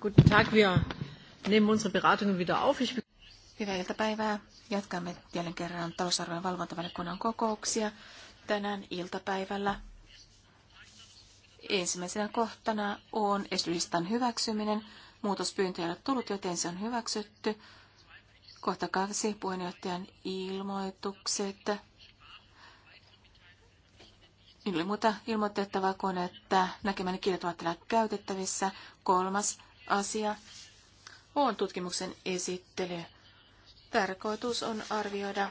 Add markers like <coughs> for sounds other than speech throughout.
Guten Tag, wir nehmen unsere Beratungen wieder auf. Ich... Hyvää iltapäivää. Jatkamme jälleen kerran talousarvojen valvontavaliokunnan kokouksia tänään iltapäivällä. Ensimmäisenä kohtana on esityslistan hyväksyminen. Muutospyyntö ei ole tullut, joten se on hyväksytty. Kohta kaksi puheenjohtajan ilmoitukset. Minulla ei muuta ilmoitettavaa kuin, että näkemäni kirjat ovat täällä käytettävissä. Kolmas asia on tutkimuksen esittely. Tarkoitus on arvioida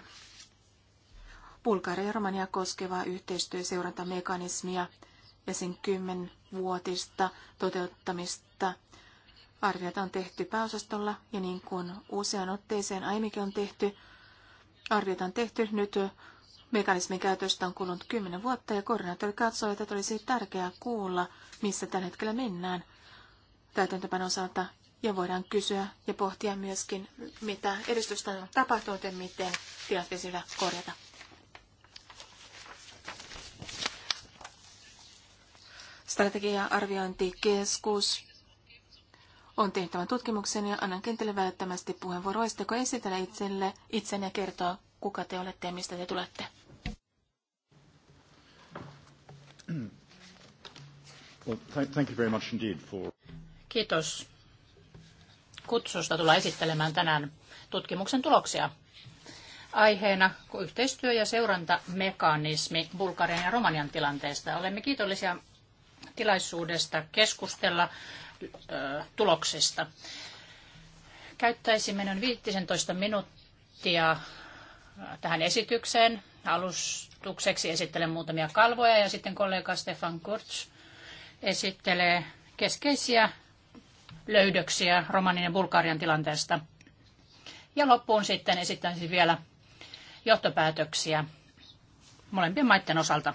Bulgaria ja Romania koskevaa yhteistyöseurantamekanismia ja sen kymmenvuotista toteuttamista. Arviota on tehty pääosastolla ja niin kuin usean otteeseen aiemminkin on tehty, arviota on tehty nyt Mekanismin käytöstä on kulunut kymmenen vuotta ja koordinaattori katsoi, että olisi tärkeää kuulla, missä tällä hetkellä mennään täytäntöpanon osalta. Ja voidaan kysyä ja pohtia myöskin, mitä edistystä on tapahtunut ja miten tilanteeseen korjata. Strategia-arviointikeskus on tehnyt tämän tutkimuksen ja annan kentälle välittömästi puheenvuoro. Voisitteko esitellä itselle, itsenne ja kertoa, kuka te olette ja mistä te tulette? Well, thank you very much indeed for... Kiitos kutsusta tulla esittelemään tänään tutkimuksen tuloksia. Aiheena yhteistyö- ja seurantamekanismi Bulgarian ja Romanian tilanteesta. Olemme kiitollisia tilaisuudesta keskustella ö, tuloksista. Käyttäisimme noin 15 minuuttia tähän esitykseen. Alustukseksi esittelen muutamia kalvoja ja sitten kollega Stefan Kurz esittelee keskeisiä löydöksiä Romanin ja Bulgarian tilanteesta. Ja loppuun sitten esittäisin vielä johtopäätöksiä molempien maiden osalta.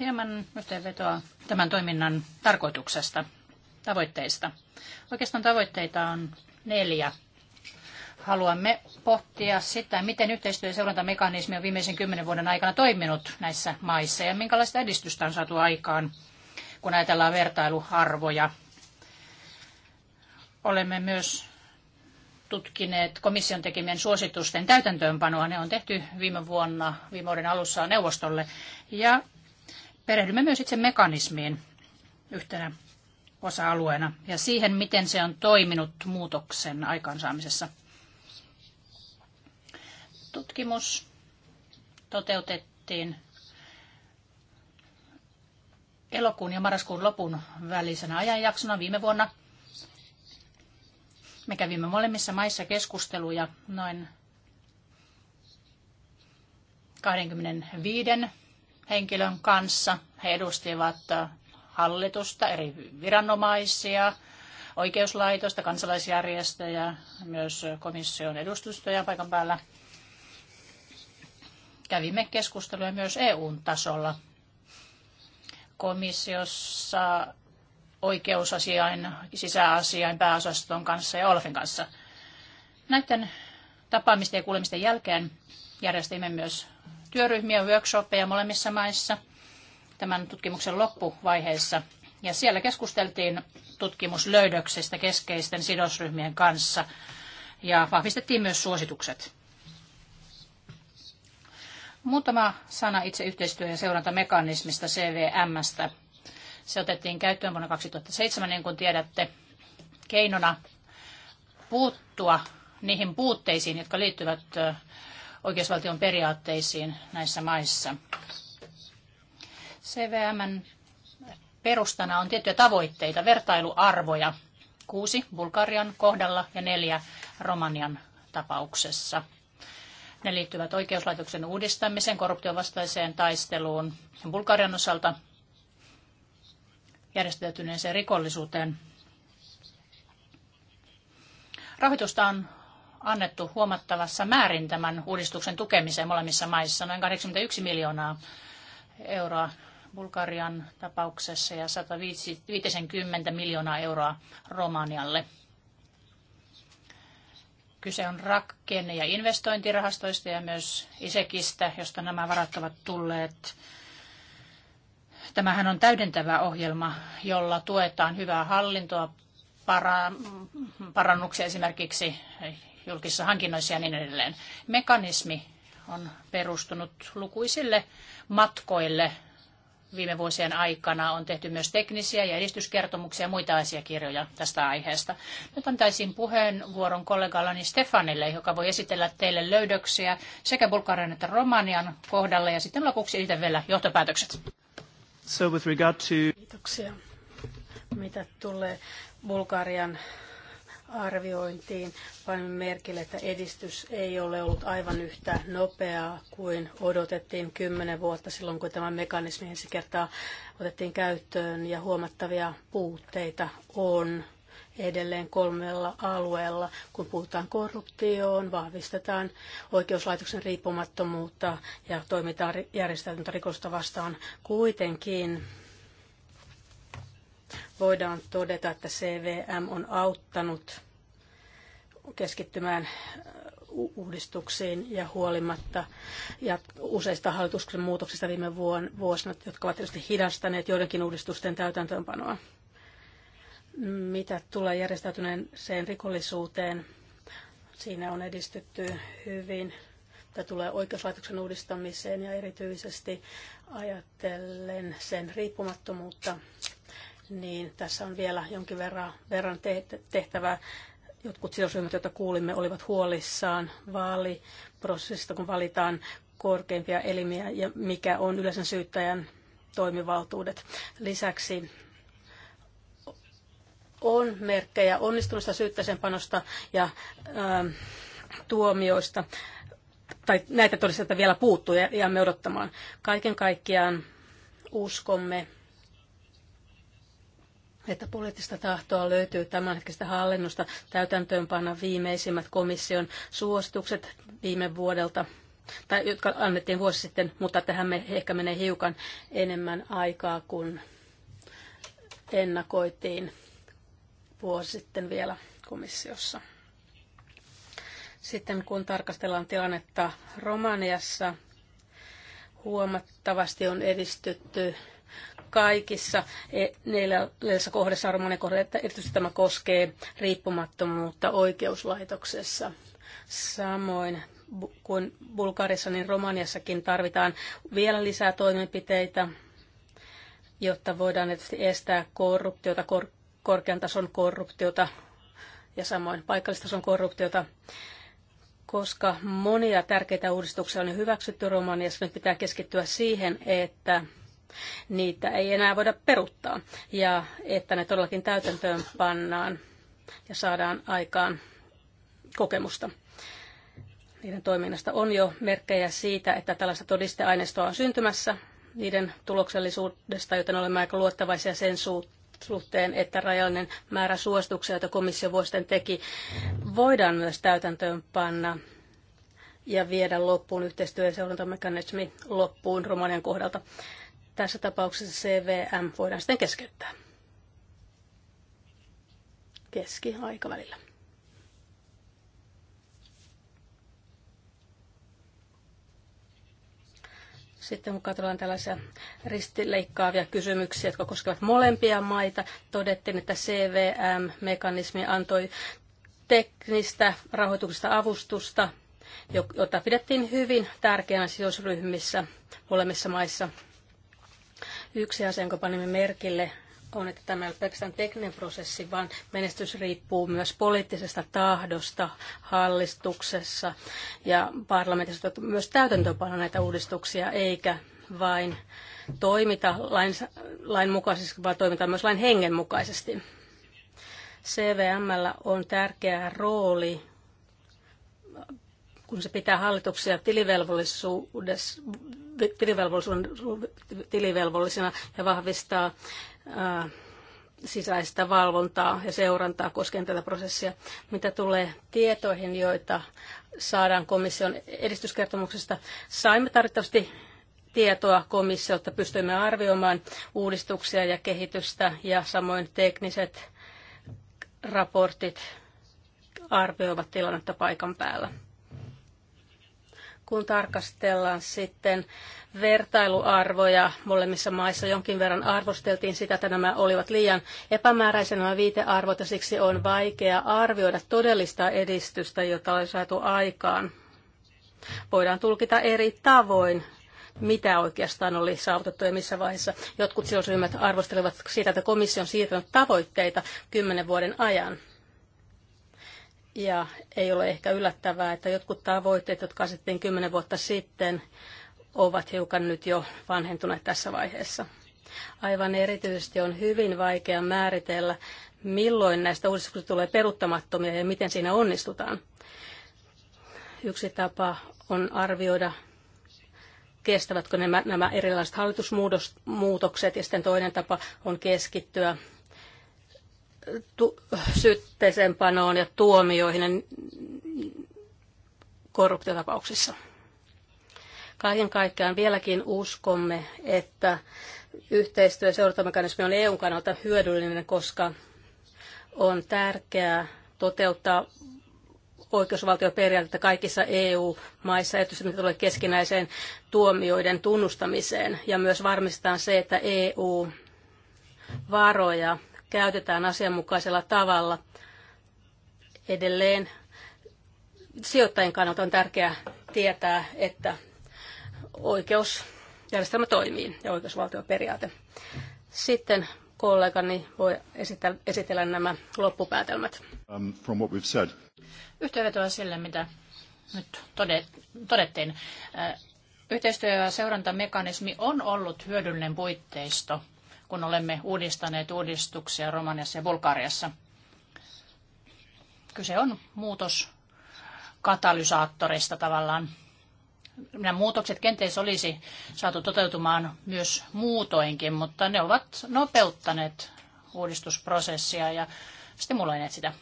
hieman yhteenvetoa tämän toiminnan tarkoituksesta, tavoitteista. Oikeastaan tavoitteita on neljä. Haluamme pohtia sitä, miten yhteistyö- ja seurantamekanismi on viimeisen kymmenen vuoden aikana toiminut näissä maissa ja minkälaista edistystä on saatu aikaan, kun ajatellaan vertailuarvoja. Olemme myös tutkineet komission tekemien suositusten täytäntöönpanoa. Ne on tehty viime vuonna, viime vuoden alussa neuvostolle. Ja perehdymme myös itse mekanismiin yhtenä osa-alueena ja siihen, miten se on toiminut muutoksen aikaansaamisessa tutkimus toteutettiin elokuun ja marraskuun lopun välisenä ajanjaksona viime vuonna. Me kävimme molemmissa maissa keskusteluja noin 25 henkilön kanssa. He edustivat hallitusta, eri viranomaisia, oikeuslaitosta, kansalaisjärjestöjä, myös komission edustustoja paikan päällä – kävimme keskusteluja myös EUn tasolla. Komissiossa oikeusasiain, sisäasiain pääosaston kanssa ja Olafin kanssa. Näiden tapaamisten ja kuulemisten jälkeen järjestimme myös työryhmiä, workshoppeja molemmissa maissa tämän tutkimuksen loppuvaiheessa. Ja siellä keskusteltiin tutkimuslöydöksestä keskeisten sidosryhmien kanssa ja vahvistettiin myös suositukset. Muutama sana itse yhteistyö- ja seurantamekanismista CVMstä. Se otettiin käyttöön vuonna 2007, niin kuin tiedätte, keinona puuttua niihin puutteisiin, jotka liittyvät oikeusvaltion periaatteisiin näissä maissa. CVMn perustana on tiettyjä tavoitteita, vertailuarvoja, kuusi Bulgarian kohdalla ja neljä Romanian tapauksessa. Ne liittyvät oikeuslaitoksen uudistamiseen, korruptiovastaiseen taisteluun Bulgarian osalta järjestäytyneeseen rikollisuuteen. Rahoitusta on annettu huomattavassa määrin tämän uudistuksen tukemiseen molemmissa maissa, noin 81 miljoonaa euroa Bulgarian tapauksessa ja 150 miljoonaa euroa Romanialle. Kyse on rakkenne- ja investointirahastoista ja myös ISEKistä, josta nämä varat ovat tulleet. Tämähän on täydentävä ohjelma, jolla tuetaan hyvää hallintoa, parannuksia esimerkiksi julkisissa hankinnoissa ja niin edelleen. Mekanismi on perustunut lukuisille matkoille viime vuosien aikana on tehty myös teknisiä ja edistyskertomuksia ja muita asiakirjoja tästä aiheesta. Nyt antaisin puheenvuoron kollegallani Stefanille, joka voi esitellä teille löydöksiä sekä Bulgarian että Romanian kohdalla ja sitten lopuksi itse vielä johtopäätökset. So with regard to... Kiitoksia. Mitä tulee Bulgarian arviointiin panimme merkille, että edistys ei ole ollut aivan yhtä nopeaa kuin odotettiin kymmenen vuotta silloin, kun tämä mekanismi ensi kertaa otettiin käyttöön ja huomattavia puutteita on edelleen kolmella alueella, kun puhutaan korruptioon, vahvistetaan oikeuslaitoksen riippumattomuutta ja toimitaan järjestäytyntä rikosta vastaan. Kuitenkin voidaan todeta, että CVM on auttanut keskittymään uudistuksiin ja huolimatta ja useista hallituksen muutoksista viime vuosina, jotka ovat tietysti hidastaneet joidenkin uudistusten täytäntöönpanoa. Mitä tulee järjestäytyneeseen rikollisuuteen, siinä on edistytty hyvin. Tämä tulee oikeuslaitoksen uudistamiseen ja erityisesti ajatellen sen riippumattomuutta niin tässä on vielä jonkin verran, verran tehtävää. Jotkut sidosryhmät, joita kuulimme, olivat huolissaan vaaliprosessista, kun valitaan korkeimpia elimiä ja mikä on yleisen syyttäjän toimivaltuudet. Lisäksi on merkkejä onnistuneesta panosta ja ää, ähm, tuomioista, tai näitä todistetta vielä puuttuu ja jäämme odottamaan. Kaiken kaikkiaan uskomme, että poliittista tahtoa löytyy tämänhetkistä hallinnosta täytäntöönpanna viimeisimmät komission suositukset viime vuodelta tai jotka annettiin vuosi sitten, mutta tähän me ehkä menee hiukan enemmän aikaa kuin ennakoitiin vuosi sitten vielä komissiossa. Sitten kun tarkastellaan tilannetta Romaniassa, huomattavasti on edistytty kaikissa e, neljässä kohdassa armonen kohdalla, että erityisesti tämä koskee riippumattomuutta oikeuslaitoksessa. Samoin kuin Bulgarissa, niin Romaniassakin tarvitaan vielä lisää toimenpiteitä, jotta voidaan tietysti estää korruptiota, kor- korkean tason korruptiota ja samoin paikallistason korruptiota koska monia tärkeitä uudistuksia on jo hyväksytty Romaniassa, nyt niin pitää keskittyä siihen, että niitä ei enää voida peruttaa ja että ne todellakin täytäntöön pannaan ja saadaan aikaan kokemusta. Niiden toiminnasta on jo merkkejä siitä, että tällaista todisteaineistoa on syntymässä niiden tuloksellisuudesta, joten olemme aika luottavaisia sen suhteen, että rajallinen määrä suosituksia, joita komissio vuosien teki, voidaan myös täytäntöön panna ja viedä loppuun yhteistyö- ja seurantamekanismi loppuun Romanian kohdalta. Tässä tapauksessa CVM voidaan sitten keskeyttää keskiaikavälillä. Sitten kun katsotaan tällaisia ristileikkaavia kysymyksiä, jotka koskevat molempia maita, todettiin, että CVM-mekanismi antoi teknistä rahoituksesta avustusta, jota pidettiin hyvin tärkeänä sidosryhmissä molemmissa maissa – Yksi asia, jonka panimme merkille, on, että tämä ei ole pelkästään tekninen prosessi, vaan menestys riippuu myös poliittisesta tahdosta hallistuksessa ja parlamentissa, että myös täytäntöönpano näitä uudistuksia, eikä vain toimita lain, lain mukaisesti, vaan toimita myös lain hengen mukaisesti. CVMllä on tärkeä rooli kun se pitää hallituksia tilivelvollisena ja vahvistaa ää, sisäistä valvontaa ja seurantaa koskien tätä prosessia. Mitä tulee tietoihin, joita saadaan komission edistyskertomuksesta, saimme tarvittavasti tietoa komissiolta, pystyimme arvioimaan uudistuksia ja kehitystä ja samoin tekniset raportit arvioivat tilannetta paikan päällä kun tarkastellaan sitten vertailuarvoja molemmissa maissa, jonkin verran arvosteltiin sitä, että nämä olivat liian epämääräisiä nämä viitearvot ja siksi on vaikea arvioida todellista edistystä, jota on saatu aikaan. Voidaan tulkita eri tavoin mitä oikeastaan oli saavutettu ja missä vaiheessa. Jotkut sidosryhmät arvostelivat siitä, että komissio on siirtänyt tavoitteita kymmenen vuoden ajan. Ja ei ole ehkä yllättävää, että jotkut tavoitteet, jotka asettiin kymmenen vuotta sitten, ovat hiukan nyt jo vanhentuneet tässä vaiheessa. Aivan erityisesti on hyvin vaikea määritellä, milloin näistä uudistuksista tulee peruttamattomia ja miten siinä onnistutaan. Yksi tapa on arvioida, kestävätkö nämä, nämä erilaiset hallitusmuutokset, ja sitten toinen tapa on keskittyä syytteeseenpanoon ja tuomioihin korruptiotapauksissa. Kaiken kaikkiaan vieläkin uskomme, että yhteistyö- ja seurantamekanismi on EUn kannalta hyödyllinen, koska on tärkeää toteuttaa oikeusvaltioperiaatetta kaikissa EU-maissa, erityisesti mitä tulee keskinäiseen tuomioiden tunnustamiseen. Ja myös varmistetaan se, että EU-varoja käytetään asianmukaisella tavalla. Edelleen sijoittajien kannalta on tärkeää tietää, että oikeusjärjestelmä toimii ja oikeusvaltioperiaate. Sitten kollegani voi esitellä, esitellä nämä loppupäätelmät. Um, from what we've said. Yhteenvetoa sille, mitä nyt todettiin. Yhteistyö- ja seurantamekanismi on ollut hyödyllinen puitteisto kun olemme uudistaneet uudistuksia Romaniassa ja Bulgariassa. Kyse on muutos katalysaattorista tavallaan. Nämä muutokset kenties olisi saatu toteutumaan myös muutoinkin, mutta ne ovat nopeuttaneet uudistusprosessia ja stimuloineet sitä.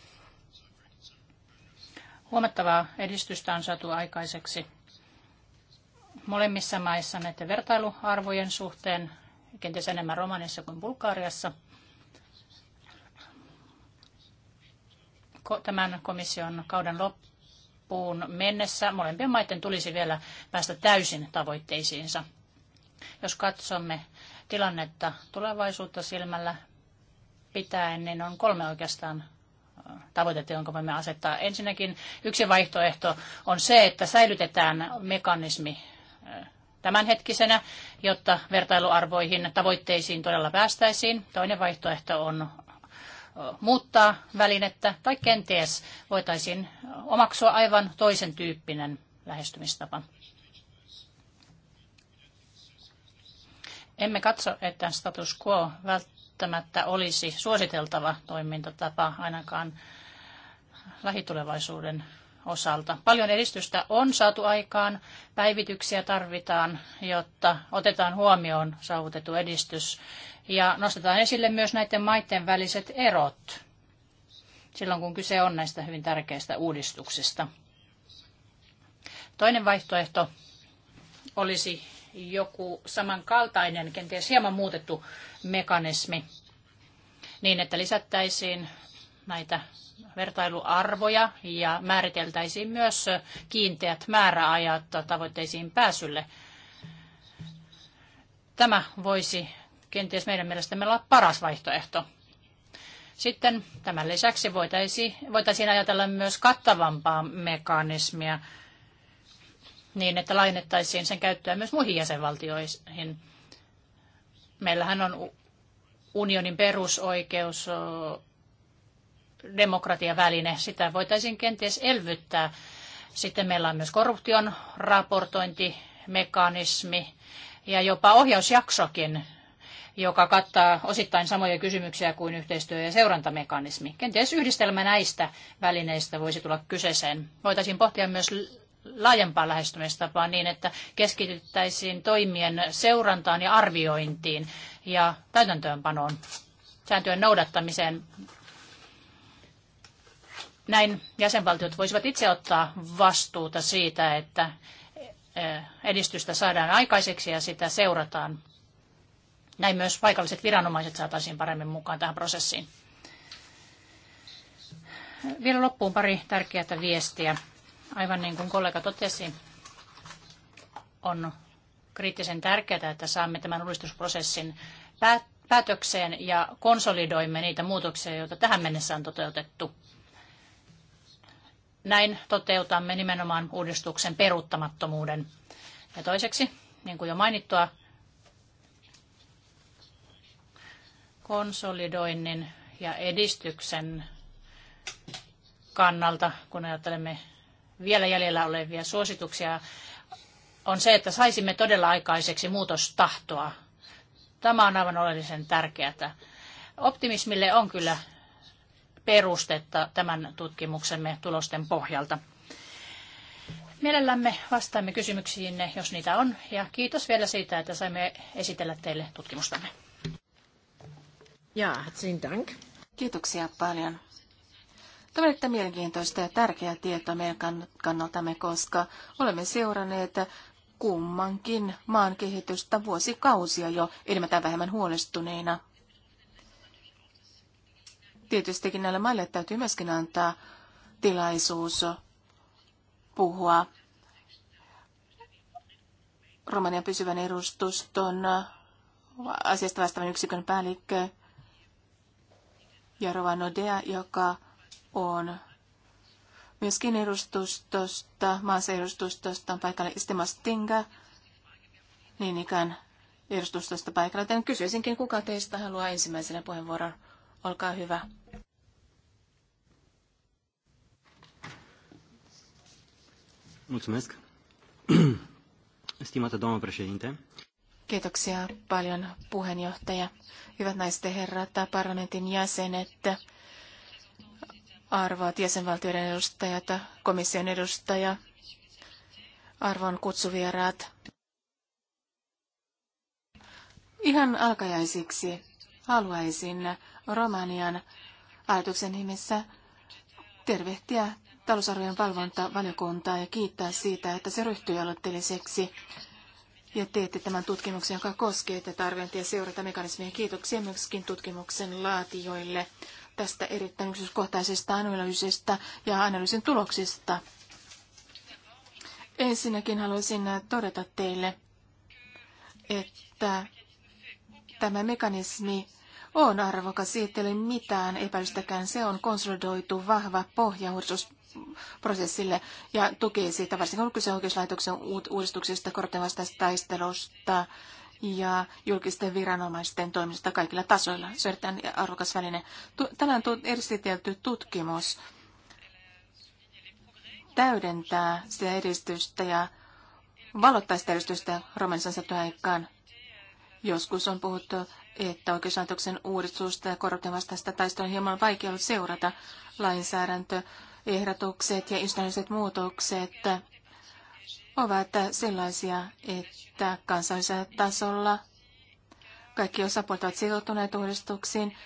Huomattavaa edistystä on saatu aikaiseksi molemmissa maissa näiden vertailuarvojen suhteen kenties enemmän Romaniassa kuin Bulgaariassa. Tämän komission kauden loppuun mennessä molempien maiden tulisi vielä päästä täysin tavoitteisiinsa. Jos katsomme tilannetta tulevaisuutta silmällä pitäen, niin on kolme oikeastaan äh, tavoitetta, jonka voimme asettaa. Ensinnäkin yksi vaihtoehto on se, että säilytetään mekanismi tämänhetkisenä, jotta vertailuarvoihin tavoitteisiin todella päästäisiin. Toinen vaihtoehto on muuttaa välinettä tai kenties voitaisiin omaksua aivan toisen tyyppinen lähestymistapa. Emme katso, että status quo välttämättä olisi suositeltava toimintatapa ainakaan lähitulevaisuuden osalta. Paljon edistystä on saatu aikaan, päivityksiä tarvitaan, jotta otetaan huomioon saavutettu edistys ja nostetaan esille myös näiden maiden väliset erot silloin, kun kyse on näistä hyvin tärkeistä uudistuksista. Toinen vaihtoehto olisi joku samankaltainen, kenties hieman muutettu mekanismi niin, että lisättäisiin näitä vertailuarvoja ja määriteltäisiin myös kiinteät määräajat tavoitteisiin pääsylle. Tämä voisi kenties meidän mielestämme olla paras vaihtoehto. Sitten tämän lisäksi voitaisiin, voitaisiin ajatella myös kattavampaa mekanismia niin, että lainettaisiin sen käyttöä myös muihin jäsenvaltioihin. Meillähän on unionin perusoikeus demokratiaväline. Sitä voitaisiin kenties elvyttää. Sitten meillä on myös korruption raportointimekanismi ja jopa ohjausjaksokin, joka kattaa osittain samoja kysymyksiä kuin yhteistyö- ja seurantamekanismi. Kenties yhdistelmä näistä välineistä voisi tulla kyseeseen. Voitaisiin pohtia myös laajempaa lähestymistapaa niin, että keskityttäisiin toimien seurantaan ja arviointiin ja täytäntöönpanoon, sääntöjen noudattamiseen näin jäsenvaltiot voisivat itse ottaa vastuuta siitä, että e, edistystä saadaan aikaiseksi ja sitä seurataan. Näin myös paikalliset viranomaiset saataisiin paremmin mukaan tähän prosessiin. Vielä loppuun pari tärkeää viestiä. Aivan niin kuin kollega totesi, on kriittisen tärkeää, että saamme tämän uudistusprosessin päätökseen ja konsolidoimme niitä muutoksia, joita tähän mennessä on toteutettu. Näin toteutamme nimenomaan uudistuksen peruuttamattomuuden. Ja toiseksi, niin kuin jo mainittua, konsolidoinnin ja edistyksen kannalta, kun ajattelemme vielä jäljellä olevia suosituksia, on se, että saisimme todella aikaiseksi muutostahtoa. Tämä on aivan oleellisen tärkeää. Optimismille on kyllä perustetta tämän tutkimuksemme tulosten pohjalta. Mielellämme vastaamme kysymyksiinne, jos niitä on, ja kiitos vielä siitä, että saimme esitellä teille tutkimustamme. Ja, Dank. Kiitoksia paljon. Tämä on erittäin mielenkiintoista ja tärkeää tietoa meidän kannaltamme, koska olemme seuranneet kummankin maan kehitystä vuosikausia jo enemmän tai vähemmän huolestuneina tietystikin näille maille täytyy myöskin antaa tilaisuus puhua Romanian pysyvän edustuston asiasta vastaavan yksikön päällikkö Jarova Nodea, joka on myöskin edustustosta, maassa edustustosta on paikalla Istema Stinga, niin ikään edustustosta paikalla. Joten kysyisinkin, kuka teistä haluaa ensimmäisenä puheenvuoron? Olkaa hyvä. Mulțumesc. <clears throat> Stimată doamnă președinte. Kiitoksia paljon puheenjohtaja. Hyvät naiset ja herrat, parlamentin jäsenet, arvoat jäsenvaltioiden edustajat, komission edustaja, arvon kutsuvieraat. Ihan alkajaisiksi haluaisin Romanian ajatuksen nimissä tervehtiä talousarvojen valvontavaliokuntaa ja kiittää siitä, että se ryhtyy aloitteelliseksi ja teette tämän tutkimuksen, joka koskee tätä arviointia seurata seurantamekanismia. Kiitoksia myöskin tutkimuksen laatijoille tästä erittäin yksityiskohtaisesta analyysistä ja analyysin tuloksista. Ensinnäkin haluaisin todeta teille, että tämä mekanismi on arvokas, siitä ei ole mitään epäilystäkään. Se on konsolidoitu vahva pohja uudistusprosessille ja tukee siitä, varsinkin kun kyse oikeuslaitoksen uudistuksista korruption taistelusta ja julkisten viranomaisten toimista kaikilla tasoilla. Se on erittäin arvokas väline. Tänään edistelty tutkimus täydentää sitä edistystä ja valottaa sitä edistystä romansansa aikaan. Joskus on puhuttu että oikeuslaitoksen uudistusta ja korruption vastaista taistelua on hieman vaikea ollut seurata lainsäädäntöehdotukset ja institutionaaliset muutokset ovat sellaisia, että kansallisella tasolla kaikki osapuolet ovat sitoutuneet uudistuksiin.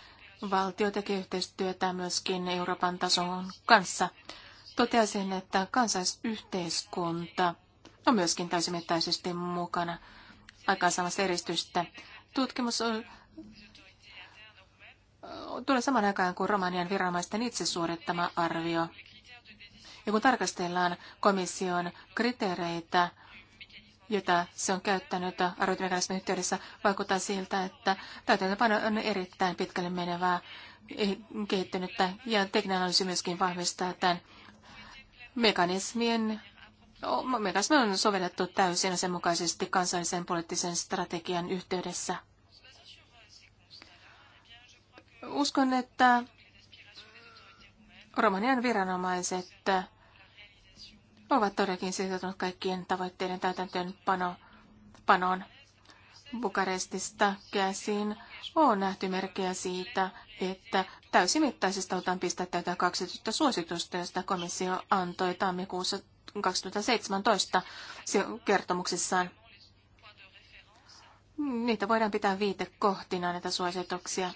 Valtio tekee yhteistyötä myöskin Euroopan tason kanssa. Toteaisin, että kansallisyhteiskunta on myöskin täysimittaisesti mukana aikaansaamassa eristystä. Tutkimus tulee saman aikaan kuin Romanian viranomaisten itse suorittama arvio. Ja kun tarkastellaan komission kriteereitä, jota se on käyttänyt arvioitumekanismin yhteydessä, vaikuttaa siltä, että täytäntöpano on erittäin pitkälle menevää kehittynyttä ja teknologia myöskin vahvistaa tämän mekanismien Mekanismi on sovellettu täysin sen mukaisesti kansallisen poliittisen strategian yhteydessä. Uskon, että Romanian viranomaiset ovat todellakin sitoutuneet kaikkien tavoitteiden täytäntöönpanoon. Panoon. Bukarestista käsin on nähty merkkejä siitä, että täysimittaisesta otan pistää tätä 20 suositusta, josta komissio antoi tammikuussa 2017 kertomuksessaan. Niitä voidaan pitää viitekohtina näitä suosituksia.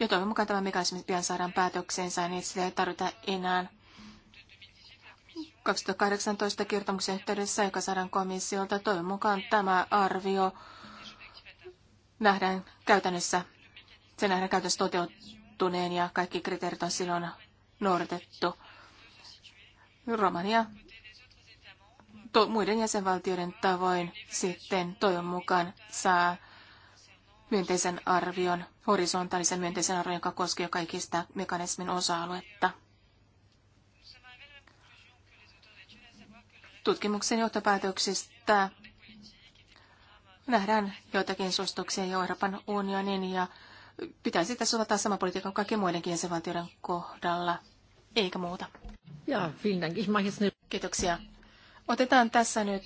Ja toivon mukaan tämä mekanismi pian saadaan päätöksensä, niin sitä ei tarvita enää. 2018 kertomuksen yhteydessä, joka saadaan komissiolta, toivon mukaan tämä arvio nähdään käytännössä, se nähdään käytännössä toteutuneen ja kaikki kriteerit on silloin noudatettu. Romania to, muiden jäsenvaltioiden tavoin sitten toivon mukaan saa myönteisen arvion, horisontaalisen myönteisen arvion, joka koskee kaikista mekanismin osa-aluetta. Tutkimuksen johtopäätöksistä nähdään joitakin suostuksia jo Euroopan unionin ja pitäisi tässä olla sama politiikka kuin kaikkien muidenkin jäsenvaltioiden kohdalla, eikä muuta. Ja, Kiitoksia. Otetaan tässä nyt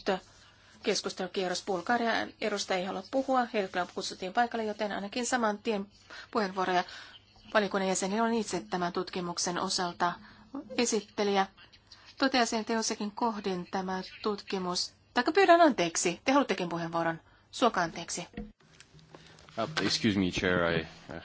keskustelukierros. Bulgarian edustaja ei halua puhua. Heidät kutsuttiin paikalle, joten ainakin saman tien puheenvuoroja valiokunnan jäseni on itse tämän tutkimuksen osalta esittelijä. Toteasin, että jossakin kohdin tämä tutkimus. Taikka pyydän anteeksi. Te haluttekin puheenvuoron. Suoka anteeksi. Uh, excuse me, chair. I, uh,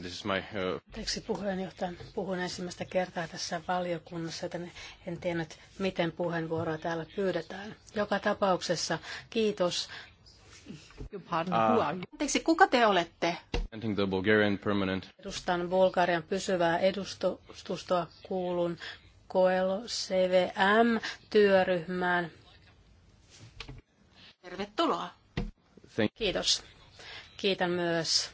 This is my, uh... puheenjohtaja, puhun ensimmäistä kertaa tässä valiokunnassa, joten en tiennyt, miten puheenvuoroa täällä pyydetään. Joka tapauksessa kiitos. Ah. Anteeksi, kuka te olette? The Bulgarian permanent. Edustan Bulgarian pysyvää edustustoa, kuulun Koelo CVM-työryhmään. Tervetuloa. Thank- Kiitos. Kiitän myös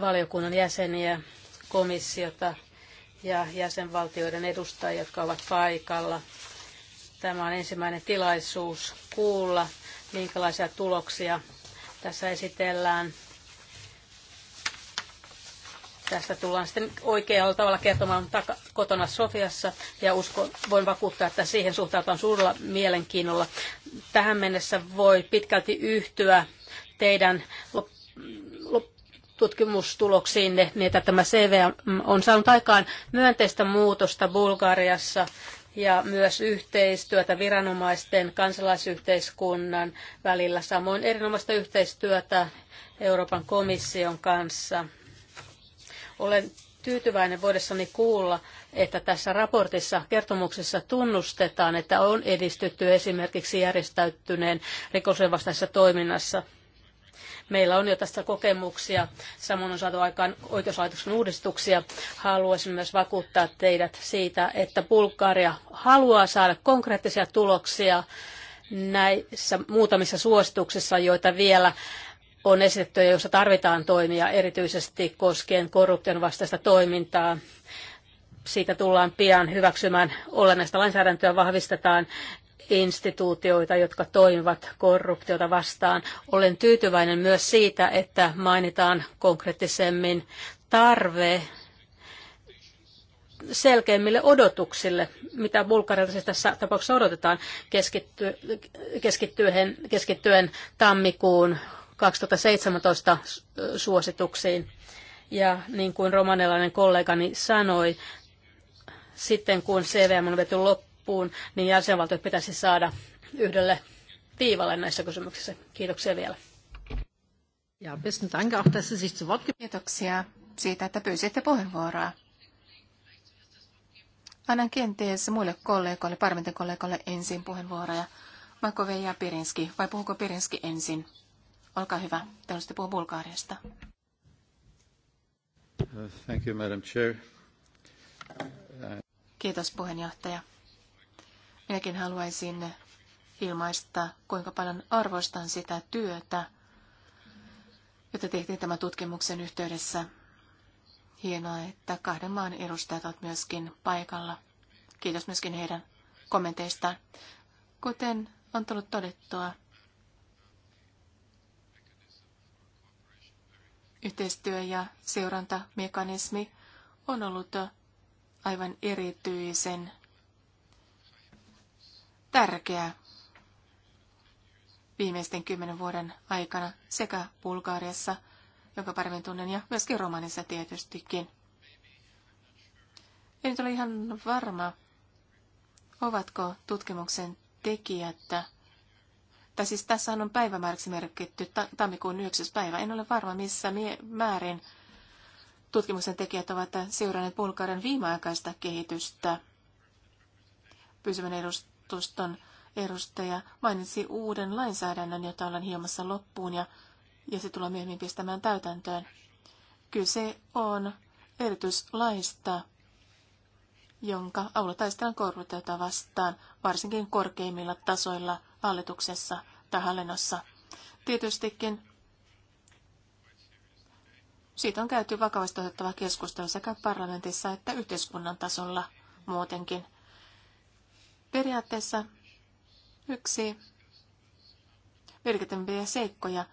valiokunnan jäseniä, komissiota ja jäsenvaltioiden edustajia, jotka ovat paikalla. Tämä on ensimmäinen tilaisuus kuulla, minkälaisia tuloksia tässä esitellään. Tästä tullaan sitten oikealla tavalla kertomaan kotona Sofiassa ja uskon, voin vakuuttaa, että siihen suhtautaan suurella mielenkiinnolla. Tähän mennessä voi pitkälti yhtyä teidän lop- lop- Tutkimustuloksiin niin että tämä CV on saanut aikaan myönteistä muutosta Bulgariassa ja myös yhteistyötä viranomaisten kansalaisyhteiskunnan välillä, samoin erinomaista yhteistyötä Euroopan komission kanssa. Olen tyytyväinen voidessani kuulla, että tässä raportissa kertomuksessa tunnustetaan, että on edistytty esimerkiksi järjestäytyneen rikosvastaisessa toiminnassa – Meillä on jo tästä kokemuksia. Samoin on saatu aikaan oikeuslaitoksen uudistuksia. Haluaisin myös vakuuttaa teidät siitä, että Bulgaria haluaa saada konkreettisia tuloksia näissä muutamissa suosituksissa, joita vielä on esitetty ja joissa tarvitaan toimia erityisesti koskien korruption vastaista toimintaa. Siitä tullaan pian hyväksymään olennaista lainsäädäntöä, vahvistetaan instituutioita, jotka toimivat korruptiota vastaan. Olen tyytyväinen myös siitä, että mainitaan konkreettisemmin tarve selkeimmille odotuksille, mitä Bulgarilta siis tässä tapauksessa odotetaan keskitty, keskittyen, keskittyen tammikuun 2017 suosituksiin. Ja niin kuin romanelainen kollegani sanoi, sitten kun CVM on vety loppuun, loppuun, niin jäsenvaltiot pitäisi saada yhdelle viivalle näissä kysymyksissä. Kiitoksia vielä. Ja Kiitoksia siitä, että pyysitte puheenvuoroa. Annan kenties muille kollegoille, parlamentin kollegoille ensin puheenvuoroja. Makove ja Pirinski, vai puhuko Pirinski ensin? Olkaa hyvä, te olisitte puhua Bulgaariasta. Thank you, Madam Chair. Kiitos puheenjohtaja. Minäkin haluaisin ilmaista, kuinka paljon arvostan sitä työtä, jota tehtiin tämän tutkimuksen yhteydessä. Hienoa, että kahden maan edustajat ovat myöskin paikalla. Kiitos myöskin heidän kommenteistaan. Kuten on tullut todettua, yhteistyö- ja seurantamekanismi on ollut aivan erityisen tärkeä viimeisten kymmenen vuoden aikana sekä Bulgaariassa, jonka paremmin tunnen, ja myöskin Romanissa tietystikin. En nyt ole ihan varma, ovatko tutkimuksen tekijät, tai siis tässä on päivämääräksi merkitty tammikuun 9. päivä. En ole varma, missä määrin tutkimuksen tekijät ovat seuranneet Bulgarian viimeaikaista kehitystä. Pysyvän edustajan valtuuston edustaja mainitsi uuden lainsäädännön, jota ollaan hiomassa loppuun ja, ja se tulee myöhemmin pistämään täytäntöön. Kyse on erityislaista, jonka avulla taistellaan korruptiota vastaan, varsinkin korkeimmilla tasoilla hallituksessa tai hallinnossa. Tietystikin siitä on käyty vakavasti otettava keskustelu sekä parlamentissa että yhteiskunnan tasolla muutenkin. Periaatteessa yksi merkittävimpiä seikkoja,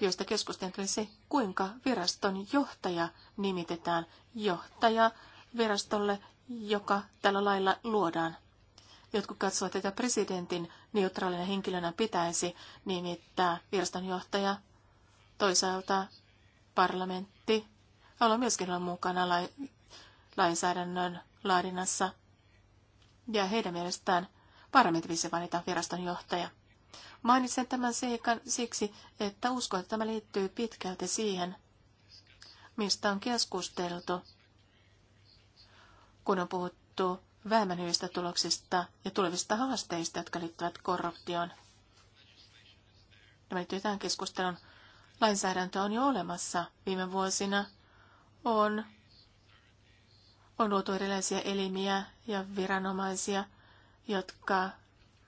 joista keskusteltiin se, kuinka viraston johtaja nimitetään johtaja virastolle, joka tällä lailla luodaan. Jotkut katsovat, että presidentin neutraalina henkilönä pitäisi nimittää virastonjohtaja. Toisaalta parlamentti on myöskin olla mukana lainsäädännön laadinnassa ja heidän mielestään parametrissä valita viraston johtaja. Mainitsen tämän seikan siksi, että uskon, että tämä liittyy pitkälti siihen, mistä on keskusteltu, kun on puhuttu vähemmän hyvistä tuloksista ja tulevista haasteista, jotka liittyvät korruptioon. Tämä liittyy tähän keskustelun. Lainsäädäntö on jo olemassa. Viime vuosina on on luotu erilaisia elimiä ja viranomaisia, jotka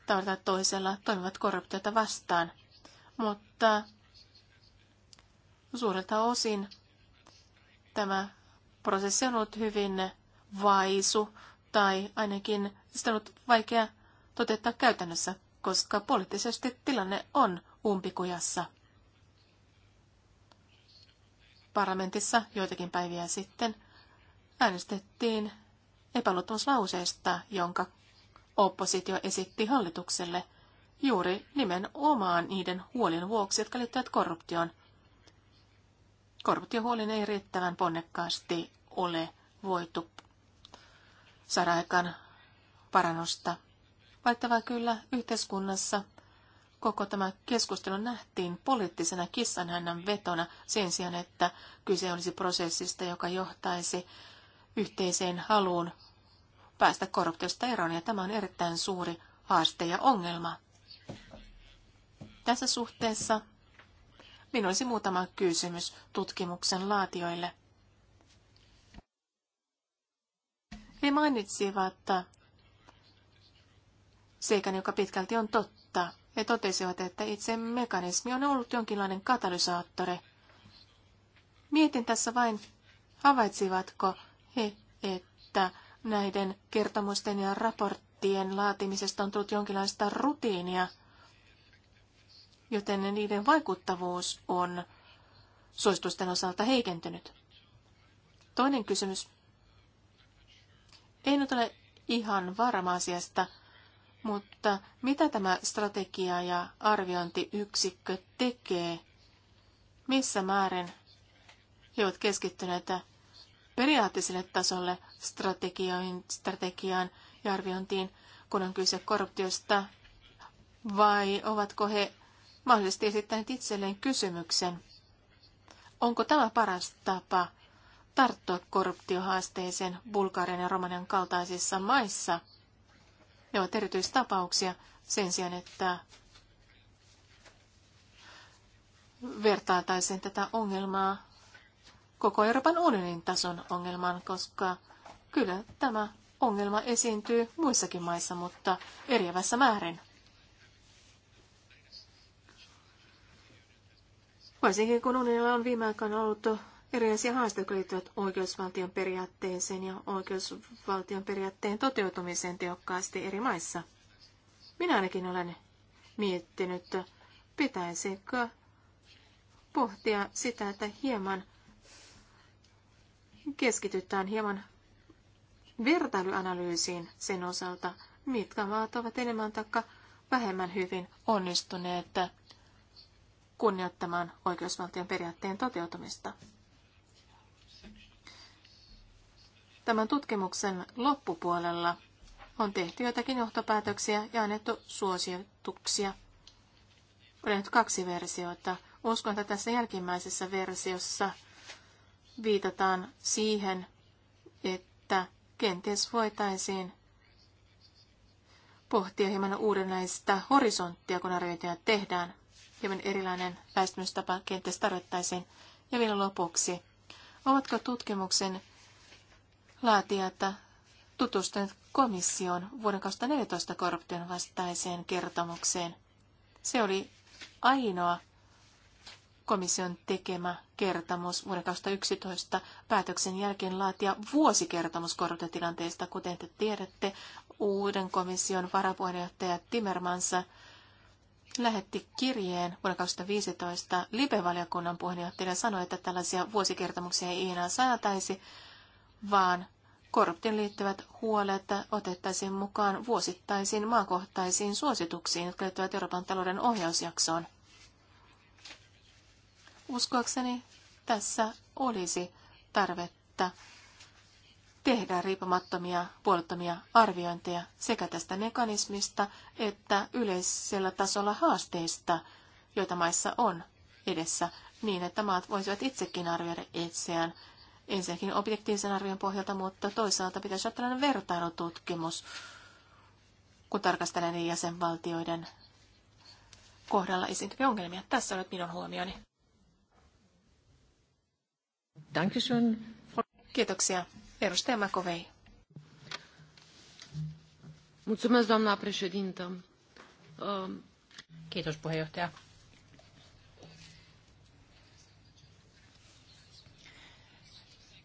tavalla toisella toimivat korruptiota vastaan. Mutta suurelta osin tämä prosessi on ollut hyvin vaisu tai ainakin sitä on ollut vaikea toteuttaa käytännössä, koska poliittisesti tilanne on umpikujassa. Parlamentissa joitakin päiviä sitten äänestettiin epäluottamuslauseesta, jonka oppositio esitti hallitukselle juuri nimenomaan niiden huolien vuoksi, jotka liittyvät korruptioon. Korruptiohuolin ei riittävän ponnekkaasti ole voitu saada aikaan parannusta. Valittavaa kyllä yhteiskunnassa koko tämä keskustelu nähtiin poliittisena kissanhännän vetona sen sijaan, että kyse olisi prosessista, joka johtaisi yhteiseen haluun päästä korruptiosta eroon, ja tämä on erittäin suuri haaste ja ongelma. Tässä suhteessa minulla olisi muutama kysymys tutkimuksen laatioille. He mainitsivat seikan, joka pitkälti on totta. He totesivat, että itse mekanismi on ollut jonkinlainen katalysaattori. Mietin tässä vain, havaitsivatko he, että näiden kertomusten ja raporttien laatimisesta on tullut jonkinlaista rutiinia, joten niiden vaikuttavuus on suositusten osalta heikentynyt. Toinen kysymys. Ei nyt ole ihan varma asiasta, mutta mitä tämä strategia- ja arviointiyksikkö tekee? Missä määrin he ovat keskittyneet periaatteiselle tasolle strategiaan ja arviointiin, kun on kyse korruptiosta, vai ovatko he mahdollisesti esittäneet itselleen kysymyksen, onko tämä paras tapa tarttua korruptiohaasteeseen Bulgarian ja Romanian kaltaisissa maissa? Ne ovat erityistapauksia sen sijaan, että vertailtaisiin tätä ongelmaa koko Euroopan unionin tason ongelman, koska kyllä tämä ongelma esiintyy muissakin maissa, mutta eriävässä määrin. Varsinkin kun unionilla on viime aikoina ollut erilaisia haasteita, jotka liittyvät oikeusvaltion periaatteeseen ja oikeusvaltion periaatteen toteutumiseen tehokkaasti eri maissa. Minä ainakin olen miettinyt, pitäisikö pohtia sitä, että hieman keskitytään hieman vertailuanalyysiin sen osalta, mitkä maat ovat enemmän tai vähemmän hyvin onnistuneet kunnioittamaan oikeusvaltion periaatteen toteutumista. Tämän tutkimuksen loppupuolella on tehty joitakin johtopäätöksiä ja annettu suosituksia. Olen nyt kaksi versiota. Uskon, että tässä jälkimmäisessä versiossa – viitataan siihen, että kenties voitaisiin pohtia hieman uudenlaista horisonttia, kun arviointia tehdään. Hieman erilainen väestymistapa kenties tarvittaisiin. Ja vielä lopuksi, ovatko tutkimuksen laatijat tutustuneet komission vuoden 2014 korruption vastaiseen kertomukseen? Se oli ainoa komission tekemä kertomus vuoden 2011 päätöksen jälkeen laatia vuosikertomus koronatilanteesta, kuten te tiedätte. Uuden komission varapuheenjohtaja Timmermans lähetti kirjeen vuonna 2015 Libe-valiokunnan puheenjohtajalle sanoi, että tällaisia vuosikertomuksia ei enää saataisi, vaan korruption liittyvät huolet otettaisiin mukaan vuosittaisiin maakohtaisiin suosituksiin, jotka liittyvät Euroopan talouden ohjausjaksoon. Uskoakseni tässä olisi tarvetta tehdä riippumattomia puolettomia arviointeja sekä tästä mekanismista että yleisellä tasolla haasteista, joita maissa on edessä, niin että maat voisivat itsekin arvioida itseään ensinnäkin objektiivisen arvion pohjalta, mutta toisaalta pitäisi olla tällainen vertailututkimus, kun tarkastelen jäsenvaltioiden kohdalla esiintyviä ongelmia. Tässä olet minun huomioni. Kiitoksia. Edustaja Makovei. Mulțumesc, doamna președintă. Um, Kiitos, puheenjohtaja.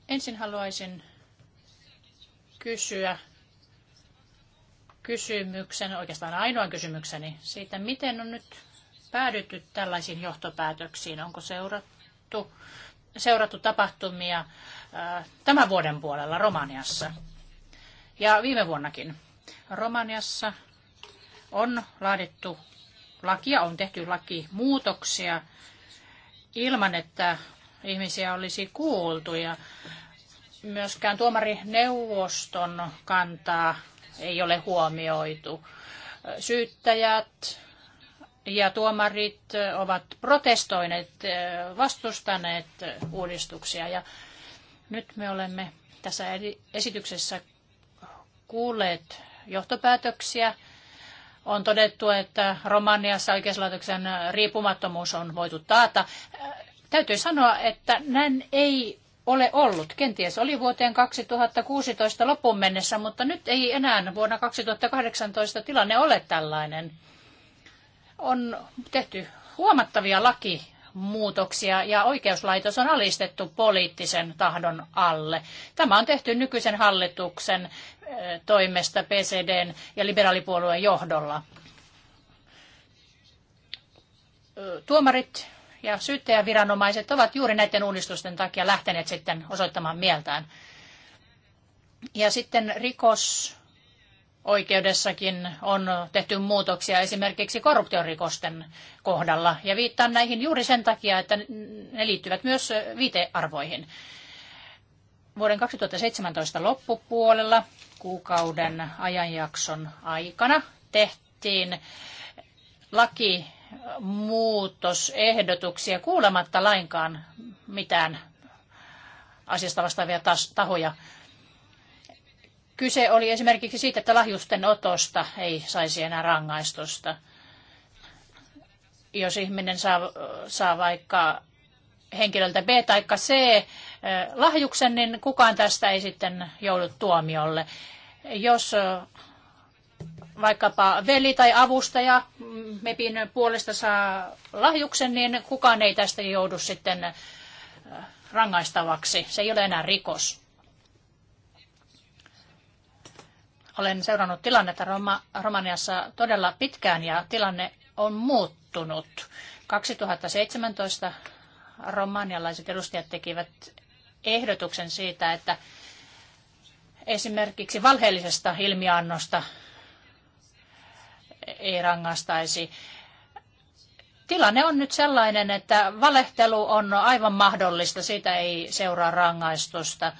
Ensin haluaisin kysyä kysymyksen, oikeastaan ainoan kysymykseni, siitä, miten on nyt päädytty tällaisiin johtopäätöksiin. Onko seurattu seurattu tapahtumia äh, tämän vuoden puolella Romaniassa. Ja viime vuonnakin Romaniassa on laadittu lakia, on tehty lakimuutoksia ilman, että ihmisiä olisi kuultu. Ja myöskään tuomarineuvoston kantaa ei ole huomioitu. Syyttäjät, ja tuomarit ovat protestoineet, vastustaneet uudistuksia. Ja nyt me olemme tässä esityksessä kuulleet johtopäätöksiä. On todettu, että Romaniassa oikeuslaitoksen riippumattomuus on voitu taata. Täytyy sanoa, että näin ei ole ollut. Kenties oli vuoteen 2016 loppuun mennessä, mutta nyt ei enää vuonna 2018 tilanne ole tällainen on tehty huomattavia laki muutoksia ja oikeuslaitos on alistettu poliittisen tahdon alle. Tämä on tehty nykyisen hallituksen eh, toimesta PCDn ja liberaalipuolueen johdolla. Eh, tuomarit ja syyttäjäviranomaiset ovat juuri näiden uudistusten takia lähteneet sitten osoittamaan mieltään. Ja sitten rikos oikeudessakin on tehty muutoksia esimerkiksi korruptiorikosten kohdalla. Ja viittaan näihin juuri sen takia, että ne liittyvät myös viitearvoihin. Vuoden 2017 loppupuolella kuukauden ajanjakson aikana tehtiin laki muutosehdotuksia kuulematta lainkaan mitään asiasta vastaavia tahoja. Kyse oli esimerkiksi siitä, että lahjusten otosta ei saisi enää rangaistusta. Jos ihminen saa, saa vaikka henkilöltä B tai C eh, lahjuksen, niin kukaan tästä ei sitten joudu tuomiolle. Jos eh, vaikkapa veli tai avustaja MEPin puolesta saa lahjuksen, niin kukaan ei tästä joudu sitten eh, rangaistavaksi. Se ei ole enää rikos. Olen seurannut tilannetta Roma, Romaniassa todella pitkään ja tilanne on muuttunut. 2017 romanialaiset edustajat tekivät ehdotuksen siitä, että esimerkiksi valheellisesta ilmiannosta ei rangaistaisi. Tilanne on nyt sellainen, että valehtelu on aivan mahdollista, siitä ei seuraa rangaistusta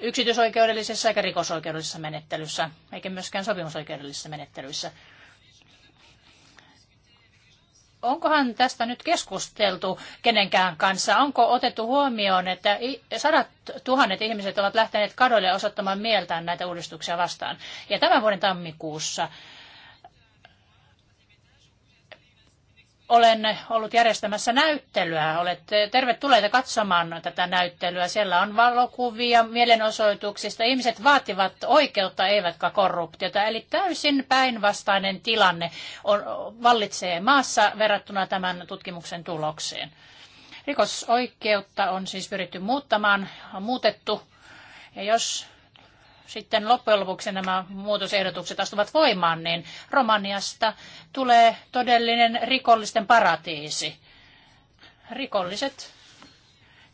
yksityisoikeudellisessa eikä rikosoikeudellisessa menettelyssä, eikä myöskään sopimusoikeudellisissa menettelyissä. Onkohan tästä nyt keskusteltu kenenkään kanssa? Onko otettu huomioon, että sadat tuhannet ihmiset ovat lähteneet kadoille osoittamaan mieltään näitä uudistuksia vastaan? Ja tämän vuoden tammikuussa olen ollut järjestämässä näyttelyä. Olette tervetulleita katsomaan tätä näyttelyä. Siellä on valokuvia mielenosoituksista. Ihmiset vaativat oikeutta, eivätkä korruptiota. Eli täysin päinvastainen tilanne on, vallitsee maassa verrattuna tämän tutkimuksen tulokseen. Rikosoikeutta on siis pyritty muuttamaan, on muutettu. Ja jos sitten loppujen lopuksi nämä muutosehdotukset astuvat voimaan, niin Romaniasta tulee todellinen rikollisten paratiisi. Rikolliset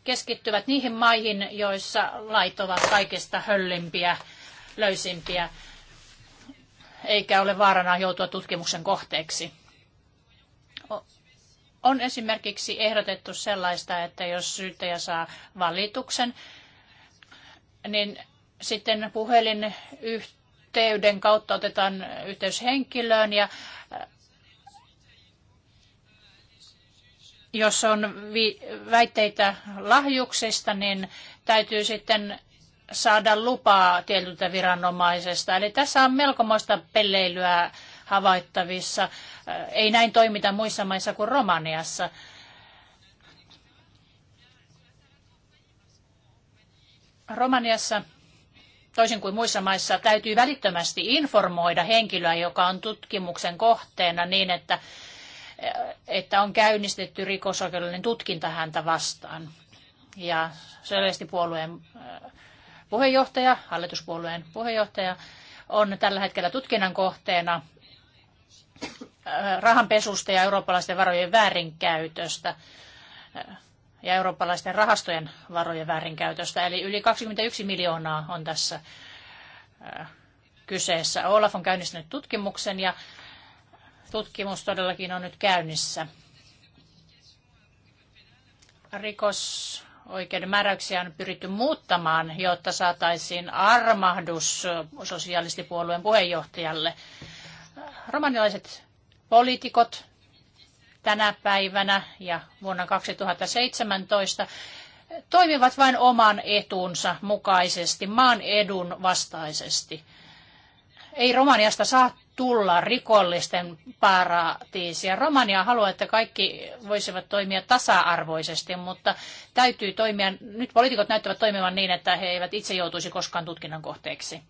keskittyvät niihin maihin, joissa lait ovat kaikista höllimpiä, löysimpiä, eikä ole vaarana joutua tutkimuksen kohteeksi. On esimerkiksi ehdotettu sellaista, että jos syyttäjä saa valituksen, niin sitten puhelinyhteyden kautta otetaan yhteys henkilöön ja äh, jos on vi- väitteitä lahjuksista, niin täytyy sitten saada lupaa tietyltä viranomaisesta. Eli tässä on melkomoista pelleilyä havaittavissa. Äh, ei näin toimita muissa maissa kuin Romaniassa. Romaniassa toisin kuin muissa maissa, täytyy välittömästi informoida henkilöä, joka on tutkimuksen kohteena niin, että, että on käynnistetty rikosoikeudellinen tutkinta häntä vastaan. Ja selvästi puolueen äh, puheenjohtaja, hallituspuolueen puheenjohtaja, on tällä hetkellä tutkinnan kohteena äh, rahanpesusta ja eurooppalaisten varojen väärinkäytöstä. Äh, ja eurooppalaisten rahastojen varojen väärinkäytöstä. Eli yli 21 miljoonaa on tässä kyseessä. Olaf on käynnistänyt tutkimuksen ja tutkimus todellakin on nyt käynnissä. Rikos määräyksiä on pyritty muuttamaan, jotta saataisiin armahdus sosialistipuolueen puheenjohtajalle. Romanilaiset poliitikot tänä päivänä ja vuonna 2017 toimivat vain oman etunsa mukaisesti, maan edun vastaisesti. Ei Romaniasta saa tulla rikollisten paratiisia. Romania haluaa, että kaikki voisivat toimia tasa-arvoisesti, mutta täytyy toimia, nyt poliitikot näyttävät toimivan niin, että he eivät itse joutuisi koskaan tutkinnan kohteeksi.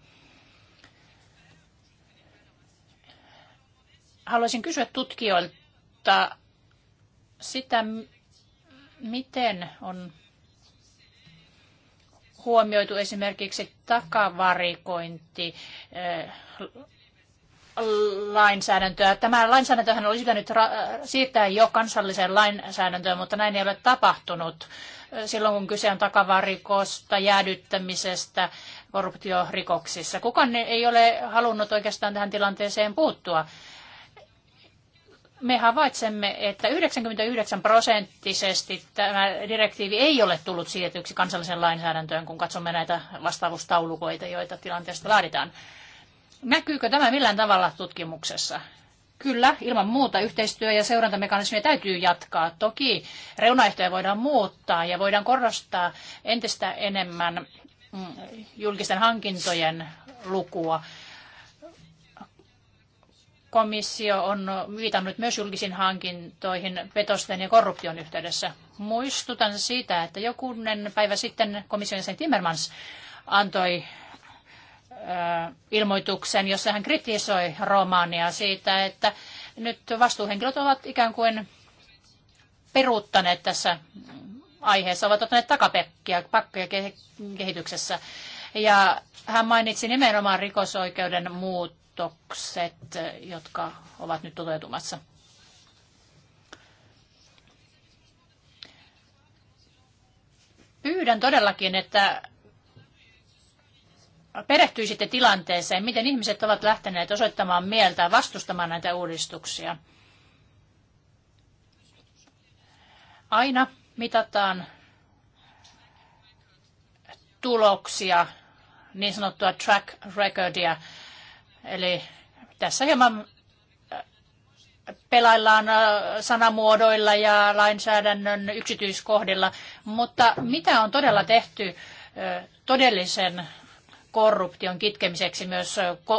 Haluaisin kysyä tutkijoilta, sitä, miten on huomioitu esimerkiksi takavarikointi eh, lainsäädäntöä. Tämä lainsäädäntöhän olisi pitänyt siirtää jo kansalliseen lainsäädäntöön, mutta näin ei ole tapahtunut. Eh, silloin kun kyse on takavarikosta, jäädyttämisestä, korruptiorikoksissa. Kukaan ei ole halunnut oikeastaan tähän tilanteeseen puuttua me havaitsemme, että 99 prosenttisesti tämä direktiivi ei ole tullut siirretyksi kansalliseen lainsäädäntöön, kun katsomme näitä vastaavuustaulukoita, joita tilanteesta laaditaan. Näkyykö tämä millään tavalla tutkimuksessa? Kyllä, ilman muuta yhteistyö- ja seurantamekanismia täytyy jatkaa. Toki reunaehtoja voidaan muuttaa ja voidaan korostaa entistä enemmän mm, julkisten hankintojen lukua komissio on viitannut myös julkisiin hankintoihin petosten ja korruption yhteydessä. Muistutan siitä, että jokunen päivä sitten komission jäsen Timmermans antoi ilmoituksen, jossa hän kritisoi Romania siitä, että nyt vastuuhenkilöt ovat ikään kuin peruuttaneet tässä aiheessa, ovat ottaneet takapekkiä pakkoja kehityksessä. Ja hän mainitsi nimenomaan rikosoikeuden muut muutokset, jotka ovat nyt toteutumassa. Pyydän todellakin, että perehtyisitte tilanteeseen, miten ihmiset ovat lähteneet osoittamaan ja vastustamaan näitä uudistuksia. Aina mitataan tuloksia, niin sanottua track recordia Eli tässä hieman äh, pelaillaan äh, sanamuodoilla ja lainsäädännön yksityiskohdilla, mutta mitä on todella tehty äh, todellisen korruption kitkemiseksi myös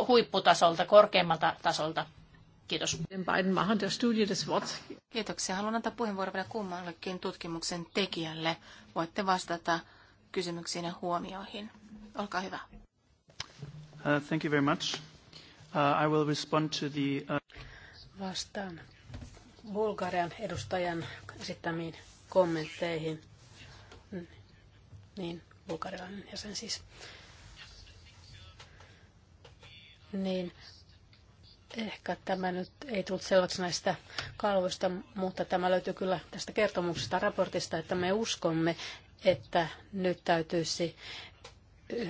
huipputasolta, korkeammalta tasolta? Kiitos. Kiitoksia. Haluan antaa puheenvuoron vielä kummallekin tutkimuksen tekijälle. Voitte vastata kysymyksiin ja huomioihin. Olkaa hyvä. Uh, thank you very much. Uh, I will respond to the... Uh, Vastaan Bulgarian edustajan esittämiin kommentteihin. Niin, bulgarilainen jäsen siis. Niin, ehkä tämä nyt ei tullut selväksi näistä kalvoista, mutta tämä löytyy kyllä tästä kertomuksesta raportista, että me uskomme, että nyt täytyisi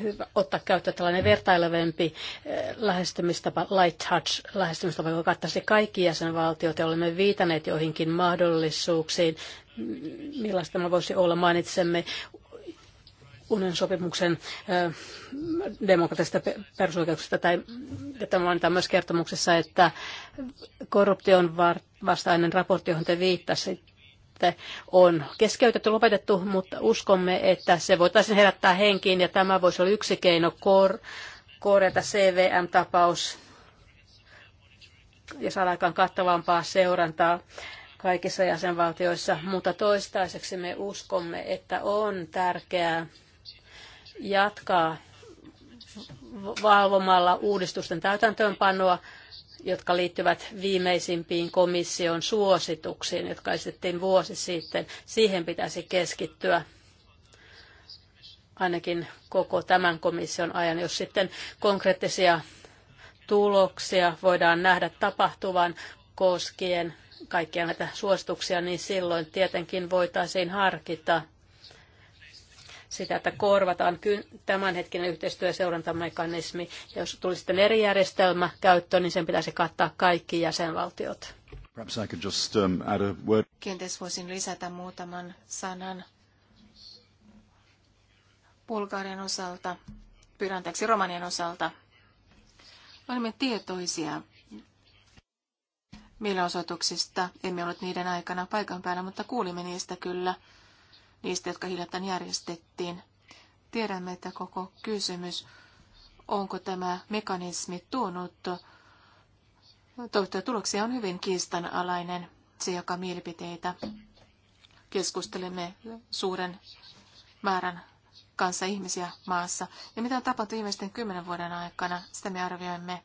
hyvä ottaa käyttöön tällainen vertailevempi eh, lähestymistapa, light touch lähestymistapa, joka kattaisi kaikki jäsenvaltiot, ja olemme viitaneet joihinkin mahdollisuuksiin, millaista tämä voisi olla. Mainitsemme unen sopimuksen eh, demokratisista perusoikeuksista, tai että mainitaan myös kertomuksessa, että korruption vastainen raportti, johon te viittasitte, sitten on keskeytetty, lopetettu, mutta uskomme, että se voitaisiin herättää henkiin ja tämä voisi olla yksi keino kor- korjata CVM-tapaus ja saada aikaan kattavampaa seurantaa kaikissa jäsenvaltioissa, mutta toistaiseksi me uskomme, että on tärkeää jatkaa valvomalla uudistusten täytäntöönpanoa jotka liittyvät viimeisimpiin komission suosituksiin, jotka esitettiin vuosi sitten. Siihen pitäisi keskittyä ainakin koko tämän komission ajan, jos sitten konkreettisia tuloksia voidaan nähdä tapahtuvan koskien kaikkia näitä suosituksia, niin silloin tietenkin voitaisiin harkita – sitä, että korvataan tämänhetkinen yhteistyö- ja seurantamekanismi. Ja jos tulisi sitten eri järjestelmä käyttöön, niin sen pitäisi kattaa kaikki jäsenvaltiot. Just, um, Kenties voisin lisätä muutaman sanan Bulgarian osalta, pyranteeksi Romanian osalta. Olemme tietoisia mielenosoituksista. Emme olleet niiden aikana paikan päällä, mutta kuulimme niistä kyllä niistä, jotka hiljattain järjestettiin. Tiedämme, että koko kysymys, onko tämä mekanismi tuonut toivottuja tuloksia, on hyvin kiistanalainen, se joka mielipiteitä. Keskustelemme suuren määrän kanssa ihmisiä maassa. Ja mitä on tapahtunut viimeisten kymmenen vuoden aikana, sitä me arvioimme.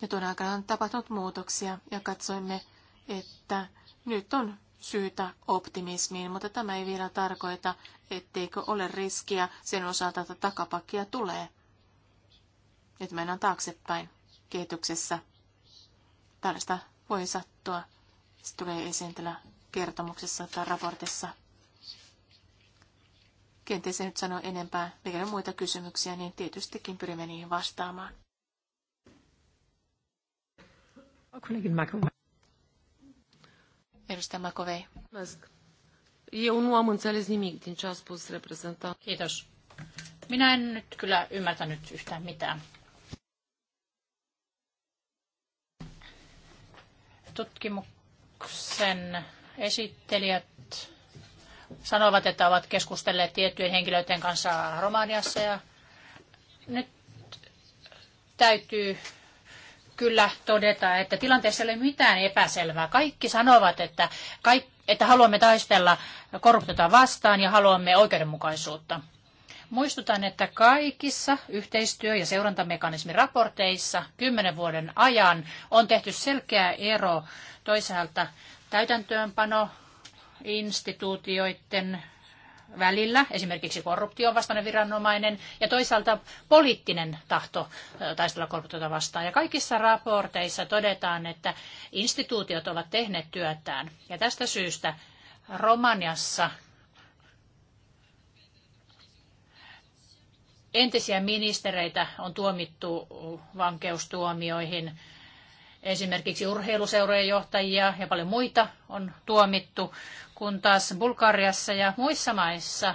Ja tuon aikana on tapahtunut muutoksia ja katsoimme, että nyt on syytä optimismiin, mutta tämä ei vielä tarkoita, etteikö ole riskiä sen osalta, että takapakkia tulee. Nyt mennään taaksepäin kehityksessä. Tällaista voi sattua. Se tulee esiin tällä kertomuksessa tai raportissa. Kenties en nyt sano enempää. Mikäli on muita kysymyksiä, niin tietystikin pyrimme niihin vastaamaan. Edustaja Makovei. Eu nu am înțeles nimic din ce a spus reprezentant. Kiitos. Minä en nyt kyllä ymmärtänyt yhtään mitään. Tutkimuksen esittelijät sanovat, että ovat keskustelleet tiettyjen henkilöiden kanssa Romaniassa ja nyt täytyy kyllä todeta, että tilanteessa ei ole mitään epäselvää. Kaikki sanovat, että, kaik, että haluamme taistella korruptiota vastaan ja haluamme oikeudenmukaisuutta. Muistutan, että kaikissa yhteistyö- ja seurantamekanismiraporteissa kymmenen vuoden ajan on tehty selkeä ero toisaalta täytäntöönpano instituutioiden välillä, esimerkiksi korruption vastainen viranomainen ja toisaalta poliittinen tahto taistella korruptiota vastaan. Ja kaikissa raporteissa todetaan, että instituutiot ovat tehneet työtään. Ja tästä syystä Romaniassa entisiä ministereitä on tuomittu vankeustuomioihin – Esimerkiksi urheiluseurojen johtajia ja paljon muita on tuomittu, kun taas Bulgariassa ja muissa maissa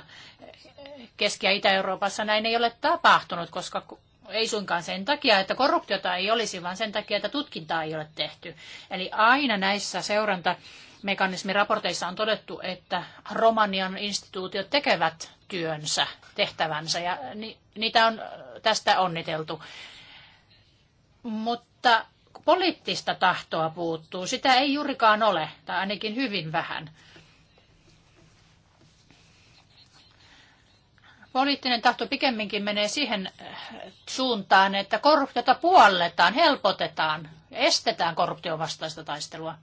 Keski- ja Itä-Euroopassa näin ei ole tapahtunut, koska ei suinkaan sen takia, että korruptiota ei olisi, vaan sen takia, että tutkintaa ei ole tehty. Eli aina näissä seurantamekanismiraporteissa on todettu, että Romanian instituutiot tekevät työnsä, tehtävänsä, ja niitä on tästä onniteltu. Mutta poliittista tahtoa puuttuu. Sitä ei juurikaan ole, tai ainakin hyvin vähän. Poliittinen tahto pikemminkin menee siihen äh, suuntaan, että korruptiota puolletaan, helpotetaan, estetään korruption vastaista taistelua.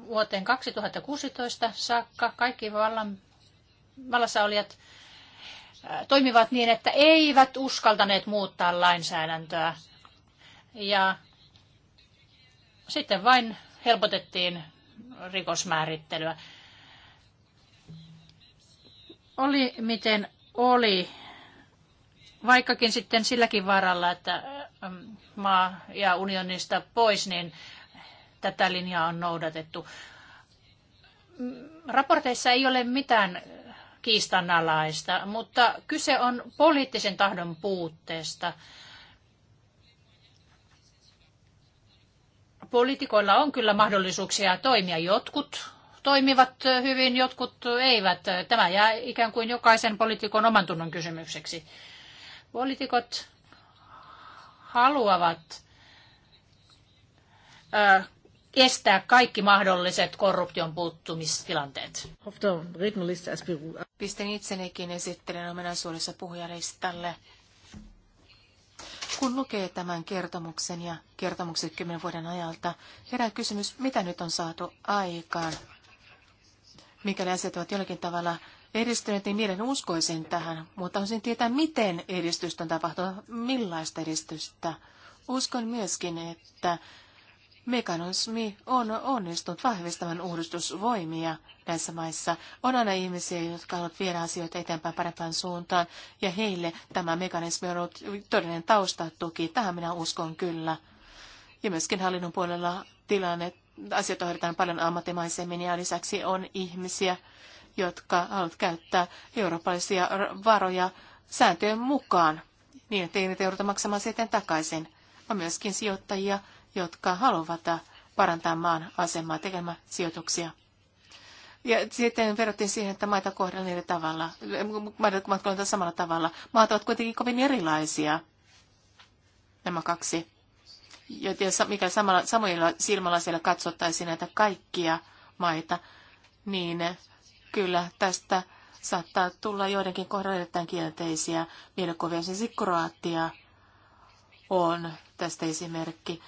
Vuoteen 2016 saakka kaikki vallan, vallassa olijat äh, toimivat niin, että eivät uskaltaneet muuttaa lainsäädäntöä ja sitten vain helpotettiin rikosmäärittelyä. Oli miten oli, vaikkakin sitten silläkin varalla, että ähm, maa ja unionista pois, niin tätä linjaa on noudatettu. Mm, raporteissa ei ole mitään kiistanalaista, mutta kyse on poliittisen tahdon puutteesta. poliitikoilla on kyllä mahdollisuuksia toimia. Jotkut toimivat hyvin, jotkut eivät. Tämä jää ikään kuin jokaisen poliitikon oman tunnon kysymykseksi. Poliitikot haluavat estää kaikki mahdolliset korruption puuttumistilanteet. Pistän itsenikin esittelen omenaisuudessa puhujalistalle. Kun lukee tämän kertomuksen ja kertomukset kymmenen vuoden ajalta, herää kysymys, mitä nyt on saatu aikaan. Mikäli asiat ovat jollakin tavalla edistyneet, niin mielen uskoisin tähän, mutta haluaisin tietää, miten edistystä on tapahtunut, millaista edistystä. Uskon myöskin, että mekanismi on onnistunut vahvistamaan uudistusvoimia näissä maissa. On aina ihmisiä, jotka haluavat viedä asioita eteenpäin parempaan suuntaan, ja heille tämä mekanismi on ollut todellinen taustatuki. Tähän minä uskon kyllä. Ja myöskin hallinnon puolella tilanne, asiat hoidetaan paljon ammattimaisemmin, ja lisäksi on ihmisiä, jotka haluavat käyttää eurooppalaisia varoja sääntöjen mukaan, niin ettei niitä jouduta maksamaan sitten takaisin. On myöskin sijoittajia, jotka haluavat parantaa maan asemaa tekemään sijoituksia. Ja sitten verrattiin siihen, että maita kohdellaan eri tavalla, maat kohdellaan samalla tavalla. Maat ovat kuitenkin kovin erilaisia, nämä kaksi. Joten mikä samalla, samoilla silmällä siellä katsottaisiin näitä kaikkia maita, niin kyllä tästä saattaa tulla joidenkin kohdalla erittäin kielteisiä mielikuvia. Esimerkiksi Kroatia on tästä esimerkki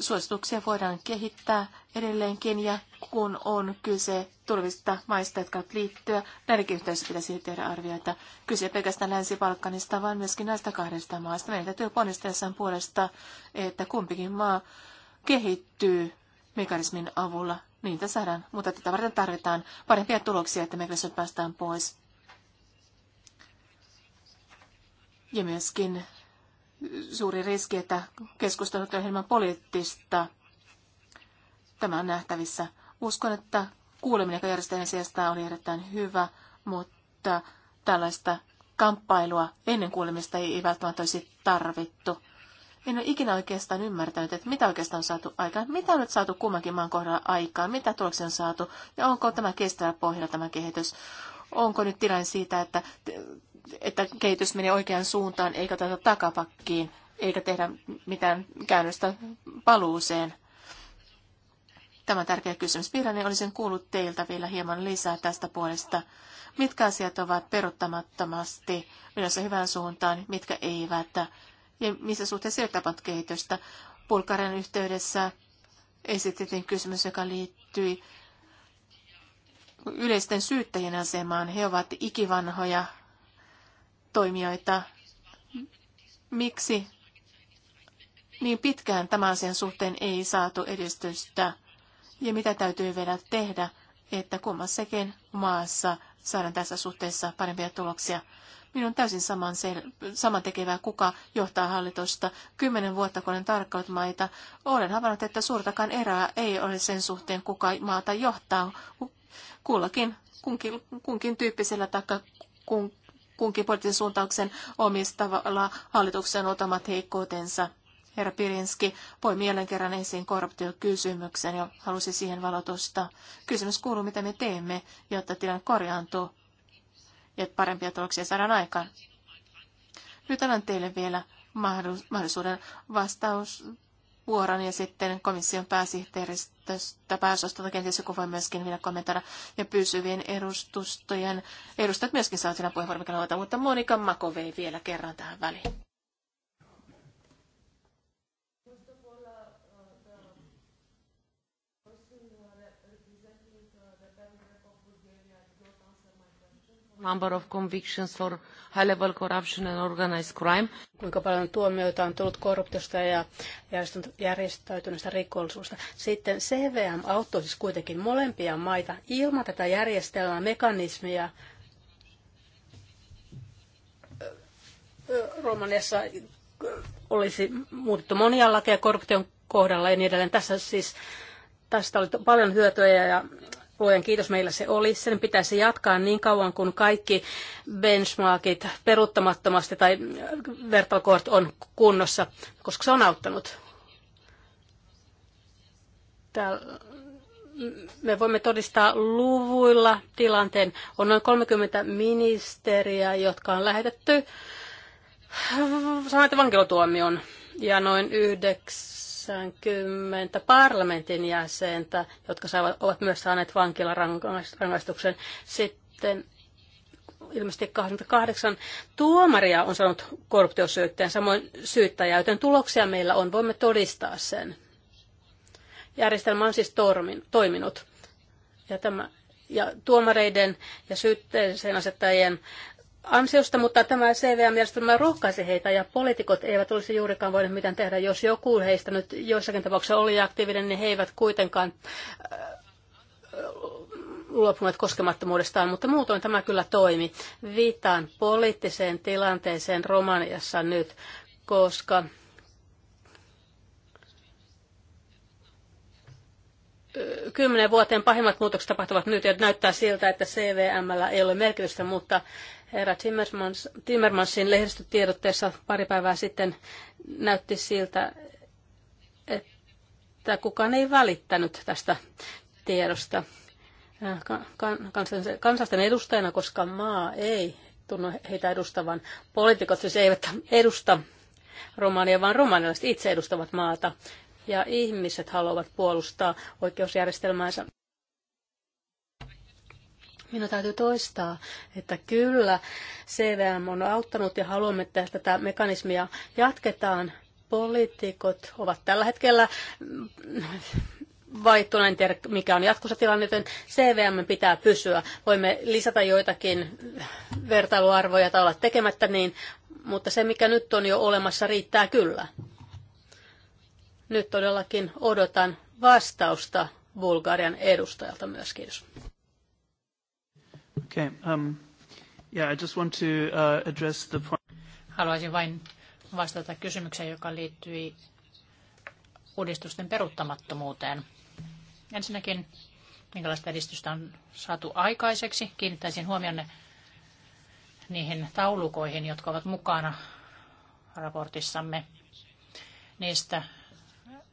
suosituksia voidaan kehittää edelleenkin ja kun on kyse tulevista maista, jotka liittyä, näidenkin yhteydessä pitäisi tehdä arvioita. Kyse pelkästään Länsi-Balkanista, vaan myöskin näistä kahdesta maasta. Meidän täytyy ponnistella puolesta, että kumpikin maa kehittyy mekanismin avulla. Niitä saadaan, mutta tätä varten tarvitaan parempia tuloksia, että mekanismit päästään pois. Ja myöskin suuri riski, että keskustelut on hieman poliittista. Tämä on nähtävissä. Uskon, että kuuleminen, ja järjestetään sijasta, oli erittäin hyvä, mutta tällaista kamppailua ennen kuulemista ei välttämättä olisi tarvittu. En ole ikinä oikeastaan ymmärtänyt, että mitä oikeastaan on saatu aikaan, mitä on nyt saatu kummankin maan kohdalla aikaan, mitä tuloksia on saatu ja onko tämä kestävä pohjalla tämä kehitys. Onko nyt tilanne siitä, että että kehitys menee oikeaan suuntaan, eikä tätä takapakkiin, eikä tehdä mitään käännöstä paluuseen. Tämä on tärkeä kysymys. Pirani olisin kuullut teiltä vielä hieman lisää tästä puolesta. Mitkä asiat ovat peruttamattomasti menossa hyvään suuntaan, mitkä eivät, ja missä suhteessa ei tapahtunut kehitystä. Bulgarian yhteydessä esitettiin kysymys, joka liittyi yleisten syyttäjien asemaan. He ovat ikivanhoja toimijoita. Miksi niin pitkään tämän asian suhteen ei saatu edistystä? Ja mitä täytyy vielä tehdä, että kummassakin maassa saadaan tässä suhteessa parempia tuloksia? Minun on täysin saman, sel- saman tekevää, kuka johtaa hallitusta. Kymmenen vuotta, kun olen tarkkaillut maita, olen havainnut, että suurtakaan erää ei ole sen suhteen, kuka maata johtaa. Kullakin, kunkin, kunkin tyyppisellä tai kun, kunkin poliittisen suuntauksen omistavalla hallituksen otamat heikkoutensa. Herra Pirinski voi mielen kerran esiin korruptiokysymyksen ja halusi siihen valotusta. Kysymys kuuluu, mitä me teemme, jotta tilanne korjaantuu ja parempia tuloksia saadaan aikaan. Nyt annan teille vielä mahdollisuuden vastaus, vuoron ja sitten komission pääsihteeristöstä pääosastolta kenties joku voi myöskin vielä kommentoida. Ja pysyvien edustustojen edustajat myöskin saa siinä puheenvuoron, mutta Monika Makovei vielä kerran tähän väliin. number of convictions for high level corruption and organized crime. Kuinka paljon tuomioita on tullut korruptiosta ja järjestäytyneestä rikollisuudesta. Sitten CVM auttoi siis kuitenkin molempia maita ilman tätä järjestelmää, mekanismia. Romaniassa olisi muutettu monia lakeja korruption kohdalla ja niin edelleen. Tässä siis tästä oli paljon hyötyä ja Luojan kiitos meillä se oli. Sen pitäisi jatkaa niin kauan, kuin kaikki benchmarkit peruuttamattomasti tai vertailukohdat on kunnossa, koska se on auttanut. Täällä me voimme todistaa luvuilla tilanteen. On noin 30 ministeriä, jotka on lähetetty sanoit vankilotuomion ja noin 9 90 parlamentin jäsentä, jotka saavat ovat myös saaneet vankilarangaistuksen. Sitten ilmeisesti 28 tuomaria on saanut korruptiosyytteen, samoin syyttäjä, joten tuloksia meillä on, voimme todistaa sen. Järjestelmä on siis tormin, toiminut. Ja, tämä, ja tuomareiden ja syytteeseen asettajien ansiosta, mutta tämä CVM-järjestelmä rohkaisi heitä ja poliitikot eivät olisi juurikaan voineet mitään tehdä. Jos joku heistä nyt joissakin tapauksissa oli aktiivinen, niin he eivät kuitenkaan äh, luopuneet koskemattomuudestaan, mutta muutoin tämä kyllä toimi. Viittaan poliittiseen tilanteeseen Romaniassa nyt, koska äh, kymmenen vuoteen pahimmat muutokset tapahtuvat nyt ja näyttää siltä, että CVM ei ole merkitystä, mutta Herra Timmermans, Timmermansin lehdistötiedotteessa pari päivää sitten näytti siltä, että kukaan ei välittänyt tästä tiedosta äh, kansallisten edustajana, koska maa ei tunnu heitä edustavan. Poliitikot siis eivät edusta romaania, vaan romanialaiset itse edustavat maata. Ja ihmiset haluavat puolustaa oikeusjärjestelmäänsä. Minun täytyy toistaa, että kyllä CVM on auttanut ja haluamme, että tätä mekanismia jatketaan. Poliitikot ovat tällä hetkellä mm, vaihtuneet, en tiedä mikä on jatkossa tilanne, joten CVM pitää pysyä. Voimme lisätä joitakin vertailuarvoja tai olla tekemättä niin, mutta se mikä nyt on jo olemassa riittää kyllä. Nyt todellakin odotan vastausta Bulgarian edustajalta myös. Kiitos. Okay. Um, yeah, I just want to uh, address the point. Haluaisin vain vastata kysymykseen, joka liittyi uudistusten peruuttamattomuuteen. Ensinnäkin, minkälaista edistystä on saatu aikaiseksi. Kiinnittäisin huomionne niihin taulukoihin, jotka ovat mukana raportissamme. Niistä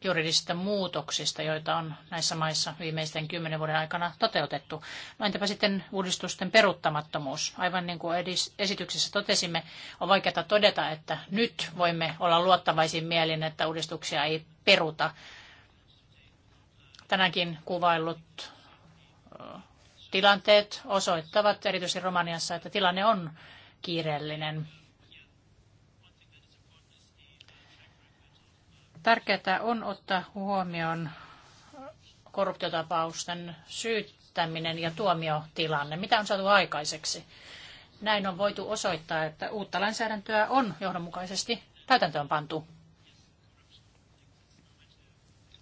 juridisista muutoksista, joita on näissä maissa viimeisten kymmenen vuoden aikana toteutettu. No entäpä sitten uudistusten peruuttamattomuus? Aivan niin kuin esityksessä totesimme, on vaikeaa todeta, että nyt voimme olla luottavaisin mielin, että uudistuksia ei peruta. Tänäänkin kuvaillut tilanteet osoittavat erityisesti Romaniassa, että tilanne on kiireellinen. Tärkeää on ottaa huomioon korruptiotapausten syyttäminen ja tuomiotilanne. Mitä on saatu aikaiseksi? Näin on voitu osoittaa, että uutta lainsäädäntöä on johdonmukaisesti täytäntöön pantu.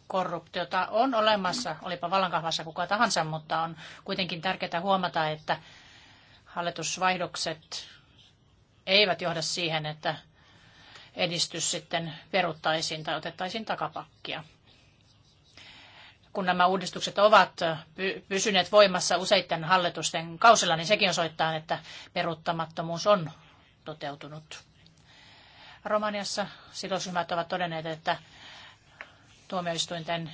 Korruptiota on olemassa, olipa vallankahvassa kuka tahansa, mutta on kuitenkin tärkeää huomata, että hallitusvaihdokset eivät johda siihen, että edistys sitten peruttaisiin tai otettaisiin takapakkia. Kun nämä uudistukset ovat pysyneet voimassa useiden hallitusten kausilla, niin sekin osoittaa, että peruuttamattomuus on toteutunut. Romaniassa sidosryhmät ovat todenneet, että tuomioistuinten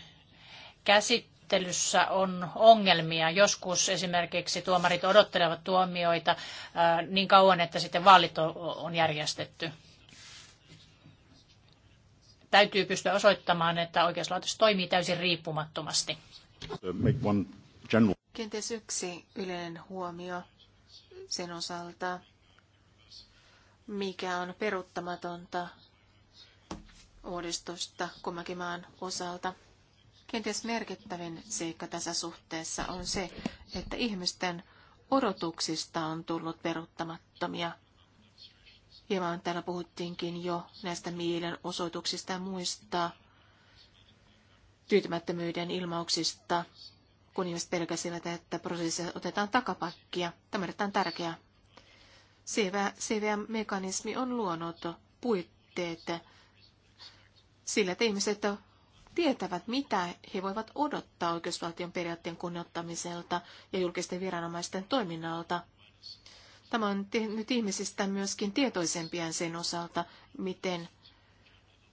käsittelyssä on ongelmia. Joskus esimerkiksi tuomarit odottelevat tuomioita äh, niin kauan, että sitten vaalit on järjestetty täytyy pystyä osoittamaan, että oikeuslaitos toimii täysin riippumattomasti. Uh, Kenties yksi yleinen huomio sen osalta, mikä on peruttamatonta uudistusta kummankin maan osalta. Kenties merkittävin seikka tässä suhteessa on se, että ihmisten odotuksista on tullut peruttamattomia hieman täällä puhuttiinkin jo näistä mielenosoituksista ja muista tyytymättömyyden ilmauksista, kun ihmiset pelkäsivät, että prosessissa otetaan takapakkia. Tämä on erittäin tärkeää. CVM-mekanismi on luonut puitteet sillä, että ihmiset tietävät, mitä he voivat odottaa oikeusvaltion periaatteen kunnioittamiselta ja julkisten viranomaisten toiminnalta. Tämä on tehnyt ihmisistä myöskin tietoisempia sen osalta, miten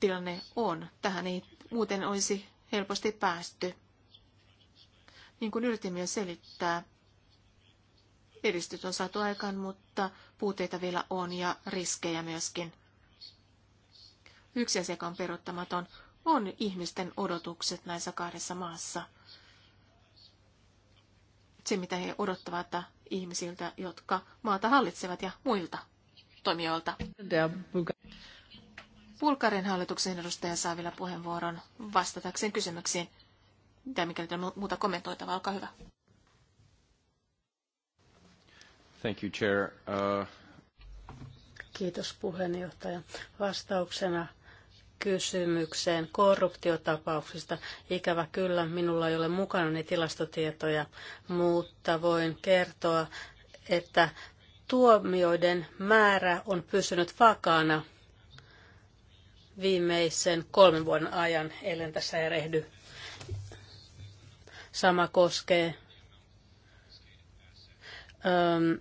tilanne on. Tähän ei muuten olisi helposti päästy. Niin kuin yritimme jo selittää, edistyt on saatu aikaan, mutta puutteita vielä on ja riskejä myöskin. Yksi asia, on peruuttamaton, on ihmisten odotukset näissä kahdessa maassa. Se, mitä he odottavat ihmisiltä, jotka maata hallitsevat ja muilta toimijoilta. Bulgarin hallituksen edustaja saa vielä puheenvuoron vastatakseen kysymyksiin. Mitä mikäli on muuta kommentoitavaa, olkaa hyvä. Thank you, Chair. Uh... Kiitos puheenjohtaja. Vastauksena kysymykseen korruptiotapauksista. Ikävä kyllä, minulla ei ole mukana ne tilastotietoja, mutta voin kertoa, että tuomioiden määrä on pysynyt vakaana viimeisen kolmen vuoden ajan, ellen tässä erehdy. Sama koskee ähm,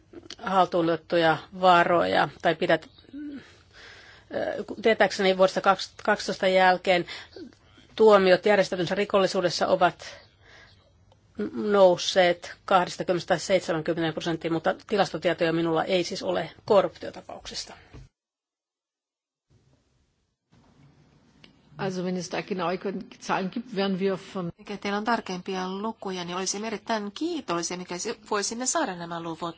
haltuunotettuja varoja tai pidät, tietääkseni vuodesta 2012 jälkeen tuomiot järjestetynsä rikollisuudessa ovat nousseet 20-70 prosenttia, mutta tilastotietoja minulla ei siis ole korruptiotapauksista. Also wenn es da genaue Zahlen gibt, wir von... Mikä teillä on tarkempia lukuja, niin olisimme erittäin kiitollisia, mikä voisimme saada nämä luvut.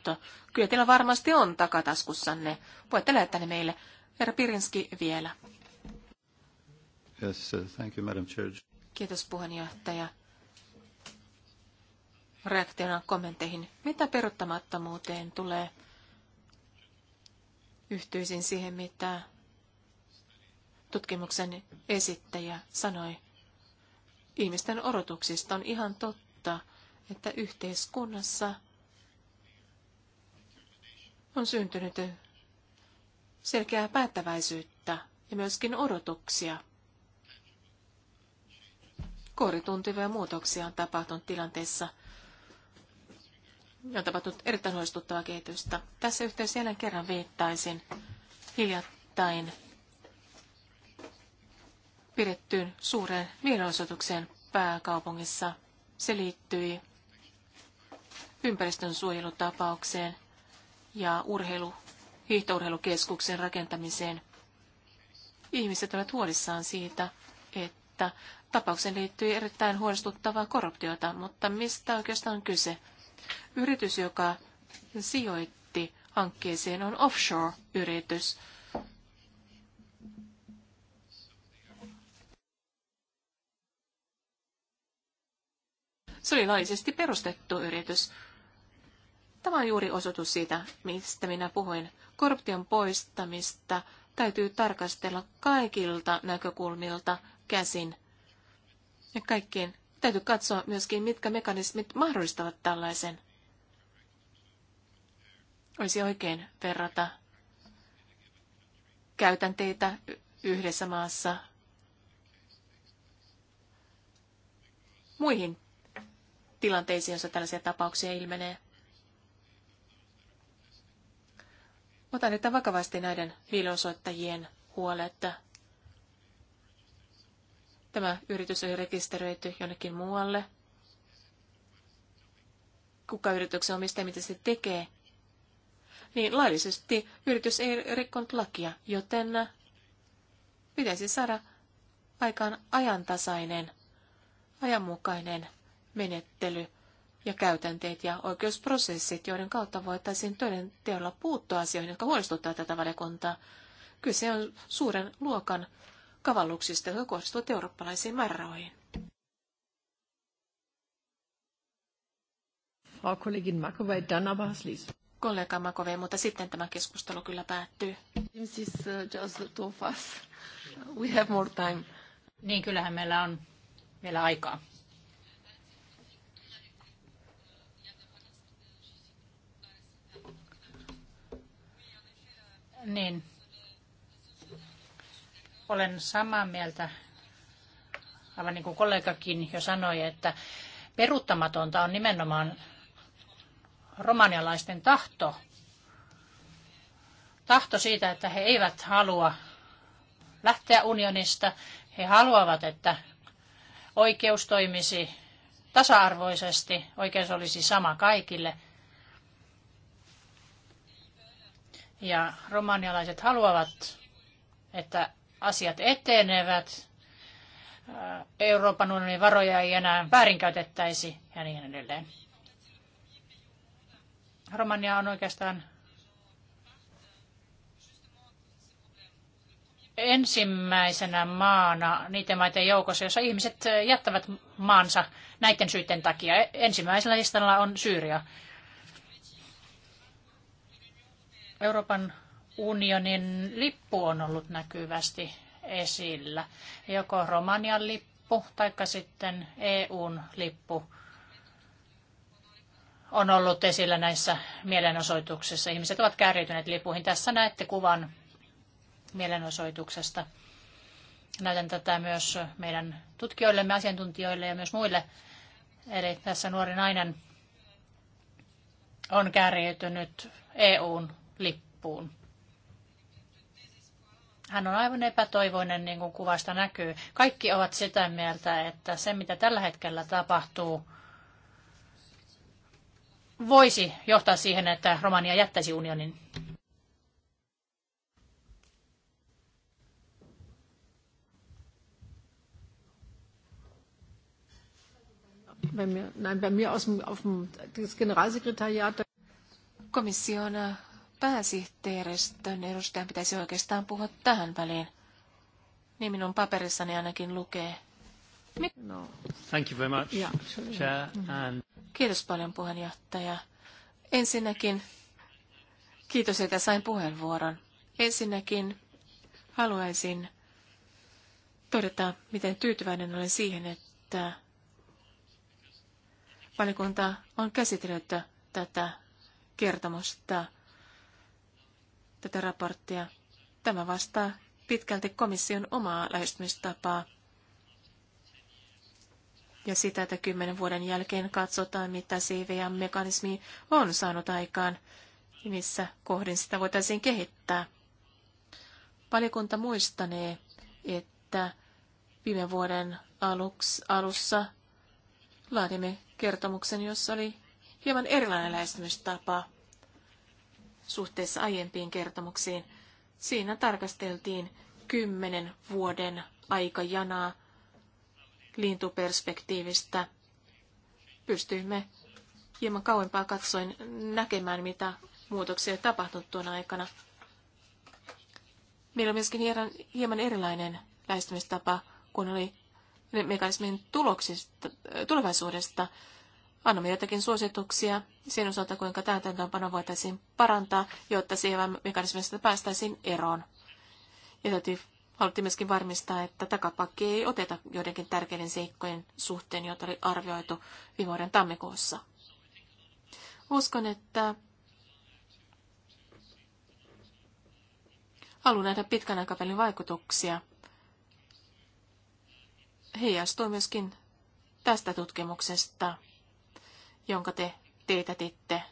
Kyllä teillä varmasti on takataskussanne. Voitte lähettää ne meille. Herra Pirinski vielä. Yes, thank you, Madam Kiitos puheenjohtaja. Reaktiona kommentteihin. Mitä peruttamattomuuteen tulee? Yhtyisin siihen, mitä tutkimuksen esittäjä sanoi. Ihmisten odotuksista on ihan totta, että yhteiskunnassa on syntynyt selkeää päättäväisyyttä ja myöskin odotuksia. Kourituntivia muutoksia on tapahtunut tilanteessa ja on tapahtunut erittäin huolestuttavaa kehitystä. Tässä yhteydessä jälleen kerran viittaisin hiljattain pidettyyn suureen mielenosoitukseen pääkaupungissa. Se liittyi ympäristön suojelutapaukseen ja urheilu hiihtourheilukeskuksen rakentamiseen. Ihmiset ovat huolissaan siitä, että tapauksen liittyy erittäin huolestuttavaa korruptiota, mutta mistä oikeastaan on kyse? Yritys, joka sijoitti hankkeeseen, on offshore-yritys. Se oli laillisesti perustettu yritys. Tämä on juuri osoitus siitä, mistä minä puhuin. Korruption poistamista täytyy tarkastella kaikilta näkökulmilta käsin. Ja kaikkien täytyy katsoa myöskin, mitkä mekanismit mahdollistavat tällaisen. Olisi oikein verrata käytänteitä yhdessä maassa muihin tilanteisiin, joissa tällaisia tapauksia ilmenee. Otan nyt vakavasti näiden viilosoittajien huolet. Tämä yritys oli rekisteröity jonnekin muualle. Kuka yrityksen omistaja, mitä se tekee? Niin laillisesti yritys ei rikkonut lakia, joten pitäisi saada aikaan ajantasainen, ajanmukainen menettely ja käytänteet ja oikeusprosessit, joiden kautta voitaisiin toden teolla puuttua asioihin, jotka huolestuttavat tätä valiokuntaa. Kyse on suuren luokan kavalluksista, jotka kohdistuvat eurooppalaisiin määrärahoihin. Frau Kollegin Makovei, dann aber Kollega Makovei, mutta sitten tämä keskustelu kyllä päättyy. This uh, just two of us. We have more time. Niin, kyllähän meillä on vielä aikaa. Niin. Olen samaa mieltä, aivan niin kuin kollegakin jo sanoi, että peruuttamatonta on nimenomaan romanialaisten tahto. Tahto siitä, että he eivät halua lähteä unionista. He haluavat, että oikeus toimisi tasa-arvoisesti, oikeus olisi sama kaikille – Ja romanialaiset haluavat, että asiat etenevät, Euroopan unionin varoja ei enää väärinkäytettäisi ja niin edelleen. Romania on oikeastaan ensimmäisenä maana niiden maiden joukossa, jossa ihmiset jättävät maansa näiden syiden takia. E- ensimmäisellä listalla on Syyria. Euroopan unionin lippu on ollut näkyvästi esillä. Joko Romanian lippu tai sitten EUn lippu on ollut esillä näissä mielenosoituksissa. Ihmiset ovat kärjytyneet lipuihin. Tässä näette kuvan mielenosoituksesta. Näytän tätä myös meidän tutkijoillemme, asiantuntijoille ja myös muille. Eli tässä nuori nainen on kärjytynyt EUn lippuun. Hän on aivan epätoivoinen, niin kuin kuvasta näkyy. Kaikki ovat sitä mieltä, että se mitä tällä hetkellä tapahtuu, voisi johtaa siihen, että Romania jättäisi unionin. nein, Komission äh, pääsihteeristön edustajan pitäisi oikeastaan puhua tähän väliin. Niin minun paperissani ainakin lukee. Mit? No. Thank you very much, yeah, Chair, mm-hmm. and... Kiitos paljon puheenjohtaja. Ensinnäkin kiitos, että sain puheenvuoron. Ensinnäkin haluaisin todeta, miten tyytyväinen olen siihen, että valikunta on käsitellyt tätä kertomusta tätä raporttia. Tämä vastaa pitkälti komission omaa lähestymistapaa ja sitä, että kymmenen vuoden jälkeen katsotaan, mitä CVM-mekanismi on saanut aikaan ja missä kohdin sitä voitaisiin kehittää. Valiokunta muistanee, että viime vuoden aluksi, alussa laadimme kertomuksen, jossa oli hieman erilainen lähestymistapa suhteessa aiempiin kertomuksiin. Siinä tarkasteltiin kymmenen vuoden aikajanaa lintuperspektiivistä. Pystyimme hieman kauempaa katsoin näkemään, mitä muutoksia tapahtui tuon aikana. Meillä on myöskin hieman erilainen lähestymistapa, kun oli mekanismin tuloksista, tulevaisuudesta Annamme jotakin suosituksia sen osalta, kuinka täytäntöönpano voitaisiin parantaa, jotta siihen mekanismista päästäisiin eroon. Ja täytyy haluttiin myöskin varmistaa, että takapakki ei oteta joidenkin tärkeiden seikkojen suhteen, joita oli arvioitu viime vuoden tammikuussa. Uskon, että haluan nähdä pitkän aikavälin vaikutuksia. Heijastuu myöskin tästä tutkimuksesta jonka te teetätitte.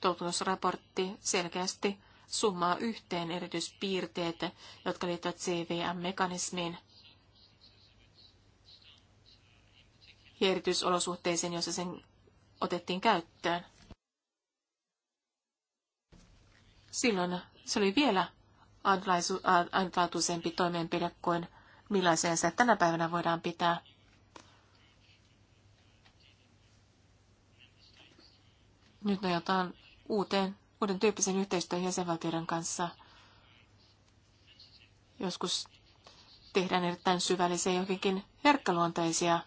Toutunusraportti selkeästi summaa yhteen erityispiirteet, jotka liittyvät CVM-mekanismiin ja erityisolosuhteisiin, joissa sen otettiin käyttöön. Silloin se oli vielä ainutlaatuisempi toimenpide kuin millaiseen se tänä päivänä voidaan pitää. Nyt nojataan uuteen, uuden tyyppisen yhteistyön jäsenvaltioiden kanssa. Joskus tehdään erittäin syvällisiä ja hyvinkin herkkäluonteisia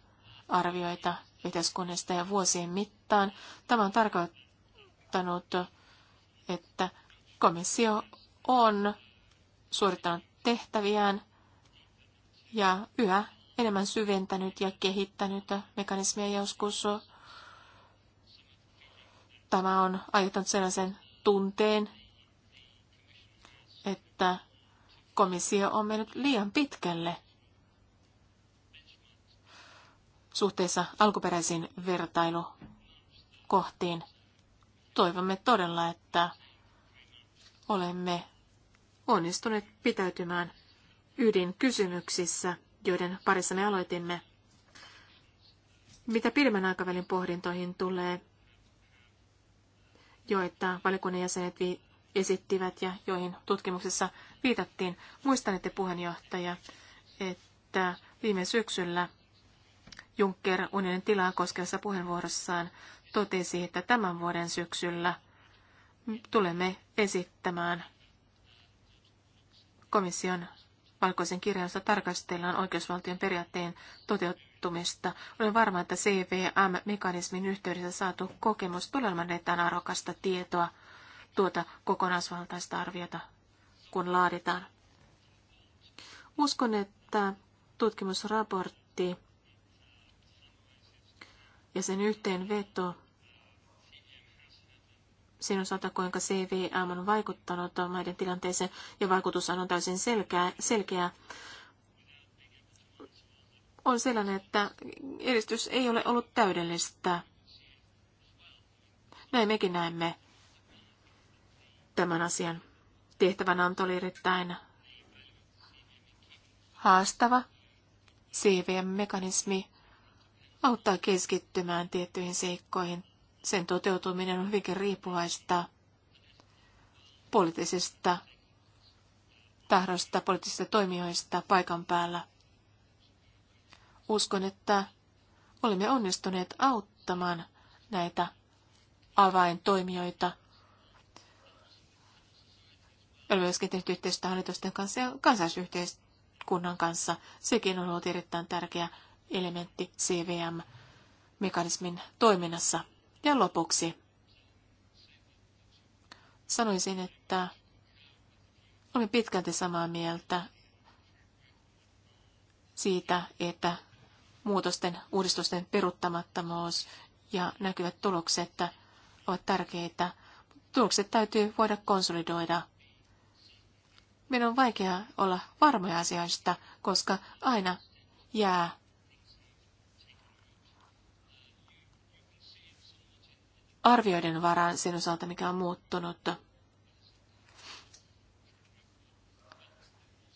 arvioita yhteiskunnasta ja vuosien mittaan. Tämä on tarkoittanut, että komissio on suorittanut tehtäviään ja yhä enemmän syventänyt ja kehittänyt mekanismia joskus Tämä on aiheuttanut sellaisen tunteen, että komissio on mennyt liian pitkälle suhteessa alkuperäisiin vertailukohtiin. Toivomme todella, että olemme onnistuneet pitäytymään ydinkysymyksissä, joiden parissa me aloitimme. Mitä pidemmän aikavälin pohdintoihin tulee, joita valiokunnan jäsenet esittivät ja joihin tutkimuksessa viitattiin. Muistan, että puheenjohtaja, että viime syksyllä Juncker unionin tilaa koskevassa puheenvuorossaan totesi, että tämän vuoden syksyllä tulemme esittämään komission valkoisen kirjausta tarkastellaan oikeusvaltion periaatteen toteuttamista puuttumista. Olen varma, että CVM-mekanismin yhteydessä saatu kokemus tulee olemaan arvokasta tietoa tuota kokonaisvaltaista arviota, kun laaditaan. Uskon, että tutkimusraportti ja sen yhteenveto sen osalta, kuinka CVM on vaikuttanut maiden tilanteeseen, ja vaikutus on täysin selkeä, selkeä on sellainen, että edistys ei ole ollut täydellistä. Näin mekin näemme tämän asian. Tehtävänanto oli erittäin haastava. CVM-mekanismi auttaa keskittymään tiettyihin seikkoihin. Sen toteutuminen on hyvinkin riippuvaista poliittisesta tahdosta, poliittisista toimijoista paikan päällä. Uskon, että olemme onnistuneet auttamaan näitä avaintoimijoita. Olemme myöskin tehneet yhteistyötä hallitusten kanssa ja kansallisyhteiskunnan kanssa. Sekin on ollut erittäin tärkeä elementti CVM-mekanismin toiminnassa. Ja lopuksi sanoisin, että olemme pitkälti samaa mieltä siitä, että muutosten, uudistusten peruttamattomuus ja näkyvät tulokset ovat tärkeitä. Tulokset täytyy voida konsolidoida. Minun on vaikea olla varmoja asioista, koska aina jää arvioiden varaan sen osalta, mikä on muuttunut.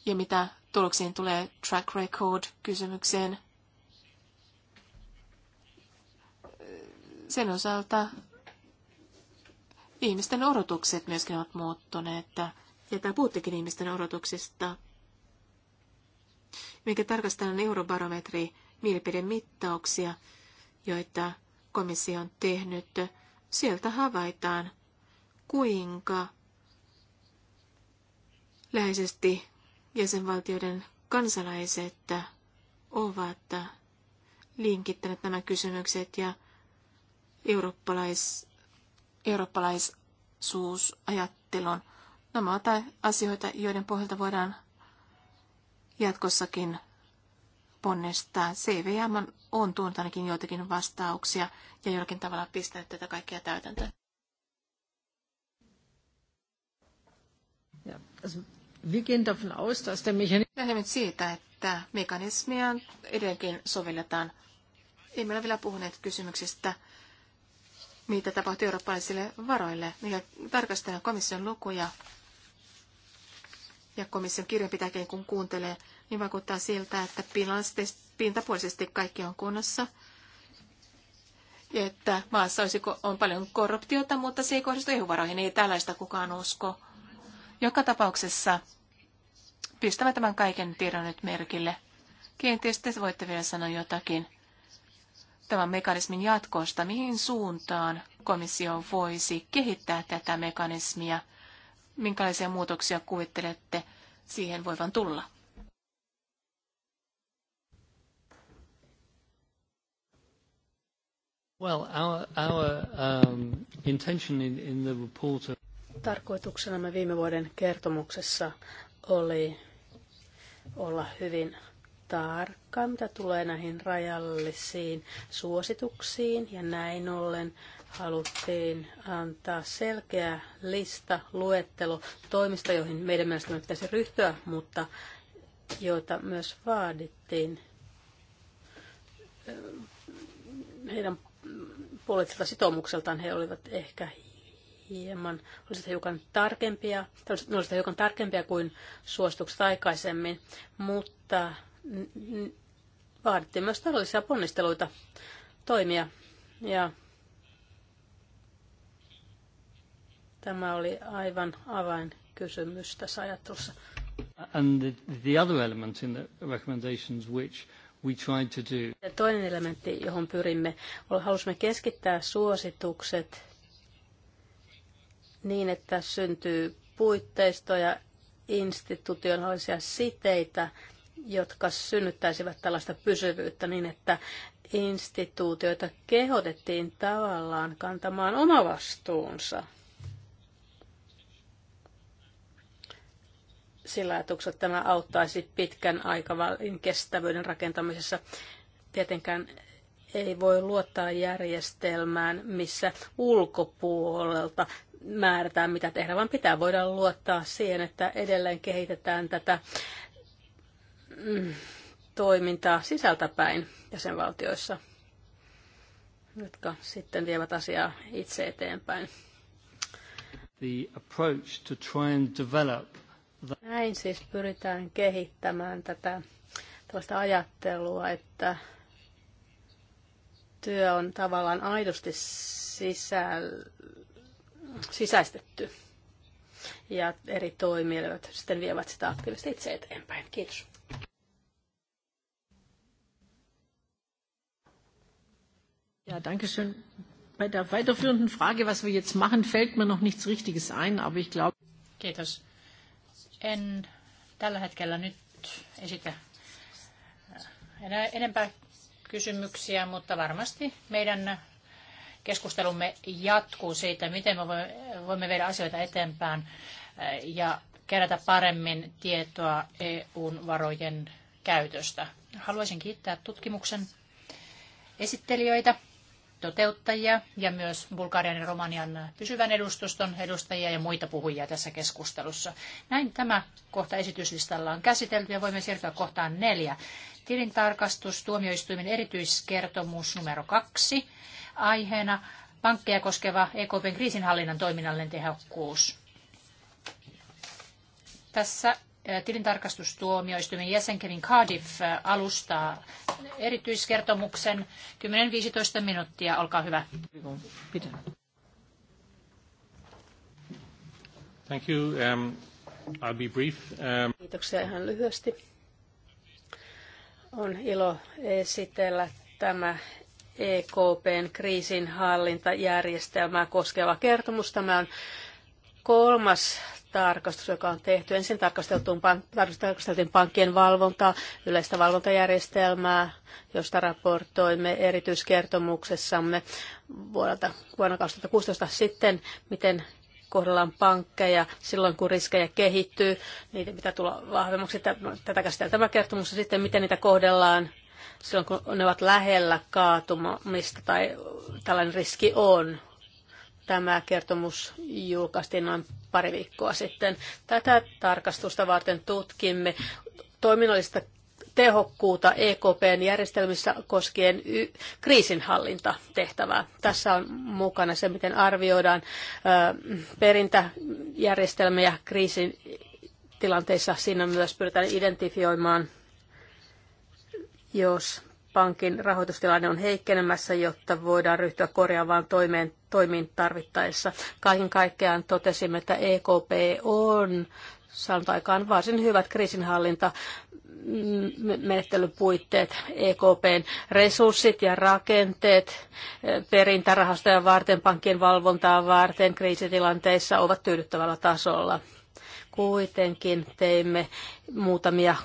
Ja mitä tuloksiin tulee track record kysymykseen, sen osalta ihmisten odotukset myöskin ovat muuttuneet. Ja tämä puhuttikin ihmisten odotuksista. Mikä tarkastellaan eurobarometri mielipidemittauksia, joita komissio on tehnyt. Sieltä havaitaan, kuinka läheisesti jäsenvaltioiden kansalaiset ovat linkittäneet nämä kysymykset ja eurooppalais, eurooppalaisuusajattelun. Nämä ovat asioita, joiden pohjalta voidaan jatkossakin ponnistaa. CVM on tuonut ainakin joitakin vastauksia ja jollakin tavalla pistänyt tätä kaikkea täytäntöön. Ja, also wir gehen davon aus, dass der siitä, että mekanismia edelleenkin sovelletaan. Ei meillä vielä puhuneet kysymyksistä, mitä tapahtui eurooppalaisille varoille. Mikä tarkastellaan komission lukuja ja komission kirjanpitäkin, kun kuuntelee, niin vaikuttaa siltä, että pintapuolisesti kaikki on kunnossa. Ja että maassa olisi, on paljon korruptiota, mutta se ei kohdistu EU-varoihin. Ei tällaista kukaan usko. Joka tapauksessa pistämme tämän kaiken tiedon nyt merkille. Kenties te voitte vielä sanoa jotakin tämän mekanismin jatkosta, mihin suuntaan komissio voisi kehittää tätä mekanismia? Minkälaisia muutoksia kuvittelette siihen voivan tulla? Well, our, our um, intention in, in the report of... Tarkoituksena me viime vuoden kertomuksessa oli olla hyvin tarkkaan, mitä tulee näihin rajallisiin suosituksiin ja näin ollen haluttiin antaa selkeä lista, luettelo toimista, joihin meidän mielestämme pitäisi ryhtyä, mutta joita myös vaadittiin eh, heidän poliittiselta sitoumukseltaan. He olivat ehkä hieman, olisivat hiukan tarkempia, olisivat hiukan tarkempia kuin suositukset aikaisemmin, mutta vaadittiin myös todellisia ponnisteluita toimia. Ja tämä oli aivan avainkysymys tässä ajattelussa. And the, the other element in the recommendations which we tried to do. Ja toinen elementti, johon pyrimme, halusimme keskittää suositukset niin, että syntyy puitteistoja, institutionaalisia siteitä jotka synnyttäisivät tällaista pysyvyyttä niin, että instituutioita kehotettiin tavallaan kantamaan oma vastuunsa. Sillä ajatuksella että tämä auttaisi pitkän aikavälin kestävyyden rakentamisessa. Tietenkään ei voi luottaa järjestelmään, missä ulkopuolelta määrätään, mitä tehdä, vaan pitää voida luottaa siihen, että edelleen kehitetään tätä toimintaa sisältäpäin jäsenvaltioissa, jotka sitten vievät asiaa itse eteenpäin. The approach to try and develop the... Näin siis pyritään kehittämään tätä tällaista ajattelua, että työ on tavallaan aidosti sisäl... sisäistetty ja eri toimijat sitten vievät sitä aktiivisesti itse eteenpäin. Kiitos. Ja, danke schön. Bei der weiterführenden Frage, was wir jetzt machen, fällt mir noch nichts Richtiges ein, aber ich glaube... Kiitos. En tällä hetkellä nyt esitä äh, enää enempää kysymyksiä, mutta varmasti meidän keskustelumme jatkuu siitä, miten me voimme viedä asioita eteenpäin äh, ja kerätä paremmin tietoa EUn varojen käytöstä. Haluaisin kiittää tutkimuksen esittelijöitä toteuttajia ja myös Bulgarian ja Romanian pysyvän edustuston edustajia ja muita puhujia tässä keskustelussa. Näin tämä kohta esityslistalla on käsitelty ja voimme siirtyä kohtaan neljä. Tilintarkastus, tuomioistuimen erityiskertomus numero kaksi, aiheena pankkeja koskeva EKPn kriisinhallinnan toiminnallinen tehokkuus. Tässä tilintarkastustuomioistuimen jäsen Kevin Cardiff alustaa erityiskertomuksen 10-15 minuuttia. Olkaa hyvä. Thank you. Um, I'll be brief. Um... Kiitoksia ihan lyhyesti. On ilo esitellä tämä EKPn kriisinhallintajärjestelmää koskeva kertomus. Tämä on kolmas tarkastus, joka on tehty. Ensin tarkasteltiin pankkien valvontaa, yleistä valvontajärjestelmää, josta raportoimme erityiskertomuksessamme vuodelta vuonna 2016 sitten, miten kohdellaan pankkeja silloin, kun riskejä kehittyy. Niitä pitää tulla vahvemmaksi. Tätä käsitellään tämä kertomus ja sitten, miten niitä kohdellaan silloin, kun ne ovat lähellä kaatumista tai tällainen riski on Tämä kertomus julkaistiin noin pari viikkoa sitten. Tätä tarkastusta varten tutkimme toiminnallista tehokkuutta EKPn järjestelmissä koskien y- kriisinhallintatehtävää. Tässä on mukana se, miten arvioidaan ö, perintäjärjestelmiä kriisin tilanteissa. Siinä myös pyritään identifioimaan, jos pankin rahoitustilanne on heikkenemässä, jotta voidaan ryhtyä korjaavaan toimeen, toimiin tarvittaessa. Kaiken kaikkiaan totesimme, että EKP on saanut aikaan varsin hyvät kriisinhallinta puitteet, EKPn resurssit ja rakenteet eh, perintärahastoja varten, pankkien valvontaa varten kriisitilanteissa ovat tyydyttävällä tasolla. Kuitenkin teimme muutamia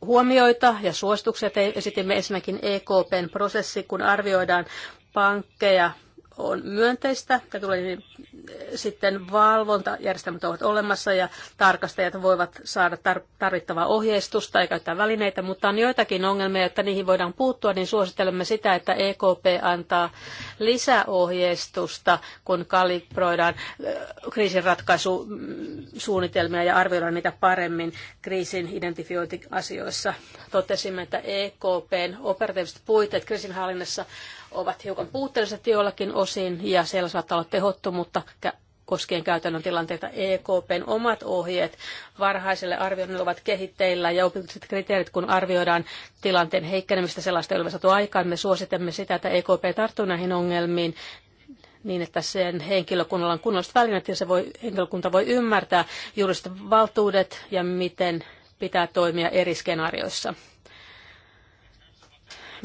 huomioita ja suosituksia. Esitimme ensinnäkin EKPn prosessi, kun arvioidaan pankkeja on myönteistä. Ja tulee niin, sitten valvontajärjestelmät ovat olemassa ja tarkastajat voivat saada tar- tarvittavaa ohjeistusta ja käyttää välineitä, mutta on joitakin ongelmia, että niihin voidaan puuttua, niin suosittelemme sitä, että EKP antaa lisäohjeistusta, kun kalibroidaan eh, kriisinratkaisusuunnitelmia ja arvioidaan niitä paremmin kriisin identifiointiasioissa. Totesimme, että EKPn operatiiviset puitteet kriisinhallinnassa ovat hiukan puutteelliset joillakin osin ja siellä saattaa olla tehottomuutta koskien käytännön tilanteita EKPn omat ohjeet varhaiselle arvioinnille ovat kehitteillä ja opitut kriteerit, kun arvioidaan tilanteen heikkenemistä sellaista, jolla saatu aikaan. Me suositemme sitä, että EKP tarttuu näihin ongelmiin niin, että sen henkilökunnalla on kunnolliset välineet ja se voi, henkilökunta voi ymmärtää juridiset valtuudet ja miten pitää toimia eri skenaarioissa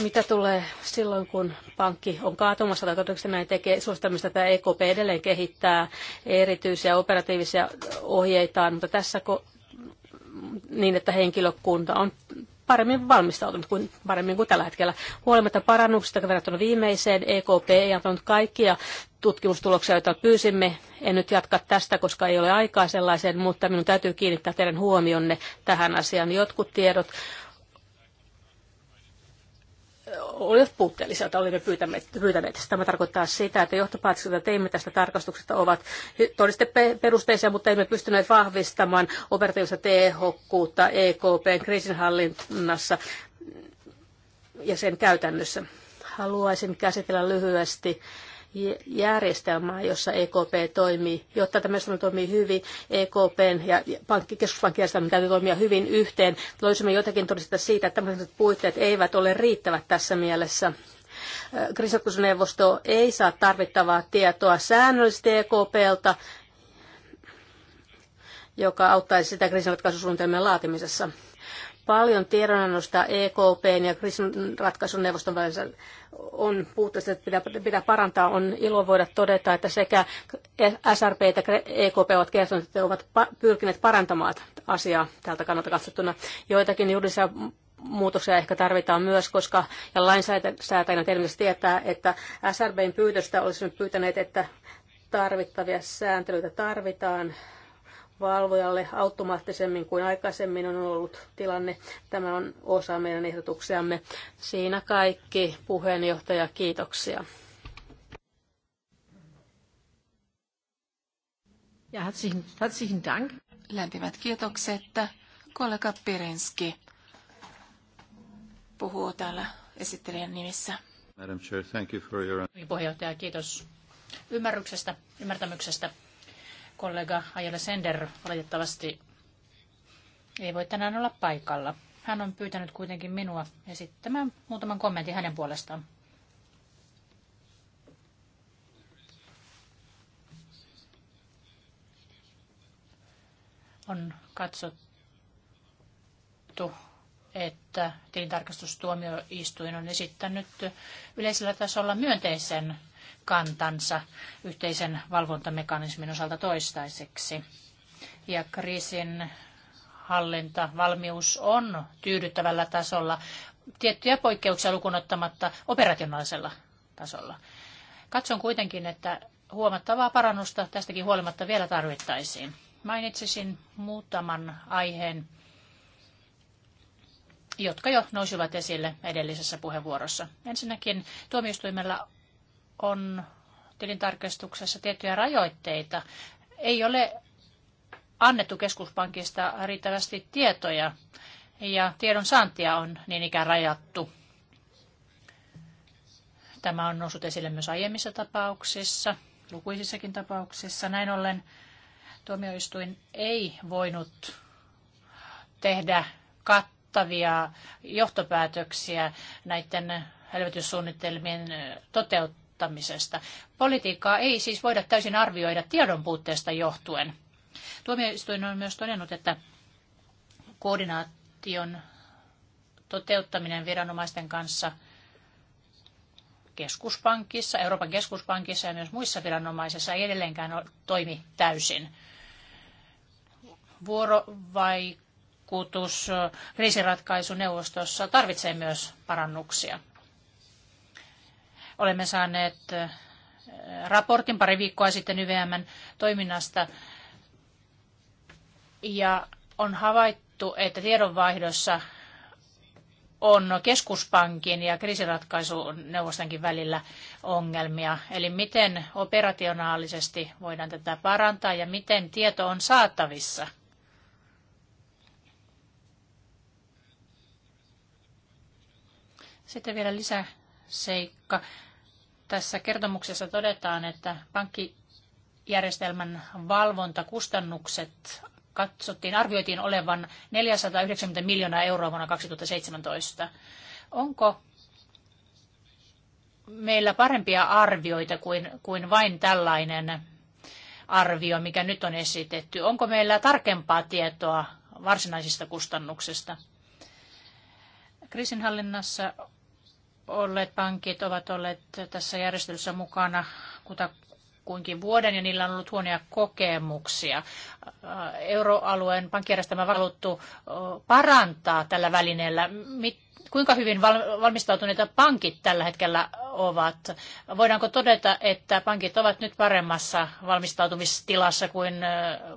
mitä tulee silloin, kun pankki on kaatumassa tai todennäköisesti näin tekee, suosittamista tämä EKP edelleen kehittää erityisiä operatiivisia ohjeitaan, mutta tässä niin, että henkilökunta on paremmin valmistautunut kuin paremmin kuin tällä hetkellä. Huolimatta parannuksista verrattuna viimeiseen, EKP ei antanut kaikkia tutkimustuloksia, joita pyysimme. En nyt jatka tästä, koska ei ole aikaa sellaiseen, mutta minun täytyy kiinnittää teidän huomionne tähän asiaan. Jotkut tiedot olivat puutteellisia, joita olimme pyytäneet. pyytäneet. Siis tämä tarkoittaa sitä, että johtopäätökset, joita teimme tästä tarkastuksesta, ovat todisteperusteisia, mutta emme pystyneet vahvistamaan operatiivista tehokkuutta EKPn kriisinhallinnassa ja sen käytännössä. Haluaisin käsitellä lyhyesti järjestelmää, jossa EKP toimii, jotta tämä järjestelmä toimii hyvin, EKPn ja pankki, keskuspankkijärjestelmän täytyy toimia hyvin yhteen. Loisimme jotakin todistetta siitä, että tämmöiset puitteet eivät ole riittävät tässä mielessä. Kriisiratkaisунeuvosto ei saa tarvittavaa tietoa säännöllisesti EKPltä, joka auttaisi sitä kriisinratkaisusuunnitelmien laatimisessa paljon tiedonannosta EKPn ja kriisin ratkaisun neuvoston välissä on puutteista, että pitää, pitää parantaa. On ilo voida todeta, että sekä SRP että EKP ovat kertoneet, että ovat pyrkineet parantamaan asiaa tältä kannalta katsottuna. Joitakin juridisia muutoksia ehkä tarvitaan myös, koska ja lainsäätäjänä tietysti tietää, että SRBn pyytöstä olisimme pyytäneet, että tarvittavia sääntelyitä tarvitaan valvojalle automaattisemmin kuin aikaisemmin on ollut tilanne. Tämä on osa meidän ehdotuksiamme. Siinä kaikki. Puheenjohtaja, kiitoksia. Ja herzlichen, herzlichen Dank. Lämpimät kiitokset. Kollega Pirenski puhuu täällä esittelijän nimissä. Madam Chair, thank you for your... Puheenjohtaja, kiitos ymmärryksestä, ymmärtämyksestä Kollega Ajala Sender valitettavasti ei voi tänään olla paikalla. Hän on pyytänyt kuitenkin minua esittämään muutaman kommentin hänen puolestaan. On katsottu, että tilintarkastustuomioistuin on esittänyt yleisellä tasolla myönteisen kantansa yhteisen valvontamekanismin osalta toistaiseksi. Ja kriisin hallinta, valmius on tyydyttävällä tasolla, tiettyjä poikkeuksia lukuun ottamatta operationaalisella tasolla. Katson kuitenkin, että huomattavaa parannusta tästäkin huolimatta vielä tarvittaisiin. Mainitsisin muutaman aiheen, jotka jo nousivat esille edellisessä puheenvuorossa. Ensinnäkin tuomioistuimella on tilintarkastuksessa tiettyjä rajoitteita. Ei ole annettu keskuspankista riittävästi tietoja ja tiedon saantia on niin ikään rajattu. Tämä on noussut esille myös aiemmissa tapauksissa, lukuisissakin tapauksissa. Näin ollen tuomioistuin ei voinut tehdä kattavia johtopäätöksiä näiden elvytyssuunnitelmien toteuttamisesta vaikuttamisesta. Politiikkaa ei siis voida täysin arvioida tiedon puutteesta johtuen. Tuomioistuin on myös todennut, että koordinaation toteuttaminen viranomaisten kanssa keskuspankissa, Euroopan keskuspankissa ja myös muissa viranomaisissa ei edelleenkään toimi täysin. Vuorovaikutus kriisiratkaisuneuvostossa tarvitsee myös parannuksia. Olemme saaneet raportin pari viikkoa sitten YVMn toiminnasta. Ja on havaittu, että tiedonvaihdossa on keskuspankin ja kriisiratkaisuneuvostankin välillä ongelmia. Eli miten operationaalisesti voidaan tätä parantaa ja miten tieto on saatavissa? Sitten vielä lisäseikka. seikka tässä kertomuksessa todetaan, että pankkijärjestelmän valvontakustannukset katsottiin, arvioitiin olevan 490 miljoonaa euroa vuonna 2017. Onko meillä parempia arvioita kuin, kuin vain tällainen arvio, mikä nyt on esitetty? Onko meillä tarkempaa tietoa varsinaisista kustannuksista? Kriisinhallinnassa olleet pankit ovat olleet tässä järjestelyssä mukana kutakuinkin vuoden ja niillä on ollut huonoja kokemuksia. Euroalueen pankkijärjestelmä valuttu parantaa tällä välineellä. Kuinka hyvin valmistautuneita pankit tällä hetkellä ovat? Voidaanko todeta, että pankit ovat nyt paremmassa valmistautumistilassa kuin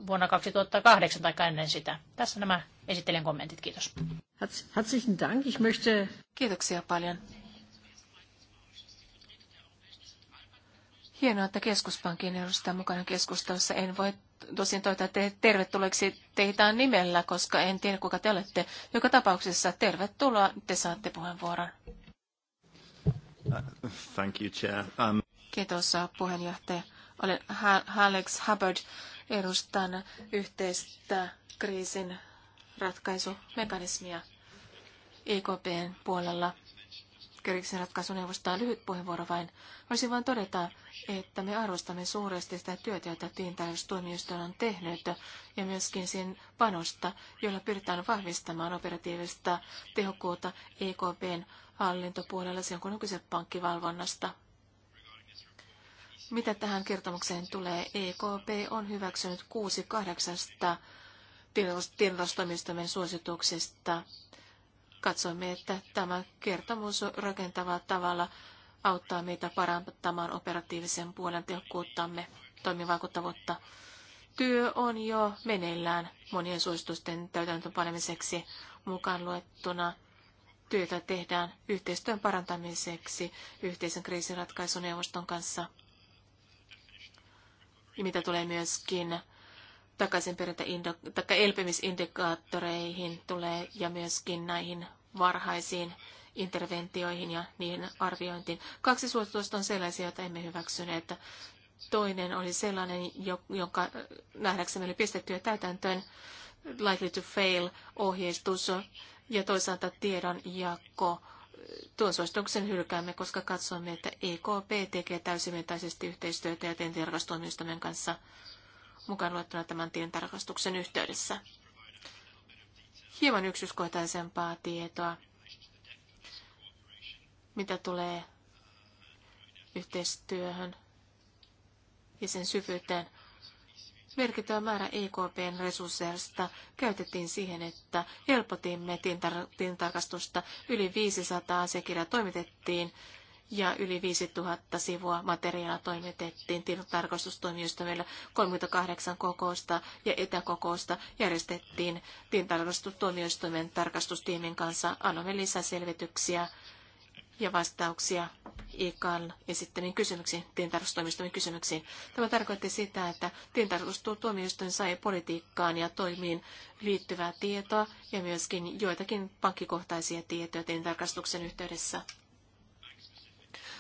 vuonna 2008 tai ennen sitä? Tässä nämä esittelijän kommentit. Kiitos. Herzlichen Dank. Ich möchte... Kiitoksia paljon. Hienoa, että keskuspankin edustaja mukana keskustelussa. En voi tosin toivottaa te tervetulleeksi teitä nimellä, koska en tiedä kuka te olette. Joka tapauksessa tervetuloa, te saatte puheenvuoron. Thank you, Chair. Um... Kiitos uh, puheenjohtaja. Olen Alex Hubbard, edustan yhteistä kriisin ratkaisumekanismia EKPn puolella kriisin on lyhyt puheenvuoro vain. Voisin vain todeta, että me arvostamme suuresti sitä työtä, jota tiintäystuomioistuin on tehnyt, ja myöskin sen panosta, jolla pyritään vahvistamaan operatiivista tehokkuutta EKPn hallintopuolella, sen kun on kyse pankkivalvonnasta. Mitä tähän kertomukseen tulee, EKP on hyväksynyt kuusi kahdeksasta suosituksista. Katsoimme, että tämä kertomus rakentavalla tavalla auttaa meitä parantamaan operatiivisen puolen tehokkuuttamme toimivaikuttavuutta. Työ on jo meneillään monien suositusten täytäntöönpanemiseksi mukaan luettuna. Työtä tehdään yhteistyön parantamiseksi yhteisen kriisiratkaisuneuvoston kanssa. Ja mitä tulee myöskin takaisinperintä- tai elpymisindikaattoreihin tulee ja myöskin näihin varhaisiin interventioihin ja niihin arviointiin. Kaksi suositusta on sellaisia, joita emme hyväksyneet. Toinen oli sellainen, jonka nähdäksemme oli jo täytäntöön likely to fail-ohjeistus ja toisaalta tiedonjako. Tuon suosituksen hylkäämme, koska katsomme, että EKP tekee täysimittaisesti yhteistyötä ja tilintarkastustuomioistuimen kanssa mukaan luettuna tämän tien tarkastuksen yhteydessä hieman yksityiskohtaisempaa tietoa, mitä tulee yhteistyöhön ja sen syvyyteen. Merkittävä määrä EKPn resursseista käytettiin siihen, että helpotimme tintarkastusta. Yli 500 asiakirjaa toimitettiin ja yli 5000 sivua materiaalia toimitettiin tilintarkastustoimijoistamille 38 kokousta ja etäkokousta järjestettiin tilintarkastustoimijoistoimen tarkastustiimin kanssa. Annoimme lisäselvityksiä ja vastauksia IKAN esittämiin kysymyksiin, tilintarkastustoimistoimen kysymyksiin. Tämä tarkoitti sitä, että tilintarkastustuomioistuin sai politiikkaan ja toimiin liittyvää tietoa ja myöskin joitakin pankkikohtaisia tietoja tilintarkastuksen yhteydessä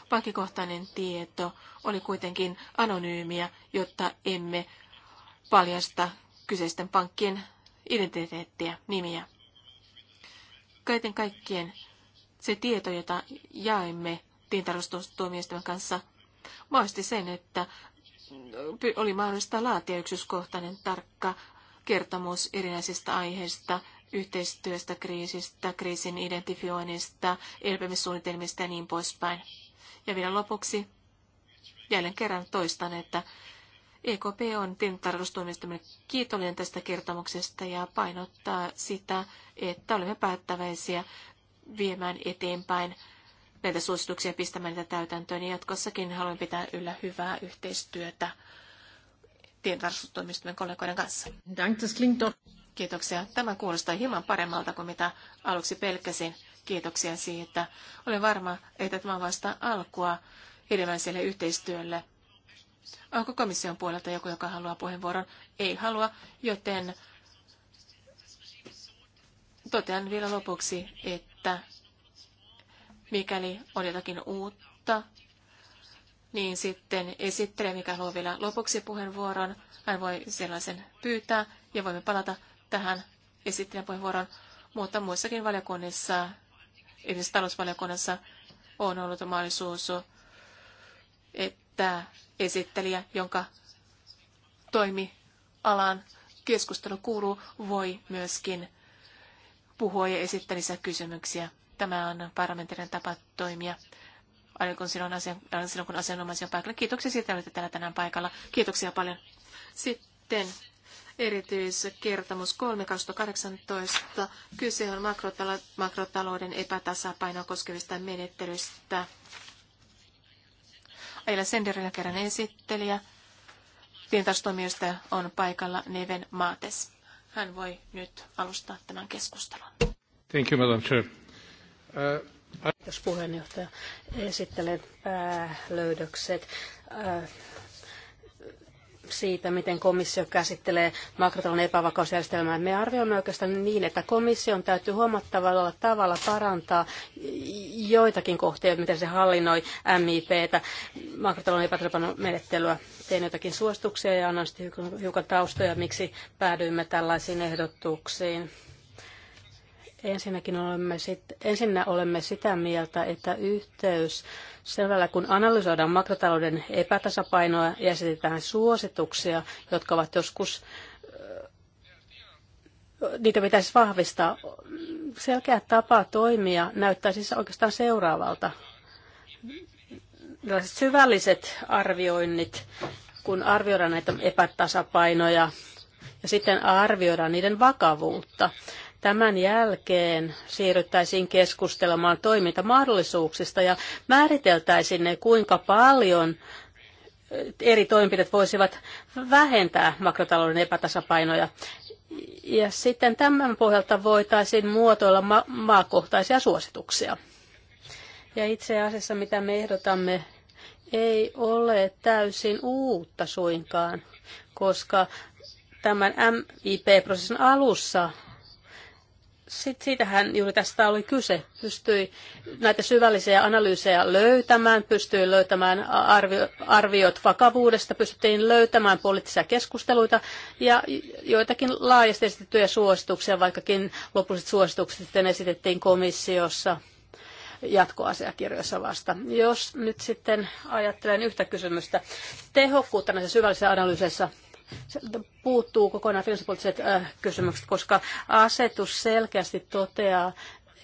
pankkikohtainen tieto oli kuitenkin anonyymiä, jotta emme paljasta kyseisten pankkien identiteettiä, nimiä. Kaiken kaikkien se tieto, jota jaimme tiintarvostustuomioistuimen kanssa, maisti sen, että oli mahdollista laatia yksityiskohtainen tarkka kertomus erinäisistä aiheista, yhteistyöstä, kriisistä, kriisin identifioinnista, elpymissuunnitelmista ja niin poispäin. Ja vielä lopuksi jälleen kerran toistan, että EKP on tilintarkastustuomioistuimen kiitollinen tästä kertomuksesta ja painottaa sitä, että olemme päättäväisiä viemään eteenpäin näitä suosituksia pistämään niitä täytäntöön. Ja jatkossakin haluan pitää yllä hyvää yhteistyötä tilintarkastustuomioistuimen kollegoiden kanssa. Kiitoksia. Tämä kuulostaa hieman paremmalta kuin mitä aluksi pelkäsin. Kiitoksia siitä. Olen varma, että tämä on vasta alkua hedelmälliselle yhteistyölle. Onko komission puolelta joku, joka haluaa puheenvuoron? Ei halua, joten totean vielä lopuksi, että mikäli on jotakin uutta, niin sitten esittelee, mikä haluaa vielä lopuksi puheenvuoron. Hän voi sellaisen pyytää ja voimme palata tähän esittelen puheenvuoron, mutta muissakin valiokunnissa edes talousvaliokunnassa on ollut mahdollisuus, että esittelijä, jonka toimialan keskustelu kuuluu, voi myöskin puhua ja esittää lisää kysymyksiä. Tämä on parlamentaarinen tapa toimia. Aina kun silloin, asian, aina silloin kun asianomaisia on paikalla. Kiitoksia siitä, että olette täällä tänään paikalla. Kiitoksia paljon. Sitten erityiskertomus 3 2018. Kyse on makrotalouden epätasapainoa koskevista menettelystä. Aila Senderillä kerran esittelijä. Tientaustoimijoista on paikalla Neven Maates. Hän voi nyt alustaa tämän keskustelun. Thank you, Madam Chair. Uh, I... Jos puheenjohtaja. esittelee päälöydökset. Uh, siitä, miten komissio käsittelee makrotalouden epävakausjärjestelmää. Me arvioimme oikeastaan niin, että komission täytyy huomattavalla tavalla parantaa joitakin kohtia, miten se hallinnoi MIPtä, makrotalouden epätasapainomenettelyä. Tein jotakin suosituksia ja annan sitten hiukan taustoja, miksi päädyimme tällaisiin ehdotuksiin. Ensinnäkin olemme, sit, ensinnä olemme sitä mieltä, että yhteys selvällä, kun analysoidaan makrotalouden epätasapainoa ja esitetään suosituksia, jotka ovat joskus, niitä pitäisi vahvistaa. Selkeä tapa toimia näyttää siis oikeastaan seuraavalta. Tällaiset syvälliset arvioinnit, kun arvioidaan näitä epätasapainoja ja sitten arvioidaan niiden vakavuutta Tämän jälkeen siirryttäisiin keskustelemaan toimintamahdollisuuksista ja määriteltäisiin ne, kuinka paljon eh, eri toimenpiteet voisivat vähentää makrotalouden epätasapainoja. Ja sitten tämän pohjalta voitaisiin muotoilla ma- maakohtaisia suosituksia. Ja itse asiassa mitä me ehdotamme ei ole täysin uutta suinkaan, koska tämän MIP-prosessin alussa sit, siitähän juuri tästä oli kyse. Pystyi näitä syvällisiä analyysejä löytämään, pystyi löytämään arvio, arviot vakavuudesta, pystyttiin löytämään poliittisia keskusteluita ja joitakin laajasti esitettyjä suosituksia, vaikkakin lopulliset suositukset sitten esitettiin komissiossa jatkoasiakirjoissa vasta. Jos nyt sitten ajattelen yhtä kysymystä, tehokkuutta näissä syvällisissä analyyseissä puuttuu kokonaan filosofiset äh, kysymykset, koska asetus selkeästi toteaa,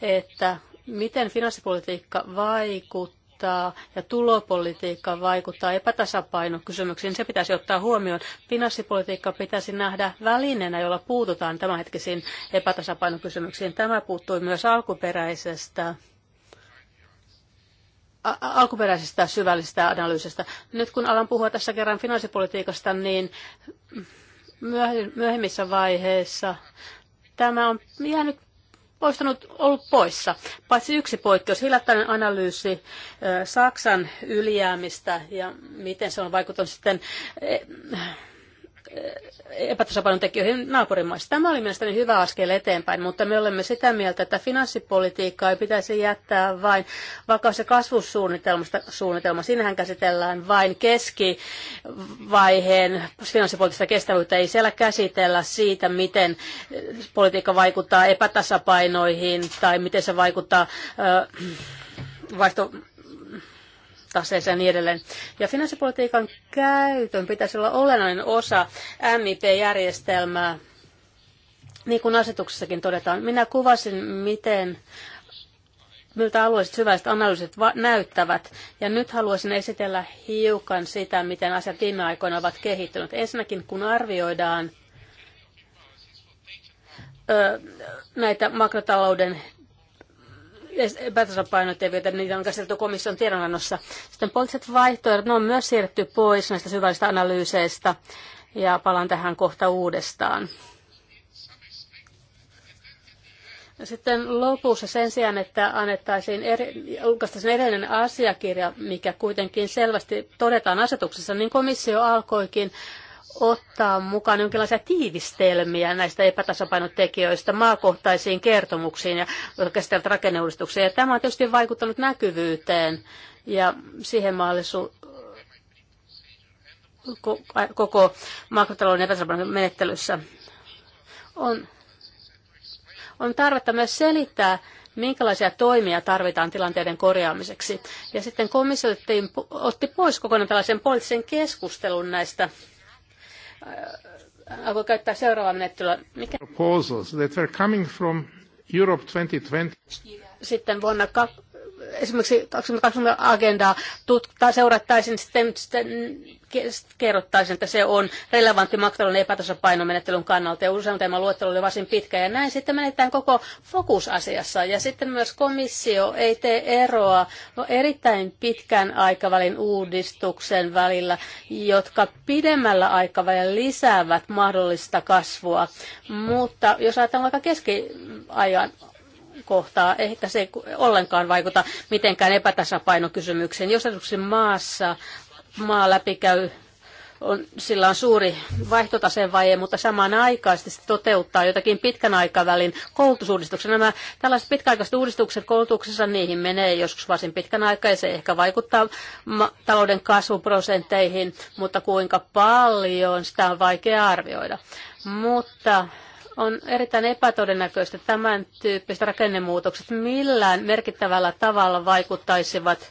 että miten finanssipolitiikka vaikuttaa vaikuttaa ja tulopolitiikka vaikuttaa epätasapainokysymyksiin, se pitäisi ottaa huomioon. Finanssipolitiikka pitäisi nähdä välineenä, jolla puututaan tämänhetkisiin epätasapainokysymyksiin. Tämä puuttui myös alkuperäisestä alkuperäisestä syvällisestä analyysistä. Nyt kun alan puhua tässä kerran finanssipolitiikasta, niin myöhemmissä vaiheissa tämä on jäänyt poistanut, ollut poissa. Paitsi yksi poikkeus, hiljattainen analyysi Saksan ylijäämistä ja miten se on vaikuttanut sitten e, epätasapainotekijöihin tekijöihin naapurimaissa. Tämä oli mielestäni hyvä askel eteenpäin, mutta me olemme sitä mieltä, että finanssipolitiikkaa ei pitäisi jättää vain vakaus- ja kasvusuunnitelmasta suunnitelma. Siinähän käsitellään vain keskivaiheen finanssipoliittista kestävyyttä. Ei siellä käsitellä siitä, miten politiikka vaikuttaa epätasapainoihin tai miten se vaikuttaa äh, vaihto taseeseen ja niin edelleen. Ja finanssipolitiikan käytön pitäisi olla olennainen osa MIP-järjestelmää, niin kuin asetuksessakin todetaan. Minä kuvasin, miten miltä alueelliset syvälliset analyysit näyttävät. Ja nyt haluaisin esitellä hiukan sitä, miten asiat viime aikoina ovat kehittyneet. Ensinnäkin, kun arvioidaan ö, näitä makrotalouden epätasapainoteviöitä, niin niitä on käsitelty komission tiedonannossa. Sitten poliittiset vaihtoehdot, ne on myös siirretty pois näistä syvällisistä analyyseistä, ja palaan tähän kohta uudestaan. Sitten lopussa sen sijaan, että annettaisiin eri, edellinen asiakirja, mikä kuitenkin selvästi todetaan asetuksessa, niin komissio alkoikin ottaa mukaan jonkinlaisia tiivistelmiä näistä epätasapainotekijöistä maakohtaisiin kertomuksiin ja käsiteltä rakenneuudistuksia. Ja tämä on tietysti vaikuttanut näkyvyyteen ja siihen mahdollisuuteen koko makrotalouden epätasapainon menettelyssä. On, on tarvetta myös selittää, minkälaisia toimia tarvitaan tilanteiden korjaamiseksi. Ja sitten komissio otti pois kokonaan tällaisen poliittisen keskustelun näistä hän äh, äh, käyttää seuraavaa menettelyä. Mikä? Proposals that were coming from Europe 2020. Sitten vuonna esimerkiksi 2020 agendaa tutkaa, seurattaisiin, sitten, sitten kerrottaisiin, että se on relevantti maktalon epätasapainomenettelyn kannalta. Ja usein tämä luettelo oli varsin pitkä ja näin sitten menetään koko fokusasiassa. Ja sitten myös komissio ei tee eroa no, erittäin pitkän aikavälin uudistuksen välillä, jotka pidemmällä aikavälillä lisäävät mahdollista kasvua. Mutta jos ajatellaan vaikka keskiajan kohtaa. Ehkä se ei ollenkaan vaikuta mitenkään epätasapainokysymykseen. Jos esimerkiksi maassa maa läpikäy on, sillä on suuri vaihtotasevaje, mutta samanaikaisesti se toteuttaa jotakin pitkän aikavälin koulutusuudistuksen. Nämä tällaiset pitkäaikaiset uudistukset koulutuksessa, niihin menee joskus varsin pitkän aikaa ja se ehkä vaikuttaa talouden kasvuprosentteihin, mutta kuinka paljon sitä on vaikea arvioida. Mutta on erittäin epätodennäköistä tämän tyyppiset rakennemuutokset millään merkittävällä tavalla vaikuttaisivat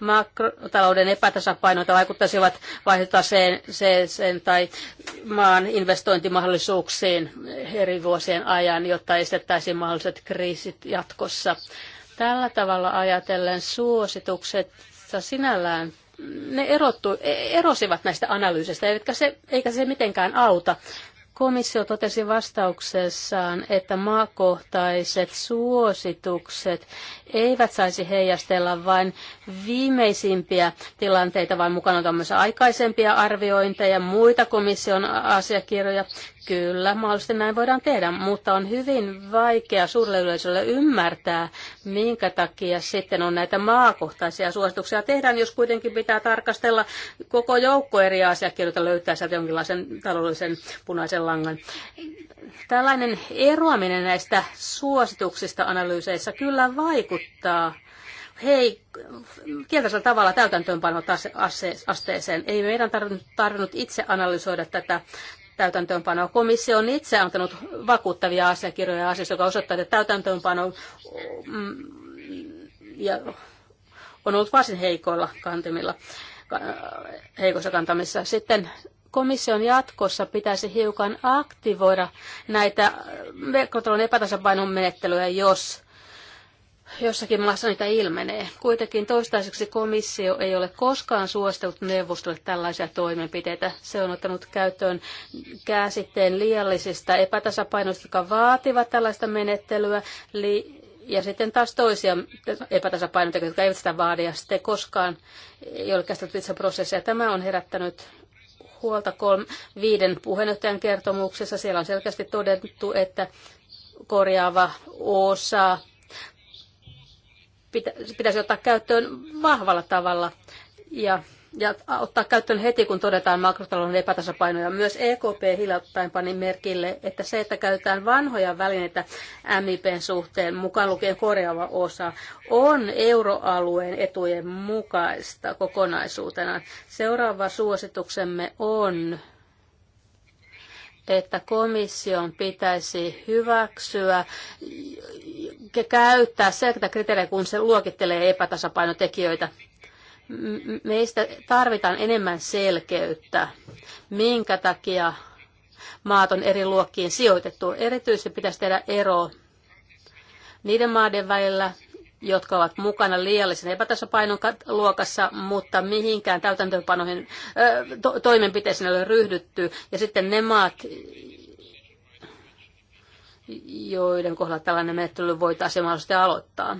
makrotalouden epätasapainoita vaikuttaisivat vaihtotaseeseen sen tai maan investointimahdollisuuksiin eri vuosien ajan, jotta estettäisiin mahdolliset kriisit jatkossa. Tällä tavalla ajatellen suositukset sinällään ne erottu, erosivat näistä analyysistä, eikä se, eikä se mitenkään auta Komissio totesi vastauksessaan, että maakohtaiset suositukset eivät saisi heijastella vain viimeisimpiä tilanteita, vaan mukana on myös aikaisempia arviointeja, ja muita komission asiakirjoja. Kyllä, mahdollisesti näin voidaan tehdä, mutta on hyvin vaikea suurelle yleisölle ymmärtää, minkä takia sitten on näitä maakohtaisia suosituksia tehdään, jos kuitenkin pitää tarkastella koko joukko eri asiakirjoita löytää sieltä jonkinlaisen taloudellisen punaisen langan. Tällainen eroaminen näistä suosituksista analyyseissa kyllä vaikuttaa hei, kielteisellä tavalla täytäntöönpanot asteeseen. Ei meidän tarvinnut itse analysoida tätä täytäntöönpanoa. Komissio on itse antanut vakuuttavia asiakirjoja asiasta, joka osoittaa, että täytäntöönpano mm, on ollut varsin heikoilla kantimilla, heikossa kantamissa. Sitten komission jatkossa pitäisi hiukan aktivoida näitä verkkotalon epätasapainon menettelyjä, jos jossakin maassa niitä ilmenee. Kuitenkin toistaiseksi komissio ei ole koskaan suostellut neuvostolle tällaisia toimenpiteitä. Se on ottanut käyttöön käsitteen liiallisista epätasapainoista, jotka vaativat tällaista menettelyä, ja sitten taas toisia epätasapainoja, jotka eivät sitä vaadi, ja sitten koskaan ei ole käsitelty itse prosessia. Tämä on herättänyt huolta kolm, viiden puheenjohtajan kertomuksessa. Siellä on selkeästi todettu, että korjaava osa pitäisi ottaa käyttöön vahvalla tavalla ja, ja ottaa käyttöön heti, kun todetaan makrotalouden epätasapainoja. Myös EKP hiljattain pani merkille, että se, että käytetään vanhoja välineitä MIPn suhteen, mukaan lukien korjaava osa, on euroalueen etujen mukaista kokonaisuutena. Seuraava suosituksemme on että komission pitäisi hyväksyä ja käyttää selkeitä kriteerejä, kun se luokittelee epätasapainotekijöitä. Meistä tarvitaan enemmän selkeyttä, minkä takia maat on eri luokkiin sijoitettu. Erityisesti pitäisi tehdä ero niiden maiden välillä, jotka ovat mukana liiallisen epätasapainon luokassa, mutta mihinkään täytäntöönpanoihin to, toimenpiteisiin ei ole ryhdytty. Ja sitten ne maat, joiden kohdalla tällainen menettely voitaisiin mahdollisesti aloittaa.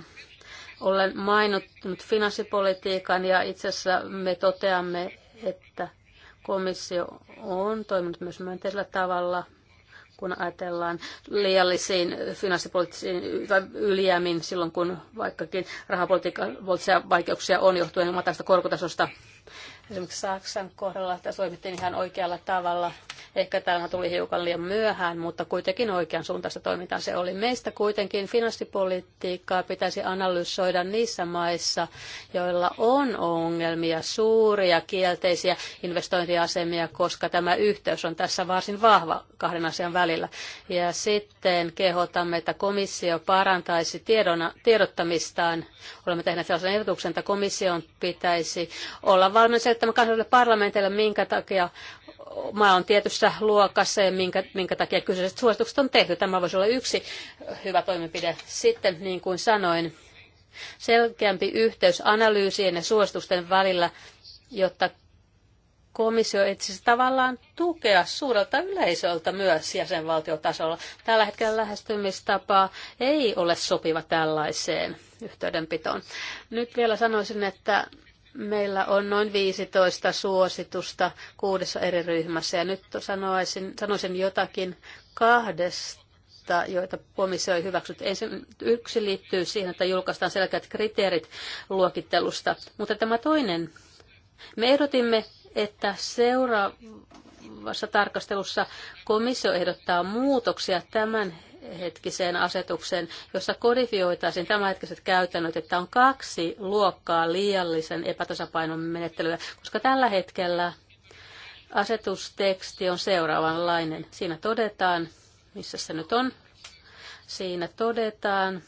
Olen mainittanut finanssipolitiikan ja itse asiassa me toteamme, että komissio on toiminut myös myönteisellä tavalla kun ajatellaan liiallisiin finanssipoliittisiin tai ylijäämiin silloin, kun vaikkakin rahapolitiikan vaikeuksia on johtuen matasta korkotasosta Esimerkiksi Saksan kohdalla tässä toimittiin ihan oikealla tavalla. Ehkä tämä tuli hiukan liian myöhään, mutta kuitenkin oikean suuntaista toimintaa se oli. Meistä kuitenkin finanssipolitiikkaa pitäisi analysoida niissä maissa, joilla on ongelmia, suuria kielteisiä investointiasemia, koska tämä yhteys on tässä varsin vahva kahden asian välillä. Ja sitten kehotamme, että komissio parantaisi tiedona, tiedottamistaan. Olemme tehneet sellaisen ehdotuksen, että komission pitäisi olla valmis että kansalliselle parlamentille, minkä takia maa on tietyssä luokassa ja minkä, minkä takia kyseiset suositukset on tehty. Tämä voisi olla yksi hyvä toimenpide. Sitten, niin kuin sanoin, selkeämpi yhteys analyysien ja suositusten välillä, jotta komissio etsisi tavallaan tukea suurelta yleisöltä myös jäsenvaltiotasolla. Tällä hetkellä lähestymistapa ei ole sopiva tällaiseen yhteydenpitoon. Nyt vielä sanoisin, että Meillä on noin 15 suositusta kuudessa eri ryhmässä ja nyt sanoisin, sanoisin jotakin kahdesta joita komissio ei hyväksynyt. yksi liittyy siihen, että julkaistaan selkeät kriteerit luokittelusta, mutta tämä toinen. Me ehdotimme, että seuraavassa tarkastelussa komissio ehdottaa muutoksia tämän hetkiseen asetukseen, jossa kodifioitaisiin tämänhetkiset käytännöt, että on kaksi luokkaa liiallisen epätasapainon menettelyä, koska tällä hetkellä asetusteksti on seuraavanlainen. Siinä todetaan, missä se nyt on, siinä todetaan,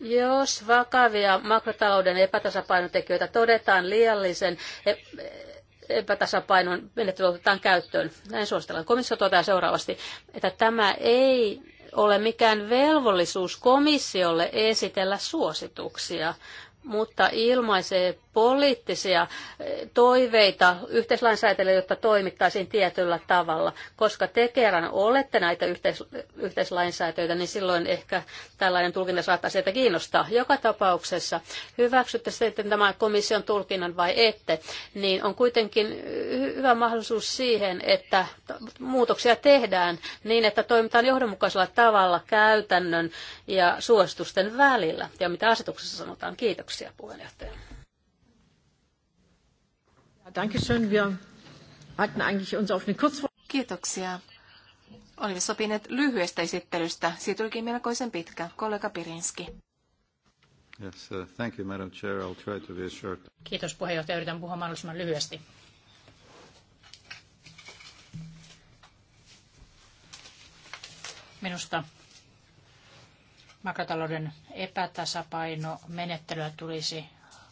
jos vakavia makrotalouden epätasapainotekijöitä todetaan liiallisen e- epätasapainon menettely otetaan käyttöön. Näin suositellaan. Komissio toteaa seuraavasti, että tämä ei ole mikään velvollisuus komissiolle esitellä suosituksia, mutta ilmaisee poliittisia eh, toiveita yhteislainsäätäjille, jotta toimittaisiin tietyllä tavalla. Koska te kerran olette näitä yhteis- yhteislainsäätöitä, niin silloin ehkä tällainen tulkinta saattaa sieltä kiinnostaa. Joka tapauksessa hyväksytte sitten tämän komission tulkinnan vai ette, niin on kuitenkin hyvä mahdollisuus siihen, että muutoksia tehdään niin, että toimitaan johdonmukaisella tavalla käytännön ja suositusten välillä. Ja mitä asetuksessa sanotaan. Kiitoksia. Kiitoksia puheenjohtaja. Kiitoksia. Olimme sopineet lyhyestä esittelystä. Siitä tulikin melkoisen pitkä. Kollega Pirinski. Yes, uh, thank you, Madam Chair. I'll try to be short. Kiitos puheenjohtaja. Yritän puhua mahdollisimman lyhyesti. Minusta makrotalouden epätasapaino menettelyä tulisi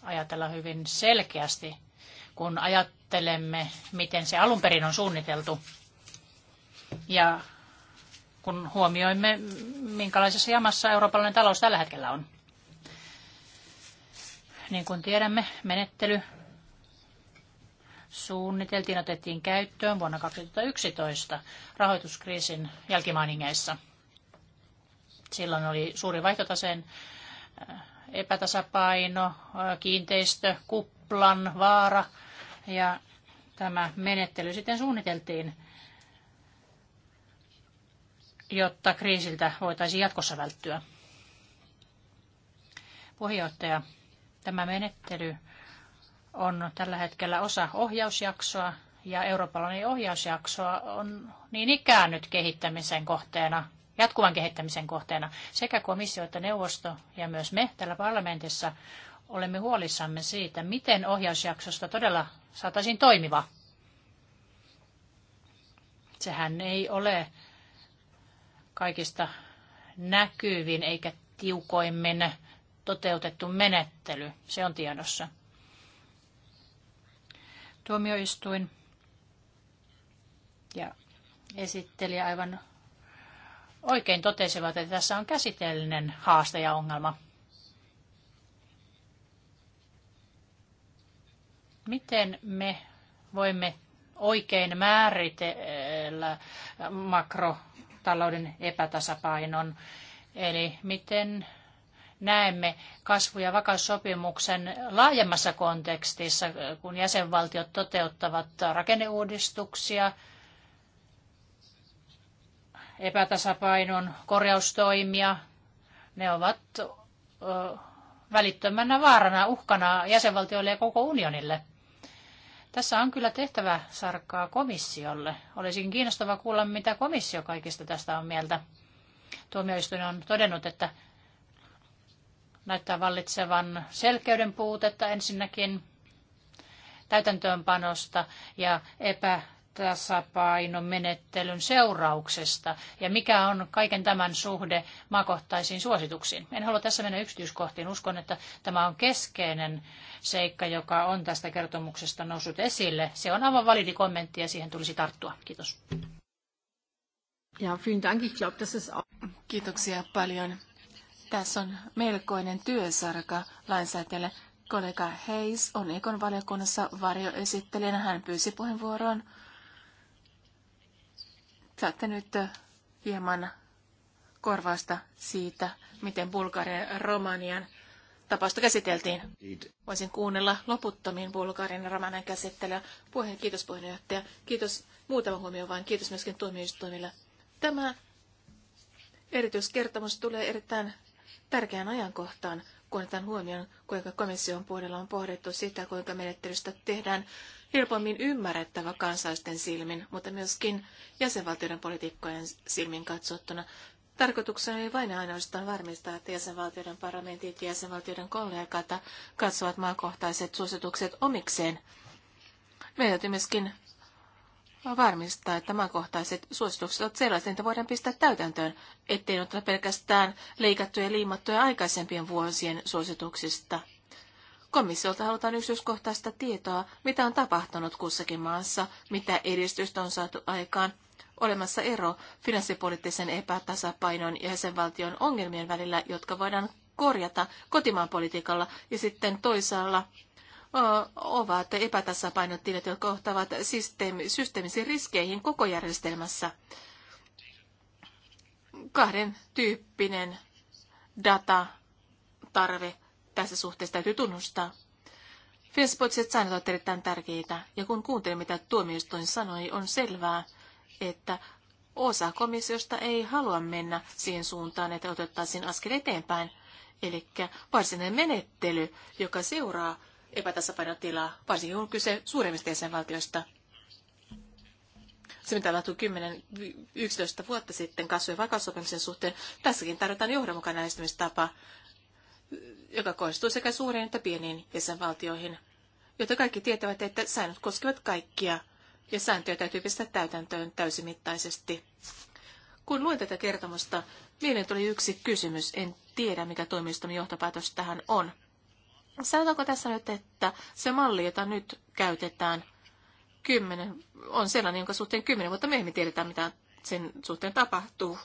ajatella hyvin selkeästi, kun ajattelemme, miten se alun perin on suunniteltu. Ja kun huomioimme, minkälaisessa jamassa eurooppalainen talous tällä hetkellä on. Niin kuin tiedämme, menettely suunniteltiin, otettiin käyttöön vuonna 2011 rahoituskriisin jälkimainingeissa – Silloin oli suuri vaihtotaseen äh, epätasapaino, äh, kiinteistökuplan vaara ja tämä menettely sitten suunniteltiin, jotta kriisiltä voitaisiin jatkossa välttyä. Puheenjohtaja, tämä menettely on tällä hetkellä osa ohjausjaksoa ja Euroopan ohjausjaksoa on niin ikään nyt kehittämisen kohteena jatkuvan kehittämisen kohteena. Sekä komissio että neuvosto ja myös me täällä parlamentissa olemme huolissamme siitä, miten ohjausjaksosta todella saataisiin toimiva. Sehän ei ole kaikista näkyvin eikä tiukoimmin toteutettu menettely. Se on tiedossa. Tuomioistuin ja esitteli aivan oikein totesivat, että tässä on käsitellinen haaste ja ongelma. Miten me voimme oikein määritellä makrotalouden epätasapainon? Eli miten näemme kasvu- ja vakaussopimuksen laajemmassa kontekstissa, kun jäsenvaltiot toteuttavat rakenneuudistuksia – epätasapainon korjaustoimia. Ne ovat välittömänä vaarana, uhkana jäsenvaltioille ja koko unionille. Tässä on kyllä tehtävä sarkkaa komissiolle. Olisikin kiinnostava kuulla, mitä komissio kaikista tästä on mieltä. Tuomioistuin on todennut, että näyttää vallitsevan selkeyden puutetta ensinnäkin täytäntöönpanosta ja epä tasapainomenettelyn seurauksesta ja mikä on kaiken tämän suhde maakohtaisiin suosituksiin. En halua tässä mennä yksityiskohtiin. Uskon, että tämä on keskeinen seikka, joka on tästä kertomuksesta noussut esille. Se on aivan validi kommentti ja siihen tulisi tarttua. Kiitos. Ja, vielen Dank. Ich das ist Kiitoksia paljon. Tässä on melkoinen työsarka lainsäätäjälle. Kollega Hayes on Ekon valiokunnassa varjoesittelijänä. Hän pyysi puheenvuoron. Saatte nyt hieman korvausta siitä, miten Bulgarian ja Romanian tapausta käsiteltiin. Voisin kuunnella loputtomiin Bulgarian ja Romanian käsittelyä. Puheen, kiitos puheenjohtaja. Kiitos muutama huomio vain. Kiitos myöskin tuomioistuimille. Tämä erityiskertomus tulee erittäin tärkeään ajankohtaan, kun otetaan huomioon, kuinka komission puolella on pohdittu sitä, kuinka menettelystä tehdään helpommin ymmärrettävä kansalaisten silmin, mutta myöskin jäsenvaltioiden politiikkojen silmin katsottuna. Tarkoituksena oli vain ainoastaan varmistaa, että jäsenvaltioiden parlamentit ja jäsenvaltioiden kollegat katsovat maakohtaiset suositukset omikseen. Meidän täytyy myöskin varmistaa, että maakohtaiset suositukset ovat sellaisia, että voidaan pistää täytäntöön, ettei ne ole pelkästään leikattuja ja liimattuja aikaisempien vuosien suosituksista – Komissiolta halutaan yksityiskohtaista tietoa, mitä on tapahtunut kussakin maassa, mitä edistystä on saatu aikaan, olemassa ero finanssipoliittisen epätasapainon ja jäsenvaltion ongelmien välillä, jotka voidaan korjata kotimaan politiikalla, ja sitten toisaalla ovat epätasapainotilat, jotka johtavat systeemisiin riskeihin koko järjestelmässä. Kahden tyyppinen data tarve tässä suhteessa täytyy tunnustaa. Finanssipoliittiset säännöt ovat erittäin tärkeitä, ja kun kuuntelin, mitä tuomioistuin sanoi, on selvää, että osa komissiosta ei halua mennä siihen suuntaan, että otettaisiin askel eteenpäin. Eli varsinainen menettely, joka seuraa epätasapainotilaa, varsinkin on kyse suuremmista jäsenvaltioista. Se, mitä tapahtui 10-11 vuotta sitten kasvojen ja vakaussopimuksen suhteen, tässäkin tarvitaan johdonmukainen lähestymistapa, joka kohdistuu sekä suuriin että pieniin jäsenvaltioihin, jotta kaikki tietävät, että säännöt koskevat kaikkia ja sääntöjä täytyy pistää täytäntöön täysimittaisesti. Kun luin tätä kertomusta, mieleen tuli yksi kysymys. En tiedä, mikä toimiston johtopäätös tähän on. Sanotaanko tässä nyt, että se malli, jota nyt käytetään, kymmenen, on sellainen, jonka suhteen kymmenen vuotta myöhemmin tiedetään, mitä sen suhteen tapahtuu.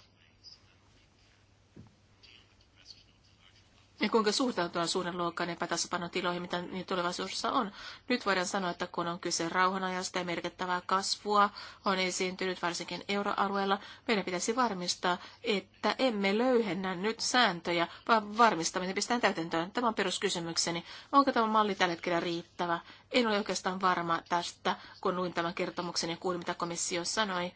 ja kuinka suhtautua suuren luokan epätasapainotiloihin, mitä niin tulevaisuudessa on. Nyt voidaan sanoa, että kun on kyse rauhanajasta ja merkittävää kasvua on esiintynyt varsinkin euroalueella, meidän pitäisi varmistaa, että emme löyhennä nyt sääntöjä, vaan varmistaminen pistetään täytäntöön. Tämä on peruskysymykseni. Onko tämä malli tällä hetkellä riittävä? En ole oikeastaan varma tästä, kun luin tämän kertomuksen ja kuulin, mitä komissio sanoi.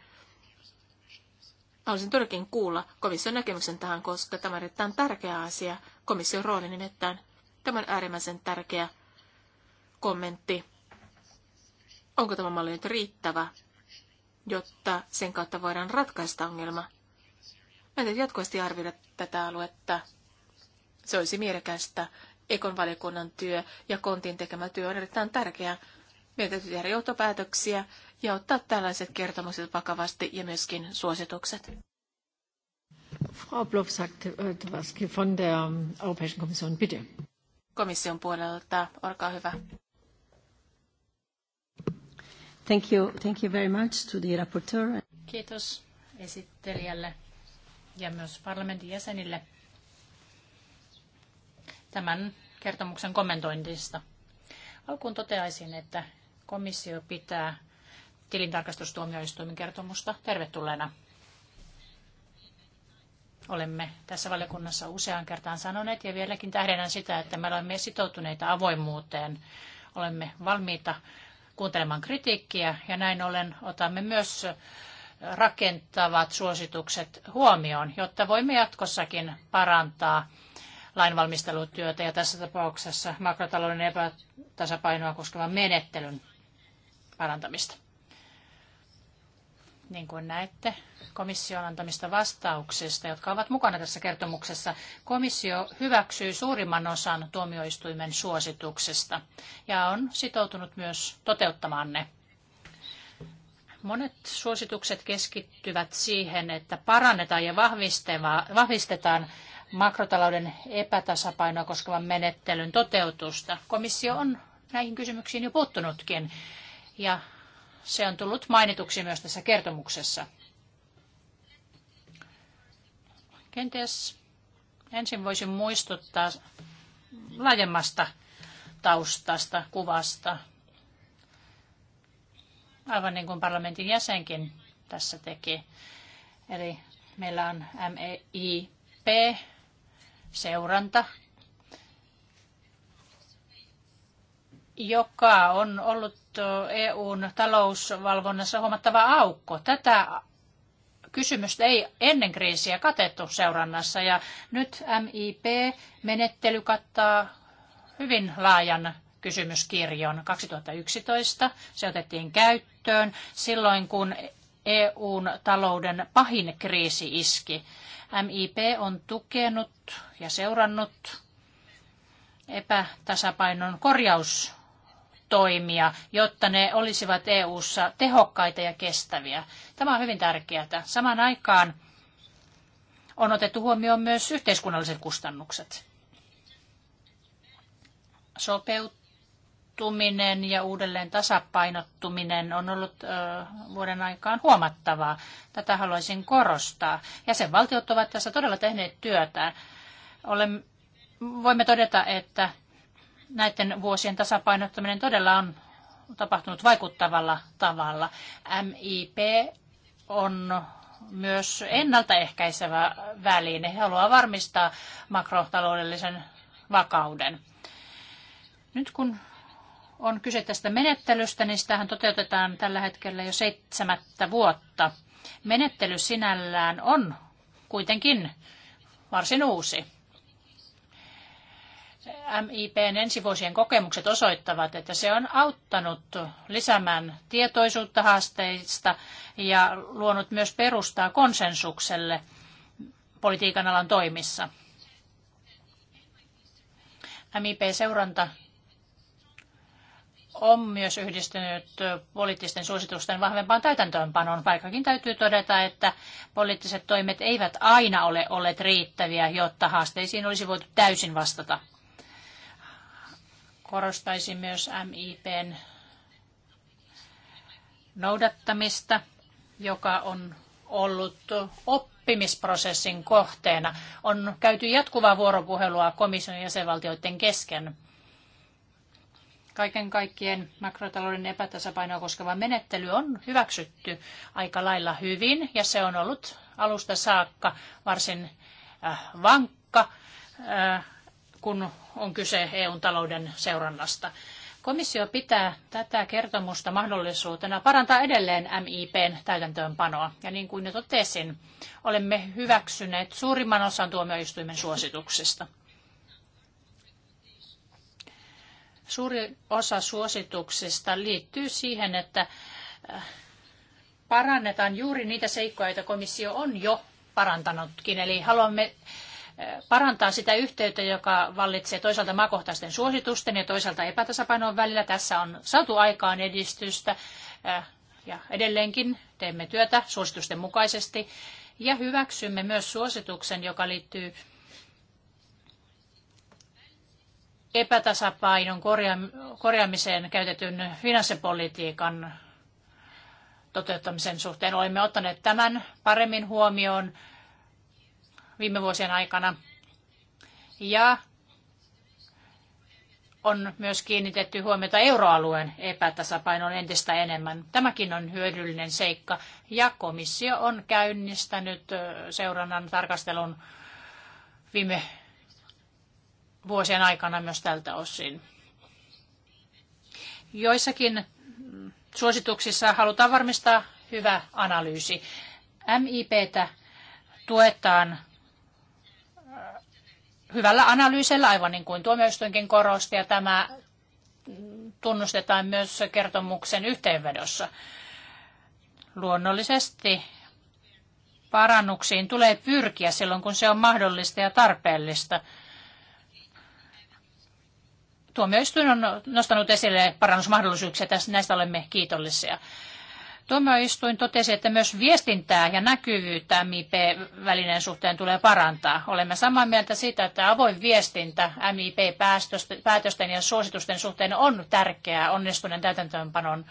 Haluaisin todellakin kuulla komission näkemyksen tähän, koska tämä on erittäin tärkeä asia. Komission rooli nimittäin. Tämä on äärimmäisen tärkeä kommentti. Onko tämä malli nyt riittävä, jotta sen kautta voidaan ratkaista ongelma? en jatkuvasti arvioida tätä aluetta. Se olisi mielekästä. Ekon valiokunnan työ ja Kontin tekemä työ on erittäin tärkeää. Meidän täytyy tehdä johtopäätöksiä ja ottaa tällaiset kertomukset vakavasti ja myöskin suositukset. Frau Bloch sagt etwas von der ähm, Europäischen Kommission, bitte. Komission puolelta, olkaa hyvä. Thank you, thank you very much to the rapporteur. Kiitos esittelijälle ja myös parlamentin jäsenille tämän kertomuksen kommentointista. Alkuun toteaisin, että komissio pitää tilintarkastustuomioistuimen kertomusta tervetulleena. Olemme tässä valiokunnassa useaan kertaan sanoneet ja vieläkin tähdennän sitä, että me olemme sitoutuneita avoimuuteen. Olemme valmiita kuuntelemaan kritiikkiä ja näin ollen otamme myös rakentavat suositukset huomioon, jotta voimme jatkossakin parantaa lainvalmistelutyötä ja tässä tapauksessa makrotalouden epätasapainoa koskevan menettelyn parantamista. Niin kuin näette komission antamista vastauksista, jotka ovat mukana tässä kertomuksessa, komissio hyväksyy suurimman osan tuomioistuimen suosituksista ja on sitoutunut myös toteuttamaan ne. Monet suositukset keskittyvät siihen, että parannetaan ja vahvistetaan makrotalouden epätasapainoa koskevan menettelyn toteutusta. Komissio on näihin kysymyksiin jo puuttunutkin ja se on tullut mainituksi myös tässä kertomuksessa. Kenties ensin voisin muistuttaa laajemmasta taustasta, kuvasta, aivan niin kuin parlamentin jäsenkin tässä teki. Eli meillä on MEIP, seuranta, joka on ollut EUn talousvalvonnassa huomattava aukko. Tätä kysymystä ei ennen kriisiä katettu seurannassa ja nyt MIP-menettely kattaa hyvin laajan kysymyskirjon 2011. Se otettiin käyttöön silloin, kun EUn talouden pahin kriisi iski. MIP on tukenut ja seurannut epätasapainon korjaus toimia, jotta ne olisivat EU:ssa tehokkaita ja kestäviä. Tämä on hyvin tärkeää. Samaan aikaan on otettu huomioon myös yhteiskunnalliset kustannukset. Sopeutuminen ja uudelleen tasapainottuminen on ollut vuoden aikaan huomattavaa. Tätä haluaisin korostaa. Jäsenvaltiot ovat tässä todella tehneet työtään. Olemme voimme todeta, että näiden vuosien tasapainottaminen todella on tapahtunut vaikuttavalla tavalla. MIP on myös ennaltaehkäisevä väline. He haluaa varmistaa makrotaloudellisen vakauden. Nyt kun on kyse tästä menettelystä, niin sitähän toteutetaan tällä hetkellä jo seitsemättä vuotta. Menettely sinällään on kuitenkin varsin uusi. MIPn ensivuosien kokemukset osoittavat, että se on auttanut lisäämään tietoisuutta haasteista ja luonut myös perustaa konsensukselle politiikan alan toimissa. MIP-seuranta on myös yhdistynyt poliittisten suositusten vahvempaan täytäntöönpanoon, vaikkakin täytyy todeta, että poliittiset toimet eivät aina ole olleet riittäviä, jotta haasteisiin olisi voitu täysin vastata korostaisin myös MIPn noudattamista, joka on ollut oppimisprosessin kohteena. On käyty jatkuvaa vuoropuhelua komission jäsenvaltioiden kesken. Kaiken kaikkien makrotalouden epätasapainoa koskeva menettely on hyväksytty aika lailla hyvin ja se on ollut alusta saakka varsin äh, vankka äh, kun on kyse EUn talouden seurannasta. Komissio pitää tätä kertomusta mahdollisuutena parantaa edelleen MIPn täytäntöönpanoa. Ja niin kuin jo totesin, olemme hyväksyneet suurimman osan tuomioistuimen suosituksista. Suuri osa suosituksista liittyy siihen, että äh, parannetaan juuri niitä seikkoja, joita komissio on jo parantanutkin. Eli haluamme parantaa sitä yhteyttä, joka vallitsee toisaalta maakohtaisten suositusten ja toisaalta epätasapainon välillä. Tässä on saatu aikaan edistystä äh, ja edelleenkin teemme työtä suositusten mukaisesti ja hyväksymme myös suosituksen, joka liittyy epätasapainon korjaamiseen käytetyn finanssipolitiikan toteuttamisen suhteen. Olemme ottaneet tämän paremmin huomioon viime vuosien aikana. Ja on myös kiinnitetty huomiota euroalueen epätasapainoon entistä enemmän. Tämäkin on hyödyllinen seikka ja komissio on käynnistänyt seurannan tarkastelun viime vuosien aikana myös tältä osin. Joissakin suosituksissa halutaan varmistaa hyvä analyysi. MIPtä tuetaan hyvällä analyysellä, aivan niin kuin tuomioistuinkin korosti, ja tämä tunnustetaan myös kertomuksen yhteenvedossa. Luonnollisesti parannuksiin tulee pyrkiä silloin, kun se on mahdollista ja tarpeellista. Tuomioistuin on nostanut esille parannusmahdollisuuksia, näistä olemme kiitollisia. Tuomioistuin totesi, että myös viestintää ja näkyvyyttä MIP-välineen suhteen tulee parantaa. Olemme samaa mieltä siitä, että avoin viestintä MIP-päätösten ja suositusten suhteen on tärkeää onnistuneen täytäntöönpanon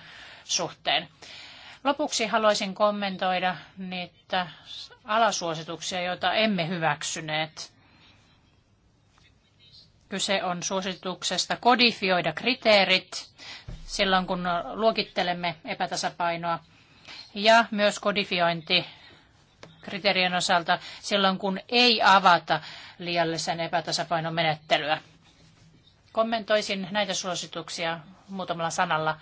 suhteen. Lopuksi haluaisin kommentoida niitä alasuosituksia, joita emme hyväksyneet. Kyse on suosituksesta kodifioida kriteerit silloin, kun luokittelemme epätasapainoa ja myös kodifiointi kriteerien osalta silloin, kun ei avata liiallisen epätasapainon menettelyä. Kommentoisin näitä suosituksia muutamalla sanalla.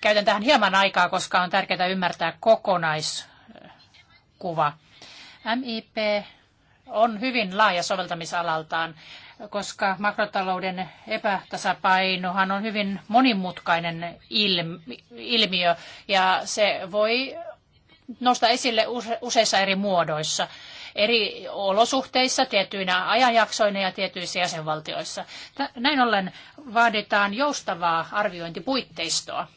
Käytän tähän hieman aikaa, koska on tärkeää ymmärtää kokonaiskuva. MIP on hyvin laaja soveltamisalaltaan, koska makrotalouden epätasapainohan on hyvin monimutkainen ilmiö ja se voi nostaa esille useissa eri muodoissa eri olosuhteissa, tietyinä ajanjaksoina ja tietyissä jäsenvaltioissa. Näin ollen vaaditaan joustavaa arviointipuitteistoa.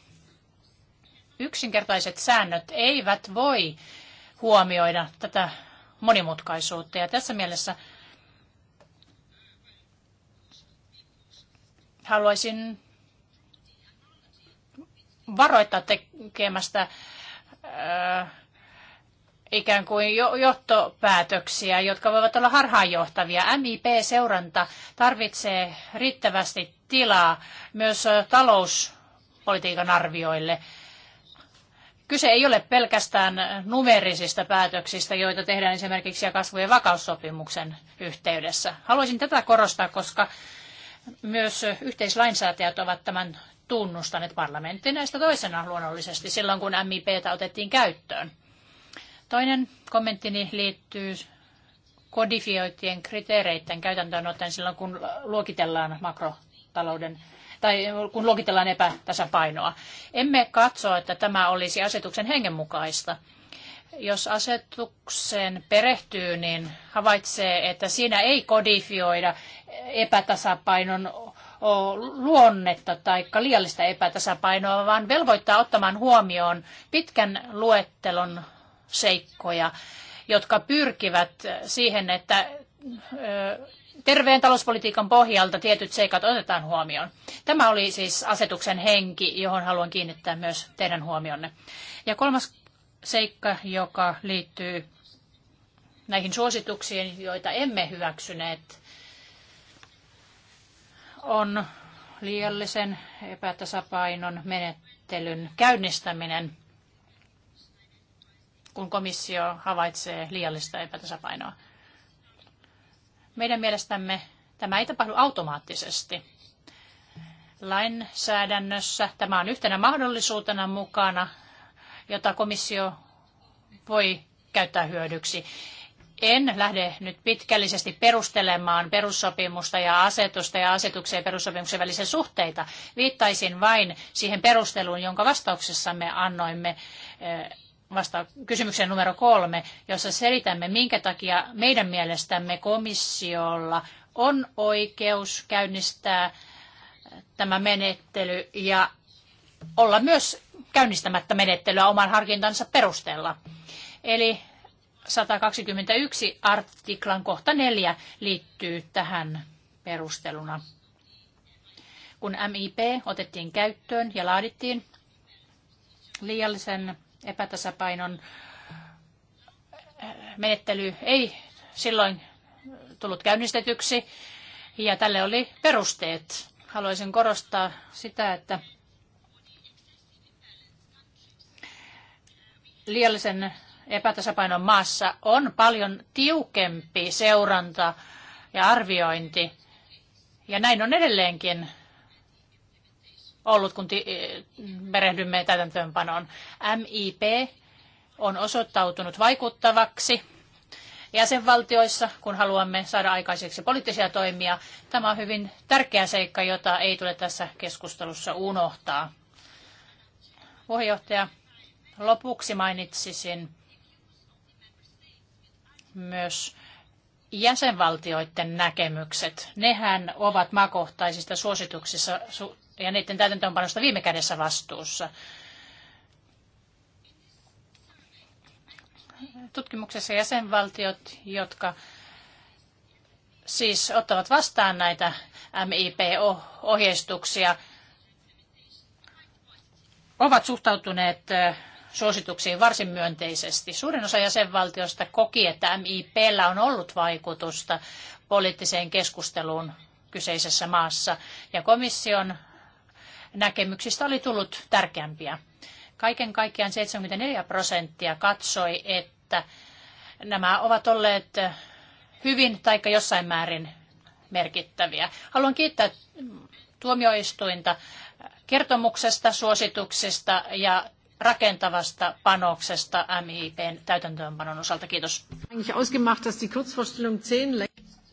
Yksinkertaiset säännöt eivät voi huomioida tätä monimutkaisuutta. Ja tässä mielessä haluaisin varoittaa tekemästä äh, ikään kuin johtopäätöksiä, jotka voivat olla harhaanjohtavia. MIP-seuranta tarvitsee riittävästi tilaa myös äh, talouspolitiikan arvioille. Kyse ei ole pelkästään numerisista päätöksistä, joita tehdään esimerkiksi ja kasvu- ja vakaussopimuksen yhteydessä. Haluaisin tätä korostaa, koska myös yhteislainsäätäjät ovat tämän tunnustaneet parlamentti näistä toisena luonnollisesti silloin, kun MIPtä otettiin käyttöön. Toinen kommenttini liittyy kodifioitien kriteereiden käytäntöön ottaen silloin, kun luokitellaan makrotalouden tai kun luokitellaan epätasapainoa. Emme katso, että tämä olisi asetuksen hengen mukaista. Jos asetukseen perehtyy, niin havaitsee, että siinä ei kodifioida epätasapainon luonnetta tai liiallista epätasapainoa, vaan velvoittaa ottamaan huomioon pitkän luettelon seikkoja, jotka pyrkivät siihen, että terveen talouspolitiikan pohjalta tietyt seikat otetaan huomioon. Tämä oli siis asetuksen henki, johon haluan kiinnittää myös teidän huomionne. Ja kolmas seikka, joka liittyy näihin suosituksiin, joita emme hyväksyneet, on liiallisen epätasapainon menettelyn käynnistäminen, kun komissio havaitsee liiallista epätasapainoa. Meidän mielestämme tämä ei tapahdu automaattisesti. Lainsäädännössä tämä on yhtenä mahdollisuutena mukana, jota komissio voi käyttää hyödyksi. En lähde nyt pitkällisesti perustelemaan perussopimusta ja asetusta ja asetuksen ja perussopimuksen välisiä suhteita. Viittaisin vain siihen perusteluun, jonka vastauksessamme annoimme eh, vasta kysymykseen numero kolme, jossa selitämme, minkä takia meidän mielestämme komissiolla on oikeus käynnistää tämä menettely ja olla myös käynnistämättä menettelyä oman harkintansa perusteella. Eli 121 artiklan kohta 4 liittyy tähän perusteluna. Kun MIP otettiin käyttöön ja laadittiin liiallisen epätasapainon äh, menettely ei silloin tullut käynnistetyksi ja tälle oli perusteet. Haluaisin korostaa sitä, että liiallisen epätasapainon maassa on paljon tiukempi seuranta ja arviointi. Ja näin on edelleenkin ollut, kun perehdymme täytäntöönpanoon. MIP on osoittautunut vaikuttavaksi jäsenvaltioissa, kun haluamme saada aikaiseksi poliittisia toimia. Tämä on hyvin tärkeä seikka, jota ei tule tässä keskustelussa unohtaa. Puheenjohtaja, lopuksi mainitsisin myös jäsenvaltioiden näkemykset. Nehän ovat maakohtaisista suosituksissa ja niiden täytäntöönpanosta viime kädessä vastuussa. Tutkimuksessa jäsenvaltiot, jotka siis ottavat vastaan näitä MIP-ohjeistuksia, ovat suhtautuneet suosituksiin varsin myönteisesti. Suurin osa jäsenvaltioista koki, että MIPllä on ollut vaikutusta poliittiseen keskusteluun kyseisessä maassa. Ja komission näkemyksistä oli tullut tärkeämpiä. Kaiken kaikkiaan 74 prosenttia katsoi, että nämä ovat olleet hyvin tai jossain määrin merkittäviä. Haluan kiittää tuomioistuinta kertomuksesta, suosituksista ja rakentavasta panoksesta MIPn täytäntöönpanon osalta. Kiitos.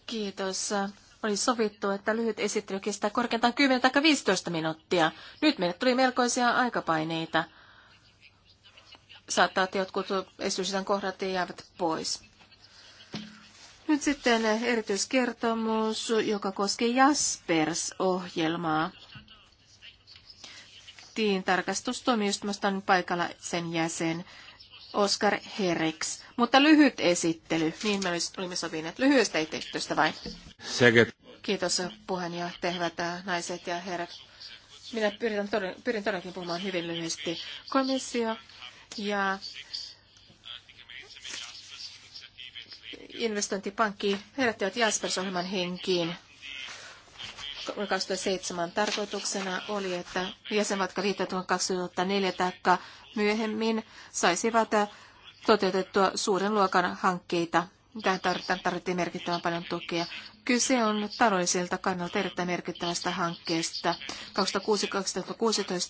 Kiitos oli sovittu, että lyhyt esittely kestää korkeintaan 10 tai 15 minuuttia. Nyt meille tuli melkoisia aikapaineita. Saattaa, että jotkut esitysitän kohdat jäävät pois. Nyt sitten erityiskertomus, joka koskee Jaspers-ohjelmaa. Tiintarkastustoimistumasta on paikalla sen jäsen. Oskar Herriks. Mutta lyhyt esittely, niin me olimme sopineet lyhyestä esittelystä vai? Sekä. Kiitos puheenjohtaja, hyvät äh, naiset ja herrat. Minä pyrin, toden, pyrin todellakin puhumaan hyvin lyhyesti. Komissio ja investointipankki herättivät Jaspers-ohjelman henkiin 2007 tarkoituksena oli, että jäsenmatka liittoutuvan 2004 tai myöhemmin saisivat toteutettua suuren luokan hankkeita. Tähän tarvittiin merkittävän paljon tukea. Kyse on taloudelliselta kannalta erittäin merkittävästä hankkeesta.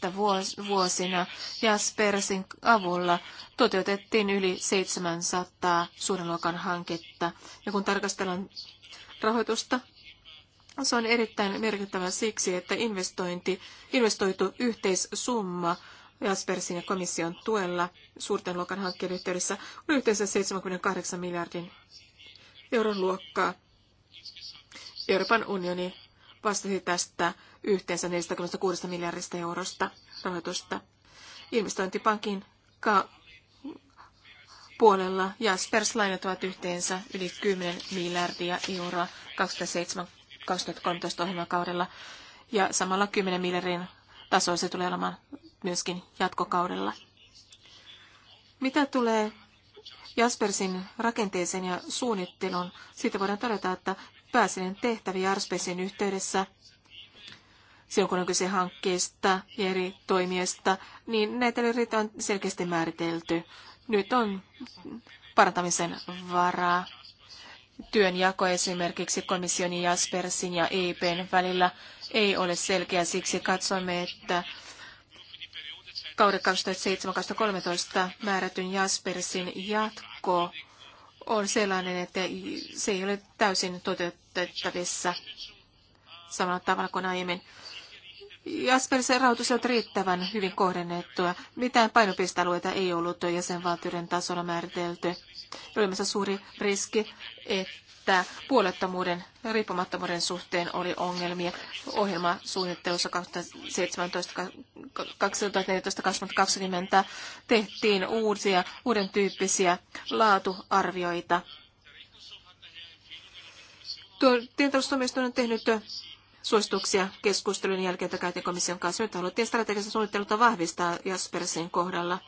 2006-2016 vuosina Jaspersin avulla toteutettiin yli 700 suuren luokan hanketta. Ja kun tarkastellaan rahoitusta, se on erittäin merkittävä siksi, että investointi, investoitu yhteissumma Jaspersin ja komission tuella suurten luokan hankkeen yhteydessä on yhteensä 78 miljardin euron luokkaa. Euroopan unioni vastasi tästä yhteensä 46 miljardista eurosta rahoitusta. Investointipankin ka- puolella Jaspers lainat ovat yhteensä yli 10 miljardia euroa 2007 2013 ohjelmakaudella ja samalla 10 miljardin taso se tulee olemaan myöskin jatkokaudella. Mitä tulee Jaspersin rakenteeseen ja suunnitteluun, siitä voidaan todeta, että pääsinen tehtäviä Jaspersin yhteydessä silloin kun on kyse hankkeesta ja eri toimijoista, niin näitä on selkeästi määritelty. Nyt on parantamisen varaa. Työnjako esimerkiksi komission Jaspersin ja EIPn välillä ei ole selkeä, siksi katsomme, että kauden 2007-2013 määrätyn Jaspersin jatko on sellainen, että se ei ole täysin toteutettavissa samalla tavalla kuin aiemmin. Jaspersin rahoitus on riittävän hyvin kohdennettua. Mitään painopistealueita ei ollut jäsenvaltioiden tasolla määritelty. Oli olemassa suuri riski, että puolettomuuden, riippumattomuuden suhteen oli ongelmia ohjelmasuunnittelussa 2017-2020 tehtiin uusia, uuden tyyppisiä laatuarvioita. Tientaustuomioistuin on tehnyt suosituksia keskustelun jälkeen, jota käytiin komission kanssa. Nyt haluttiin strategista suunnittelua vahvistaa Jaspersin kohdalla.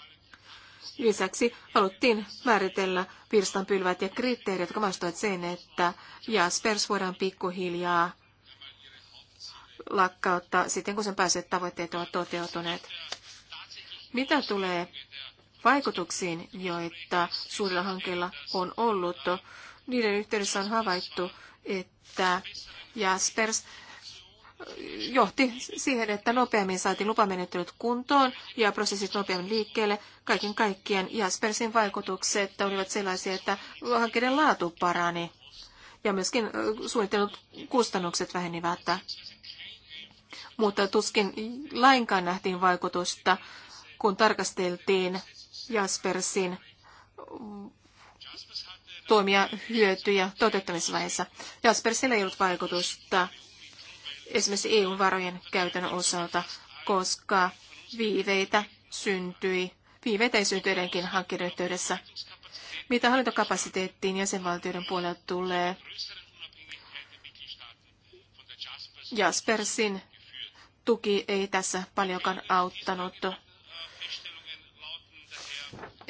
Lisäksi haluttiin määritellä virstanpylvät ja kriteerit, jotka vastaavat sen, että Jaspers voidaan pikkuhiljaa lakkauttaa sitten, kun sen pääset tavoitteet ovat toteutuneet. Mitä tulee vaikutuksiin, joita suurilla hankkeilla on ollut, niiden yhteydessä on havaittu, että Jaspers johti siihen, että nopeammin saatiin lupamenettelyt kuntoon ja prosessit nopeammin liikkeelle. Kaiken kaikkien Jaspersin vaikutukset olivat sellaisia, että hankkeiden laatu parani ja myöskin suunnitellut kustannukset vähenivät. Mutta tuskin lainkaan nähtiin vaikutusta, kun tarkasteltiin Jaspersin toimia hyötyjä toteuttamisvaiheessa. Jaspersillä ei ollut vaikutusta esimerkiksi EU-varojen käytön osalta, koska viiveitä syntyi, viiveitä ei syntyi edenkin hankkeiden yhteydessä. Mitä hallintokapasiteettiin jäsenvaltioiden puolelta tulee, Jaspersin tuki ei tässä paljonkaan auttanut.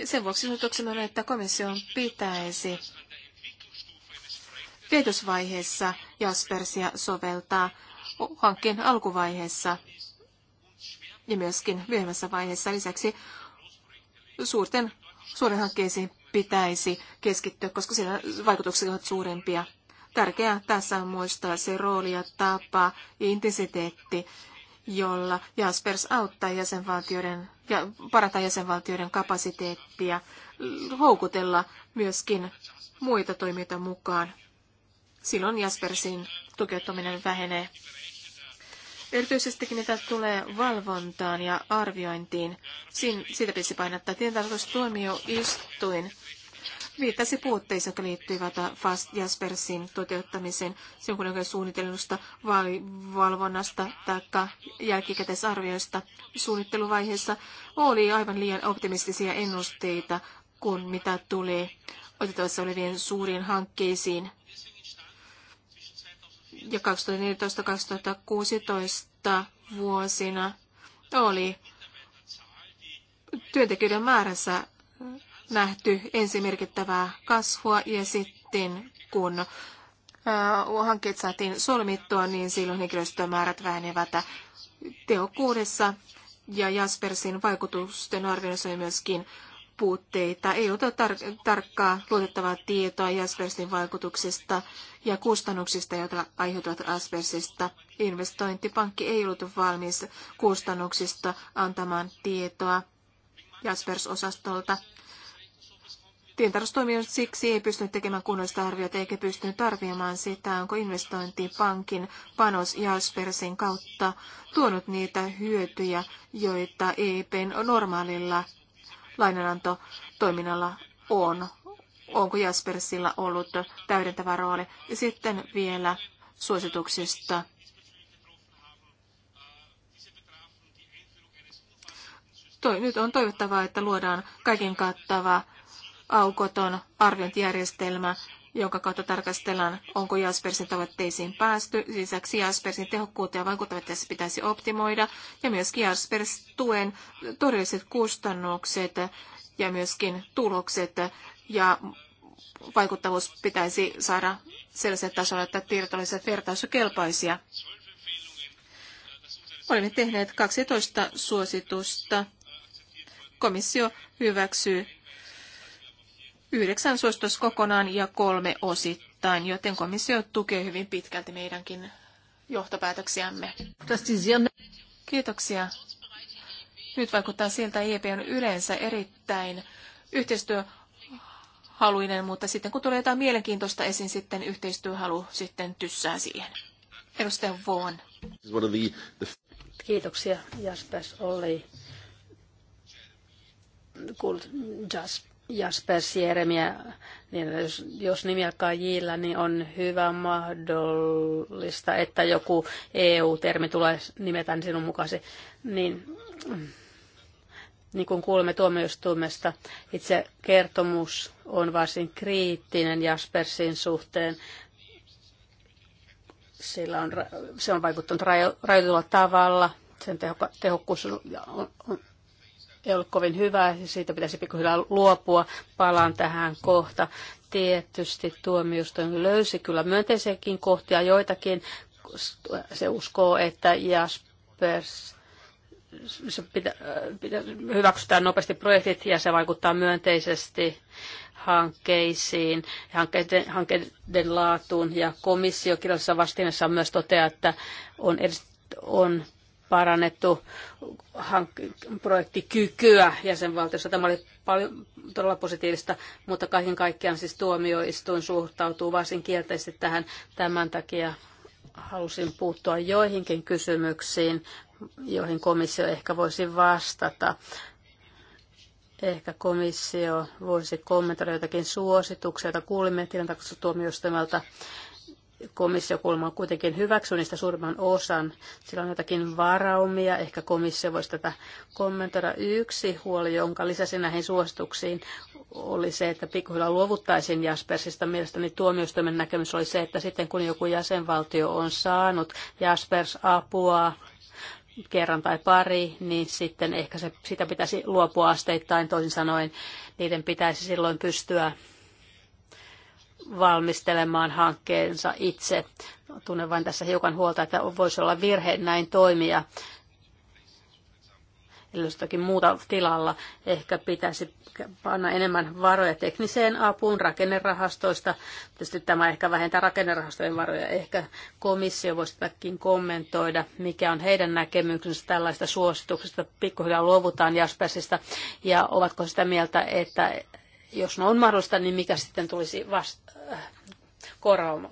Sen vuoksi suosituksena on, että komission pitäisi kehitysvaiheessa Jaspersia soveltaa hankkeen alkuvaiheessa ja myöskin myöhemmässä vaiheessa. Lisäksi suurten, suuren hankkeisiin pitäisi keskittyä, koska siellä vaikutukset ovat suurempia. Tärkeää tässä on muistaa se rooli ja tapa ja intensiteetti, jolla Jaspers auttaa jäsenvaltioiden ja parantaa jäsenvaltioiden kapasiteettia, houkutella myöskin muita toimijoita mukaan. Silloin Jaspersin tukeuttaminen vähenee. Erityisesti mitä tulee valvontaan ja arviointiin, Siin, siitä pitäisi painottaa tilintarkastustuomioistuin viittasi puutteisiin, jotka liittyivät Fast Jaspersin toteuttamiseen jonkunnäköinen suunnitelmasta, vaalivalvonnasta tai jälkikäteisarvioista suunnitteluvaiheessa oli aivan liian optimistisia ennusteita, kun mitä tuli otettavassa olevien suuriin hankkeisiin ja 2014-2016 vuosina oli työntekijöiden määrässä nähty ensin merkittävää kasvua ja sitten kun hankkeet saatiin solmittua, niin silloin henkilöstömäärät vähenevät tehokkuudessa ja Jaspersin vaikutusten arvioinnissa oli myöskin puutteita, ei ota tar- tarkkaa luotettavaa tietoa asbestin vaikutuksesta ja kustannuksista, joita aiheutuvat asbestista. Investointipankki ei ollut valmis kustannuksista antamaan tietoa Jaspers-osastolta. Tientarvostoimijan siksi ei pystynyt tekemään kunnollista arviota eikä pystynyt arvioimaan sitä, onko investointipankin panos Jaspersin kautta tuonut niitä hyötyjä, joita EIPn normaalilla lainananto toiminnalla on. Onko Jaspersilla ollut täydentävä rooli? Sitten vielä suosituksista. Toi, nyt on toivottavaa, että luodaan kaiken kattava aukoton arviointijärjestelmä, jonka kautta tarkastellaan, onko Jaspersin tavoitteisiin päästy. Lisäksi Jaspersin tehokkuutta ja vaikuttavuutta pitäisi optimoida ja myöskin Jaspers tuen todelliset kustannukset ja myöskin tulokset ja vaikuttavuus pitäisi saada sellaiselle tasolle, että tiedot olisivat vertauskelpoisia. Olemme tehneet 12 suositusta. Komissio hyväksyy Yhdeksän suositus kokonaan ja kolme osittain, joten komissio tukee hyvin pitkälti meidänkin johtopäätöksiämme. Kiitoksia. Nyt vaikuttaa siltä, että EP on yleensä erittäin yhteistyöhaluinen, mutta sitten kun tulee jotain mielenkiintoista esiin, sitten yhteistyöhalu sitten tyssää siihen. Edustaja Vaughan. Kiitoksia, Jaspers oli. Kuulut, Jasp, Jasper Sieremiä, niin jos, jos nimi alkaa jillä, niin on hyvä mahdollista, että joku EU-termi tulee nimetään sinun mukasi. Niin, niin kuin kuulemme tuomioistuimesta, itse kertomus on varsin kriittinen Jaspersin suhteen. Sillä on, se on vaikuttanut rajoitulla tavalla, sen tehokkuus on, on, ei ollut kovin hyvä ja siitä pitäisi pikkuhiljaa luopua. Palaan tähän kohta. Tietysti tuomioistuin löysi kyllä myönteisiäkin kohtia joitakin. Se uskoo, että Jaspers se pitä, pitä, hyväksytään nopeasti projektit ja se vaikuttaa myönteisesti hankkeisiin, hankkeiden, hankkeiden laatuun. Ja komissio kirjallisessa vastineessa myös toteaa, että on, on parannettu hank- projektikykyä jäsenvaltiossa. Tämä oli paljon, todella positiivista, mutta kaiken kaikkiaan siis tuomioistuin suhtautuu varsin kielteisesti tähän. Tämän takia halusin puuttua joihinkin kysymyksiin, joihin komissio ehkä voisi vastata. Ehkä komissio voisi kommentoida jotakin suosituksia, joita kuulimme tilintarkastustuomioistuimelta. tuomioistuimelta komissio kuulemma kuitenkin hyväksyy niistä suurimman osan. Sillä on jotakin varaumia, ehkä komissio voisi tätä kommentoida. Yksi huoli, jonka lisäsin näihin suosituksiin, oli se, että pikkuhiljaa luovuttaisiin Jaspersista. Mielestäni tuomioistuimen näkemys oli se, että sitten kun joku jäsenvaltio on saanut Jaspers-apua, kerran tai pari, niin sitten ehkä se, sitä pitäisi luopua asteittain. Toisin sanoen niiden pitäisi silloin pystyä valmistelemaan hankkeensa itse. Tunnen vain tässä hiukan huolta, että voisi olla virhe näin toimia. Eli jostakin muuta tilalla ehkä pitäisi panna enemmän varoja tekniseen apuun rakennerahastoista. Tietysti tämä ehkä vähentää rakennerahastojen varoja. Ehkä komissio voisi tätäkin kommentoida, mikä on heidän näkemyksensä tällaista suosituksesta. Pikkuhiljaa luovutaan Jaspersista ja ovatko sitä mieltä, että jos ne on mahdollista, niin mikä sitten tulisi vasta, äh,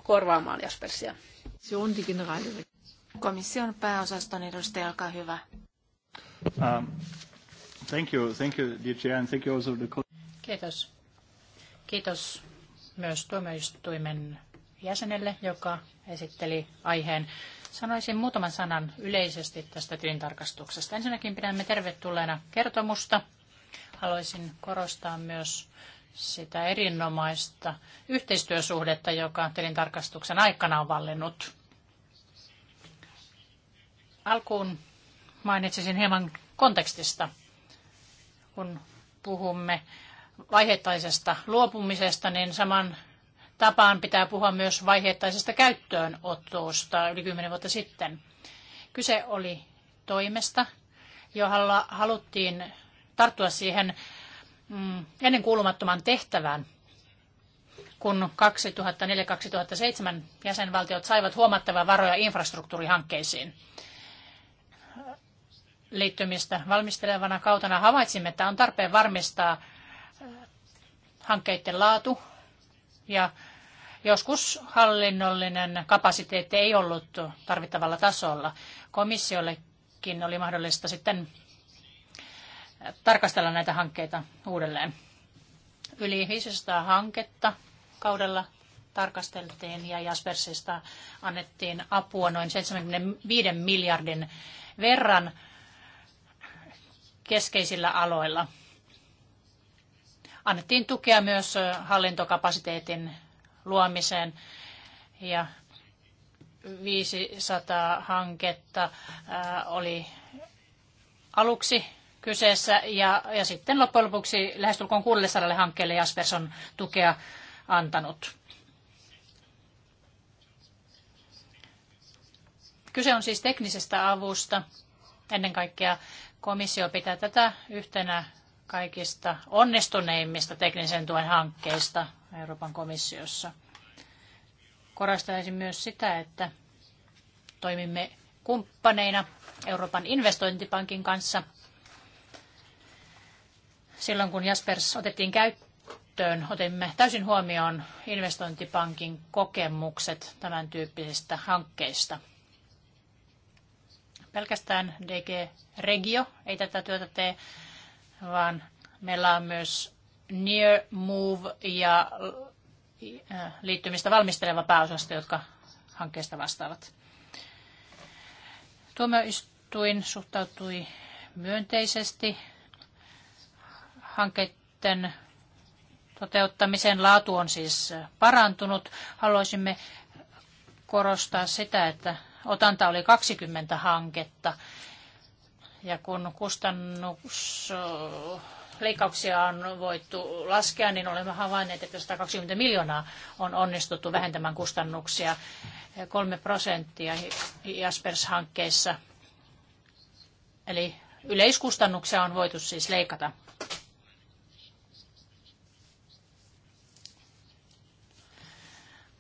korvaamaan Jaspersia? Komission pääosaston edustaja, olkaa hyvä. Um, thank you, thank you, DJ, and thank you also the... Kiitos. Kiitos myös tuomioistuimen jäsenelle, joka esitteli aiheen. Sanoisin muutaman sanan yleisesti tästä tilintarkastuksesta. Ensinnäkin pidämme tervetulleena kertomusta Haluaisin korostaa myös sitä erinomaista yhteistyösuhdetta, joka tilintarkastuksen aikana on vallinnut. Alkuun mainitsisin hieman kontekstista, kun puhumme vaiheittaisesta luopumisesta, niin saman tapaan pitää puhua myös vaiheittaisesta käyttöönotosta yli kymmenen vuotta sitten. Kyse oli toimesta, jolla haluttiin tarttua siihen mm, ennen kuulumattoman tehtävään, kun 2004-2007 jäsenvaltiot saivat huomattavia varoja infrastruktuurihankkeisiin liittymistä valmistelevana kautena havaitsimme, että on tarpeen varmistaa eh, hankkeiden laatu ja joskus hallinnollinen kapasiteetti ei ollut tarvittavalla tasolla. Komissiollekin oli mahdollista sitten tarkastella näitä hankkeita uudelleen. Yli 500 hanketta kaudella tarkasteltiin ja Jaspersista annettiin apua noin 75 miljardin verran keskeisillä aloilla. Annettiin tukea myös hallintokapasiteetin luomiseen ja 500 hanketta oli aluksi kyseessä. Ja, ja sitten loppujen lopuksi lähestulkoon 600 hankkeelle Jaspers on tukea antanut. Kyse on siis teknisestä avusta. Ennen kaikkea komissio pitää tätä yhtenä kaikista onnistuneimmista teknisen tuen hankkeista Euroopan komissiossa. Korostaisin myös sitä, että toimimme kumppaneina Euroopan investointipankin kanssa – Silloin kun Jaspers otettiin käyttöön, otimme täysin huomioon investointipankin kokemukset tämän tyyppisistä hankkeista. Pelkästään DG Regio ei tätä työtä tee, vaan meillä on myös Near Move ja äh, liittymistä valmisteleva pääosasto, jotka hankkeesta vastaavat. Tuomioistuin suhtautui myönteisesti hankkeiden toteuttamisen laatu on siis parantunut. Haluaisimme korostaa sitä, että otanta oli 20 hanketta. Ja kun kustannusleikkauksia on voitu laskea, niin olemme havainneet, että 120 miljoonaa on onnistuttu vähentämään kustannuksia. 3 prosenttia Jaspers-hankkeissa. Eli yleiskustannuksia on voitu siis leikata.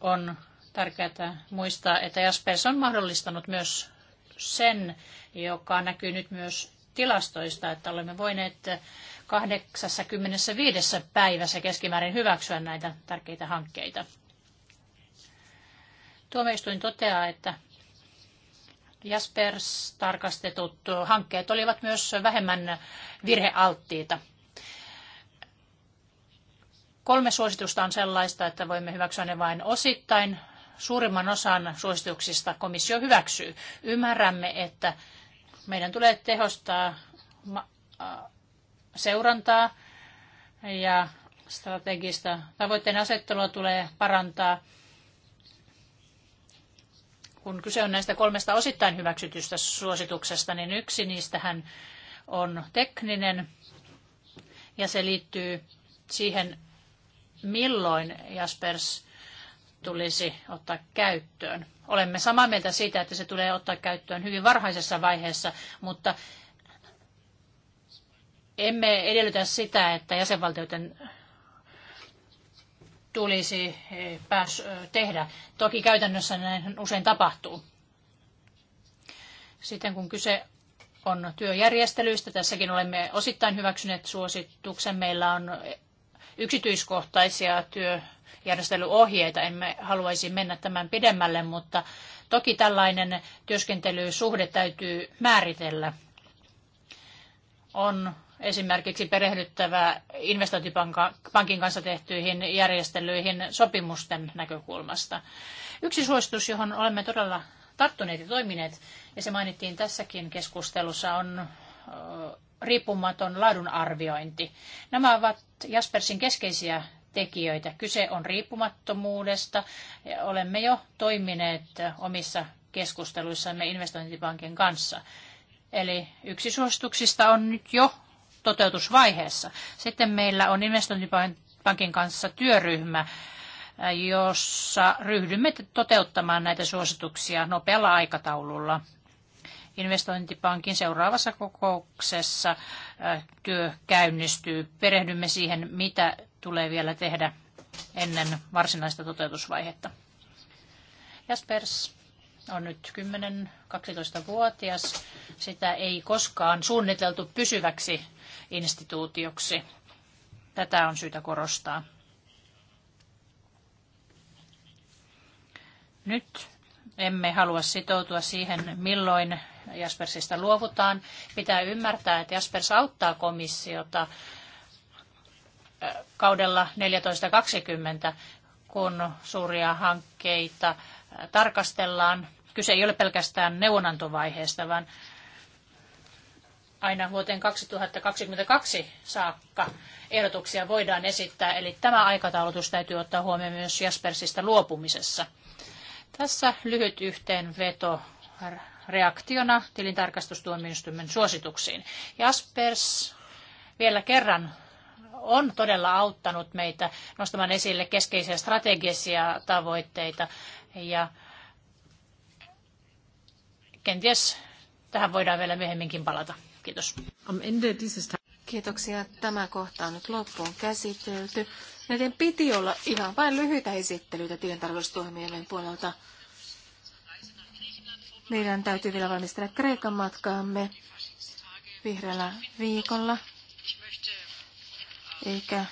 on tärkeää muistaa, että Jaspers on mahdollistanut myös sen, joka näkyy nyt myös tilastoista, että olemme voineet 85 päivässä keskimäärin hyväksyä näitä tärkeitä hankkeita. Tuomioistuin toteaa, että Jaspers tarkastetut hankkeet olivat myös vähemmän virhealttiita. Kolme suositusta on sellaista, että voimme hyväksyä ne vain osittain. Suurimman osan suosituksista komissio hyväksyy. Ymmärrämme, että meidän tulee tehostaa seurantaa ja strategista tavoitteen asettelua tulee parantaa kun kyse on näistä kolmesta osittain hyväksytystä suosituksesta, niin yksi niistähän on tekninen ja se liittyy siihen, milloin Jaspers tulisi ottaa käyttöön. Olemme samaa mieltä siitä, että se tulee ottaa käyttöön hyvin varhaisessa vaiheessa, mutta emme edellytä sitä, että jäsenvaltioiden tulisi eh, pääs eh, tehdä. Toki käytännössä näin usein tapahtuu. Sitten kun kyse on työjärjestelyistä, tässäkin olemme osittain hyväksyneet suosituksen. Meillä on yksityiskohtaisia työjärjestelyohjeita. Emme haluaisi mennä tämän pidemmälle, mutta toki tällainen työskentelysuhde täytyy määritellä. On esimerkiksi perehdyttävä investointipankin kanssa tehtyihin järjestelyihin sopimusten näkökulmasta. Yksi suositus, johon olemme todella tarttuneet ja toimineet, ja se mainittiin tässäkin keskustelussa, on riippumaton laadunarviointi. Nämä ovat Jaspersin keskeisiä tekijöitä. Kyse on riippumattomuudesta. Olemme jo toimineet omissa keskusteluissamme investointipankin kanssa. Eli yksi suosituksista on nyt jo toteutusvaiheessa. Sitten meillä on investointipankin kanssa työryhmä, jossa ryhdymme toteuttamaan näitä suosituksia nopealla aikataululla investointipankin seuraavassa kokouksessa äh, työ käynnistyy. Perehdymme siihen, mitä tulee vielä tehdä ennen varsinaista toteutusvaihetta. Jaspers on nyt 10-12-vuotias. Sitä ei koskaan suunniteltu pysyväksi instituutioksi. Tätä on syytä korostaa. Nyt emme halua sitoutua siihen, milloin Jaspersista luovutaan. Pitää ymmärtää, että Jaspers auttaa komissiota kaudella 14.20, kun suuria hankkeita tarkastellaan. Kyse ei ole pelkästään neuvonantovaiheesta, vaan aina vuoteen 2022 saakka ehdotuksia voidaan esittää. Eli tämä aikataulutus täytyy ottaa huomioon myös Jaspersista luopumisessa. Tässä lyhyt yhteenveto reaktiona tilintarkastustuomioistuimen suosituksiin. Jaspers vielä kerran on todella auttanut meitä nostamaan esille keskeisiä strategisia tavoitteita ja kenties tähän voidaan vielä myöhemminkin palata. Kiitos. Kiitoksia. Tämä kohta on nyt loppuun käsitelty. Näiden piti olla ihan vain lyhyitä esittelyitä tilintarkastustuomioistuimen puolelta. Meidän täytyy vielä valmistella Kreikan matkaamme vihreällä viikolla, eikä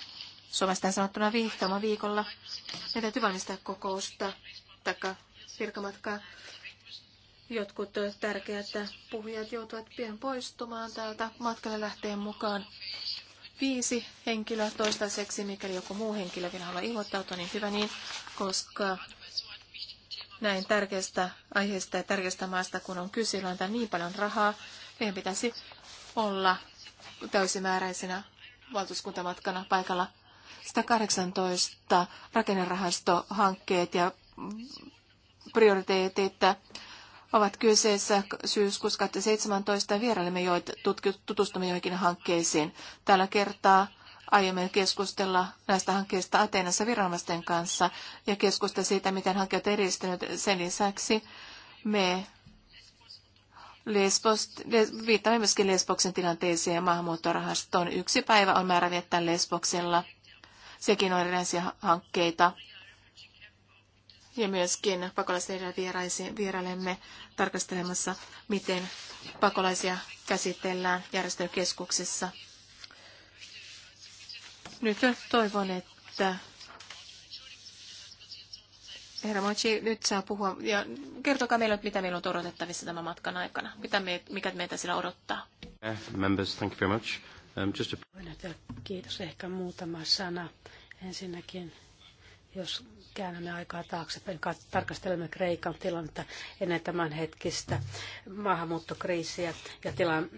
Suomesta sanottuna viihtoma viikolla. Meidän täytyy valmistaa kokousta taikka virkamatkaa. Jotkut tärkeät puhujat joutuvat pian poistumaan täältä matkalle lähteen mukaan. Viisi henkilöä toistaiseksi, mikäli joku muu henkilö vielä haluaa ilmoittautua, niin hyvä niin, koska näin tärkeästä aiheesta ja tärkeästä maasta, kun on kyse, antaa niin paljon rahaa, meidän pitäisi olla täysimääräisenä valtuuskuntamatkana paikalla 118 rakennerahastohankkeet ja prioriteetit ovat kyseessä syyskuussa 2017 vierailemme joit tutustumme joihinkin hankkeisiin. Tällä kertaa aiemmin keskustella näistä hankkeista Ateenassa viranomaisten kanssa ja keskustella siitä, miten hankkeet edistynyt. Sen lisäksi me Lesbos, les, viittaamme myöskin Lesboksen tilanteeseen ja maahanmuuttorahastoon. Yksi päivä on määrä viettää Lesboksella. Sekin on erilaisia hankkeita. Ja myöskin pakolaisleirillä vierailemme tarkastelemassa, miten pakolaisia käsitellään järjestökeskuksessa. Nyt toivon, että Herra Mochi, nyt saa puhua ja kertokaa meille, mitä meillä on odotettavissa tämän matkan aikana. Mitä me, mikä meitä sillä odottaa? Yeah, members, thank you very much. Um, just a... Kiitos. Ehkä muutama sana. Ensinnäkin, jos käännämme aikaa taaksepäin, tarkastelemme Kreikan tilannetta ennen tämän hetkistä maahanmuuttokriisiä ja tilan,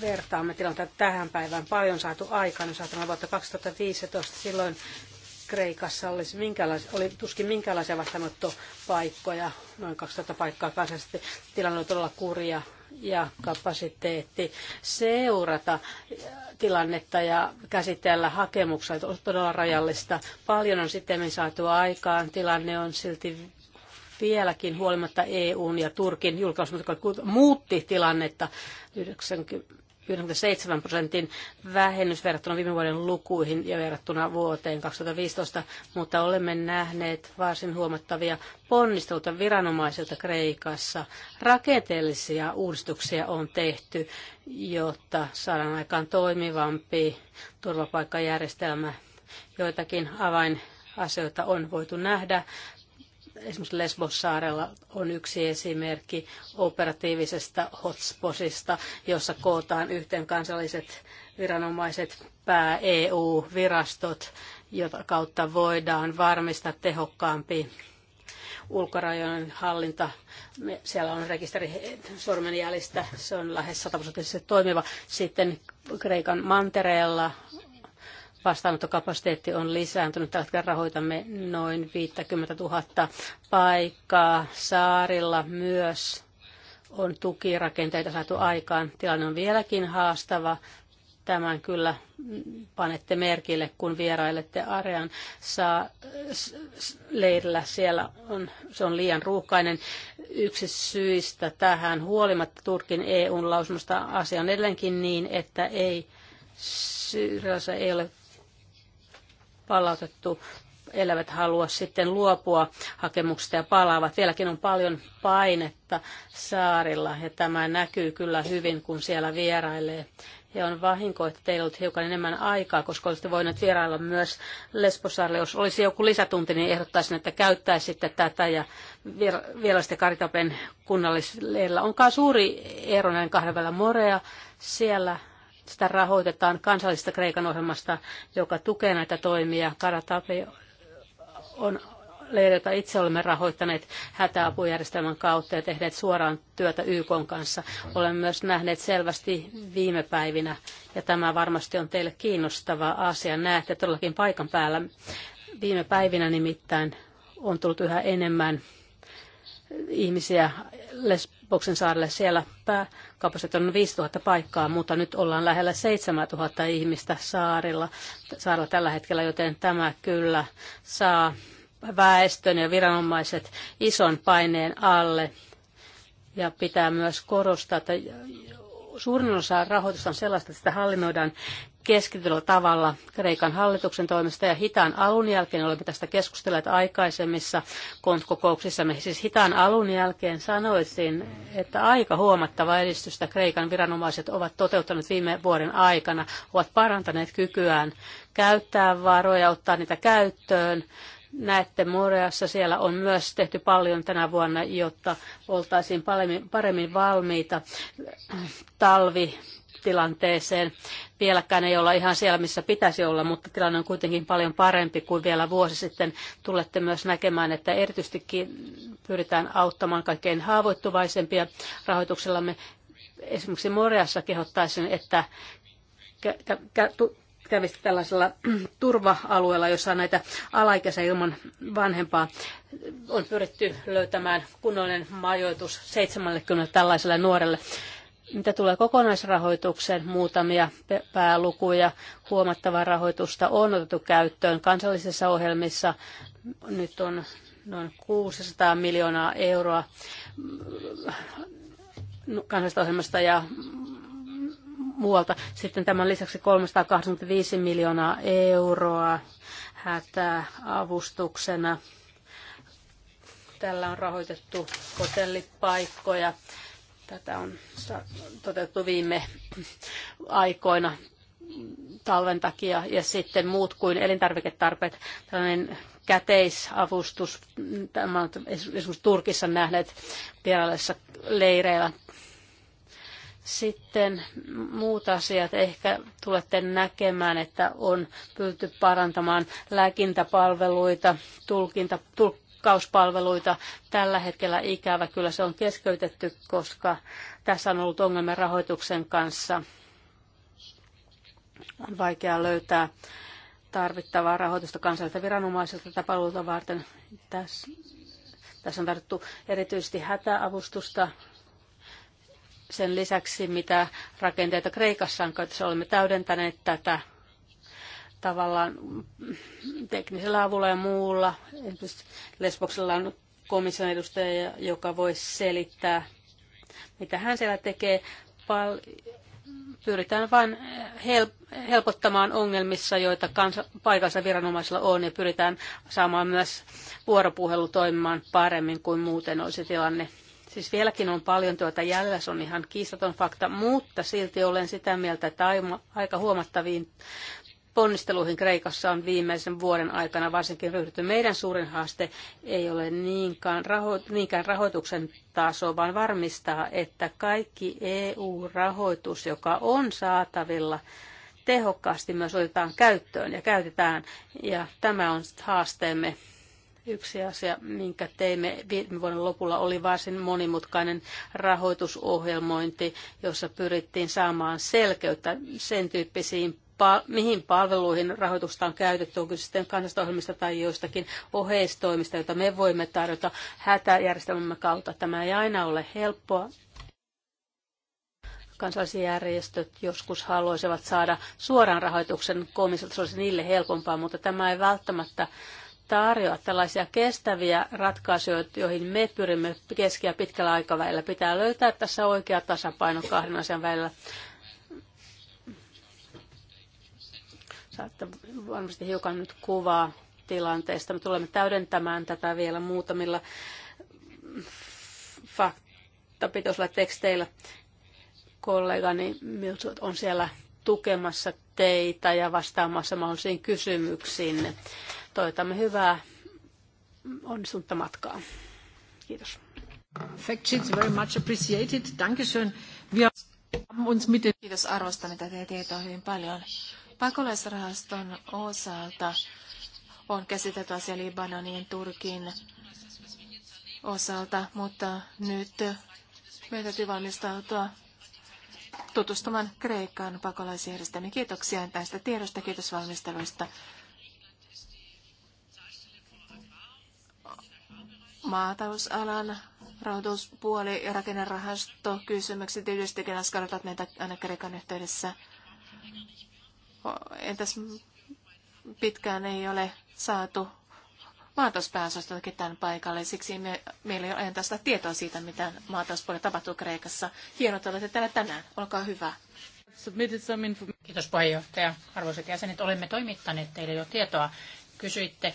vertaamme tilannetta tähän päivään, paljon saatu aikaan, jos ajatellaan vuotta 2015, silloin Kreikassa olisi minkälaisia, oli tuskin minkälaisia vastaanottopaikkoja, noin 2000 paikkaa kansallisesti. Tilanne oli todella kurja ja kapasiteetti seurata äh, tilannetta ja käsitellä hakemuksia on todella rajallista. Paljon on sitten saatu aikaan. Tilanne on silti vieläkin huolimatta EUn ja Turkin julkaisut, jotka muutti tilannetta 97 prosentin vähennys verrattuna viime vuoden lukuihin ja verrattuna vuoteen 2015, mutta olemme nähneet varsin huomattavia ponnisteluita viranomaisilta Kreikassa. Rakenteellisia uudistuksia on tehty, jotta saadaan aikaan toimivampi turvapaikkajärjestelmä. Joitakin avain asioita on voitu nähdä. Esimerkiksi Lesbos-saarella on yksi esimerkki operatiivisesta hotspotista, jossa kootaan yhteen kansalliset viranomaiset, pää EU-virastot, jota kautta voidaan varmistaa tehokkaampi ulkorajojen hallinta. Siellä on rekisteri sormenjäljistä, se on lähes sataprosenttisesti toimiva. Sitten Kreikan mantereella Vastaanottokapasiteetti on lisääntynyt. Tällä hetkellä rahoitamme noin 50 000 paikkaa. Saarilla myös on tukirakenteita saatu aikaan. Tilanne on vieläkin haastava. Tämän kyllä panette merkille, kun vierailette Arean saa leirillä. Siellä on, se on liian ruuhkainen. Yksi syistä tähän, huolimatta Turkin eu lausunnosta, asia on edelleenkin niin, että ei Syyriassa ei ole palautettu, elävät halua sitten luopua hakemuksesta ja palaavat. Vieläkin on paljon painetta saarilla ja tämä näkyy kyllä hyvin, kun siellä vierailee. Ja on vahinko, että teillä on hiukan enemmän aikaa, koska olisitte voineet vierailla myös Lesbosaarille. Jos olisi joku lisätunti, niin ehdottaisin, että käyttäisitte tätä ja sitten Karitapen kunnallisleirillä Onkaan suuri ero näin kahden välillä Morea. Siellä sitä rahoitetaan kansallisesta Kreikan ohjelmasta, joka tukee näitä toimia. Karatapi on leiri, jota itse olemme rahoittaneet hätäapujärjestelmän kautta ja tehneet suoraan työtä YK kanssa. Olemme myös nähneet selvästi viime päivinä, ja tämä varmasti on teille kiinnostava asia. Näette todellakin paikan päällä. Viime päivinä nimittäin on tullut yhä enemmän ihmisiä Les Boksen saarelle. Siellä pääkapasiteetti on 5000 paikkaa, mutta nyt ollaan lähellä 7000 ihmistä saarilla, saarella tällä hetkellä, joten tämä kyllä saa väestön ja viranomaiset ison paineen alle. Ja pitää myös korostaa, että suurin osa rahoitusta on sellaista, että sitä hallinnoidaan keskitellä tavalla Kreikan hallituksen toimesta ja hitaan alun jälkeen, olemme tästä keskustelleet aikaisemmissa me siis hitaan alun jälkeen sanoisin, että aika huomattava edistystä Kreikan viranomaiset ovat toteuttaneet viime vuoden aikana, ovat parantaneet kykyään käyttää varoja, ottaa niitä käyttöön, näette Moreassa, siellä on myös tehty paljon tänä vuonna, jotta oltaisiin paremmin, paremmin valmiita talvi tilanteeseen. Vieläkään ei olla ihan siellä, missä pitäisi olla, mutta tilanne on kuitenkin paljon parempi kuin vielä vuosi sitten. Tulette myös näkemään, että erityisesti pyritään auttamaan kaikkein haavoittuvaisempia rahoituksellamme. Esimerkiksi Moreassa kehottaisin, että kävisi tällaisella <clears throat> turva-alueella, jossa on näitä alaikäisiä ilman vanhempaa. On pyritty löytämään kunnollinen majoitus 70 tällaiselle nuorelle. Mitä tulee kokonaisrahoitukseen, muutamia päälukuja, huomattavaa rahoitusta on otettu käyttöön kansallisissa ohjelmissa. Nyt on noin 600 miljoonaa euroa mm, kansallisesta ohjelmasta ja mm, muualta. Sitten tämän lisäksi 385 miljoonaa euroa hätäavustuksena. Tällä on rahoitettu hotellipaikkoja Tätä on toteutettu viime aikoina talven takia ja sitten muut kuin elintarviketarpeet, tällainen käteisavustus, tämä on esimerkiksi Turkissa nähneet vierailessa leireillä. Sitten muut asiat, ehkä tulette näkemään, että on pyytty parantamaan lääkintäpalveluita, tulkinta, tul, tulkkauspalveluita. Tällä hetkellä ikävä kyllä se on keskeytetty, koska tässä on ollut ongelmia rahoituksen kanssa. On vaikea löytää tarvittavaa rahoitusta kansallisilta viranomaisilta tätä palveluita varten. Tässä, tässä on tarvittu erityisesti hätäavustusta sen lisäksi, mitä rakenteita Kreikassa on, käytössä. olemme täydentäneet tätä tavallaan teknisellä avulla ja muulla. Esimerkiksi Lesboksella on komission edustaja, joka voi selittää, mitä hän siellä tekee. Pal- pyritään vain helpottamaan ongelmissa, joita kansa- paikassa viranomaisilla on, ja pyritään saamaan myös vuoropuhelu toimimaan paremmin kuin muuten olisi tilanne. Siis vieläkin on paljon työtä jäljellä, se on ihan kiistaton fakta, mutta silti olen sitä mieltä, että aika huomattaviin ponnisteluihin Kreikassa on viimeisen vuoden aikana varsinkin ryhdytty. Meidän suurin haaste ei ole niinkään, raho- niinkään rahoituksen taso, vaan varmistaa, että kaikki EU-rahoitus, joka on saatavilla, tehokkaasti myös otetaan käyttöön ja käytetään. Ja tämä on haasteemme. Yksi asia, minkä teimme viime vuoden lopulla, oli varsin monimutkainen rahoitusohjelmointi, jossa pyrittiin saamaan selkeyttä sen tyyppisiin mihin palveluihin rahoitusta on käytetty, onko sitten kansastohjelmista tai joistakin oheistoimista, joita me voimme tarjota hätäjärjestelmämme kautta. Tämä ei aina ole helppoa. Kansalaisjärjestöt joskus haluaisivat saada suoran rahoituksen komissiolta, se olisi niille helpompaa, mutta tämä ei välttämättä tarjoa tällaisia kestäviä ratkaisuja, joihin me pyrimme keski- ja pitkällä aikavälillä. Pitää löytää tässä oikea tasapaino kahden asian välillä. Saatte varmasti hiukan nyt kuvaa tilanteesta. Me tulemme täydentämään tätä vielä muutamilla faktapitoisilla teksteillä. Kollegani Miltsut on siellä tukemassa teitä ja vastaamassa mahdollisiin kysymyksiin. Toivotamme hyvää onnistunutta matkaa. Kiitos. Fact sheets very much appreciated. Dankeschön. Wir haben uns mit Kiitos arvosta, mitä te tietoa hyvin paljon. Pakolaisrahaston osalta on käsitelty asia Libanonin Turkin osalta, mutta nyt meidän täytyy valmistautua tutustumaan Kreikan pakolaisjärjestelmiin. Kiitoksia tästä tiedosta, kiitos valmisteluista. Maatalousalan rahoituspuoli ja rakennerahasto kysymykset yhdistetään askarrutat näitä aina Kreikan yhteydessä entäs pitkään ei ole saatu maatalouspääosastokin tämän paikalle. Siksi me, meillä ei ole tästä tietoa siitä, mitä maatalouspuolella tapahtuu Kreikassa. Hienoa, että olette täällä tänään. Olkaa hyvä. Kiitos puheenjohtaja. Arvoisat jäsenet, olemme toimittaneet teille jo tietoa. Kysyitte,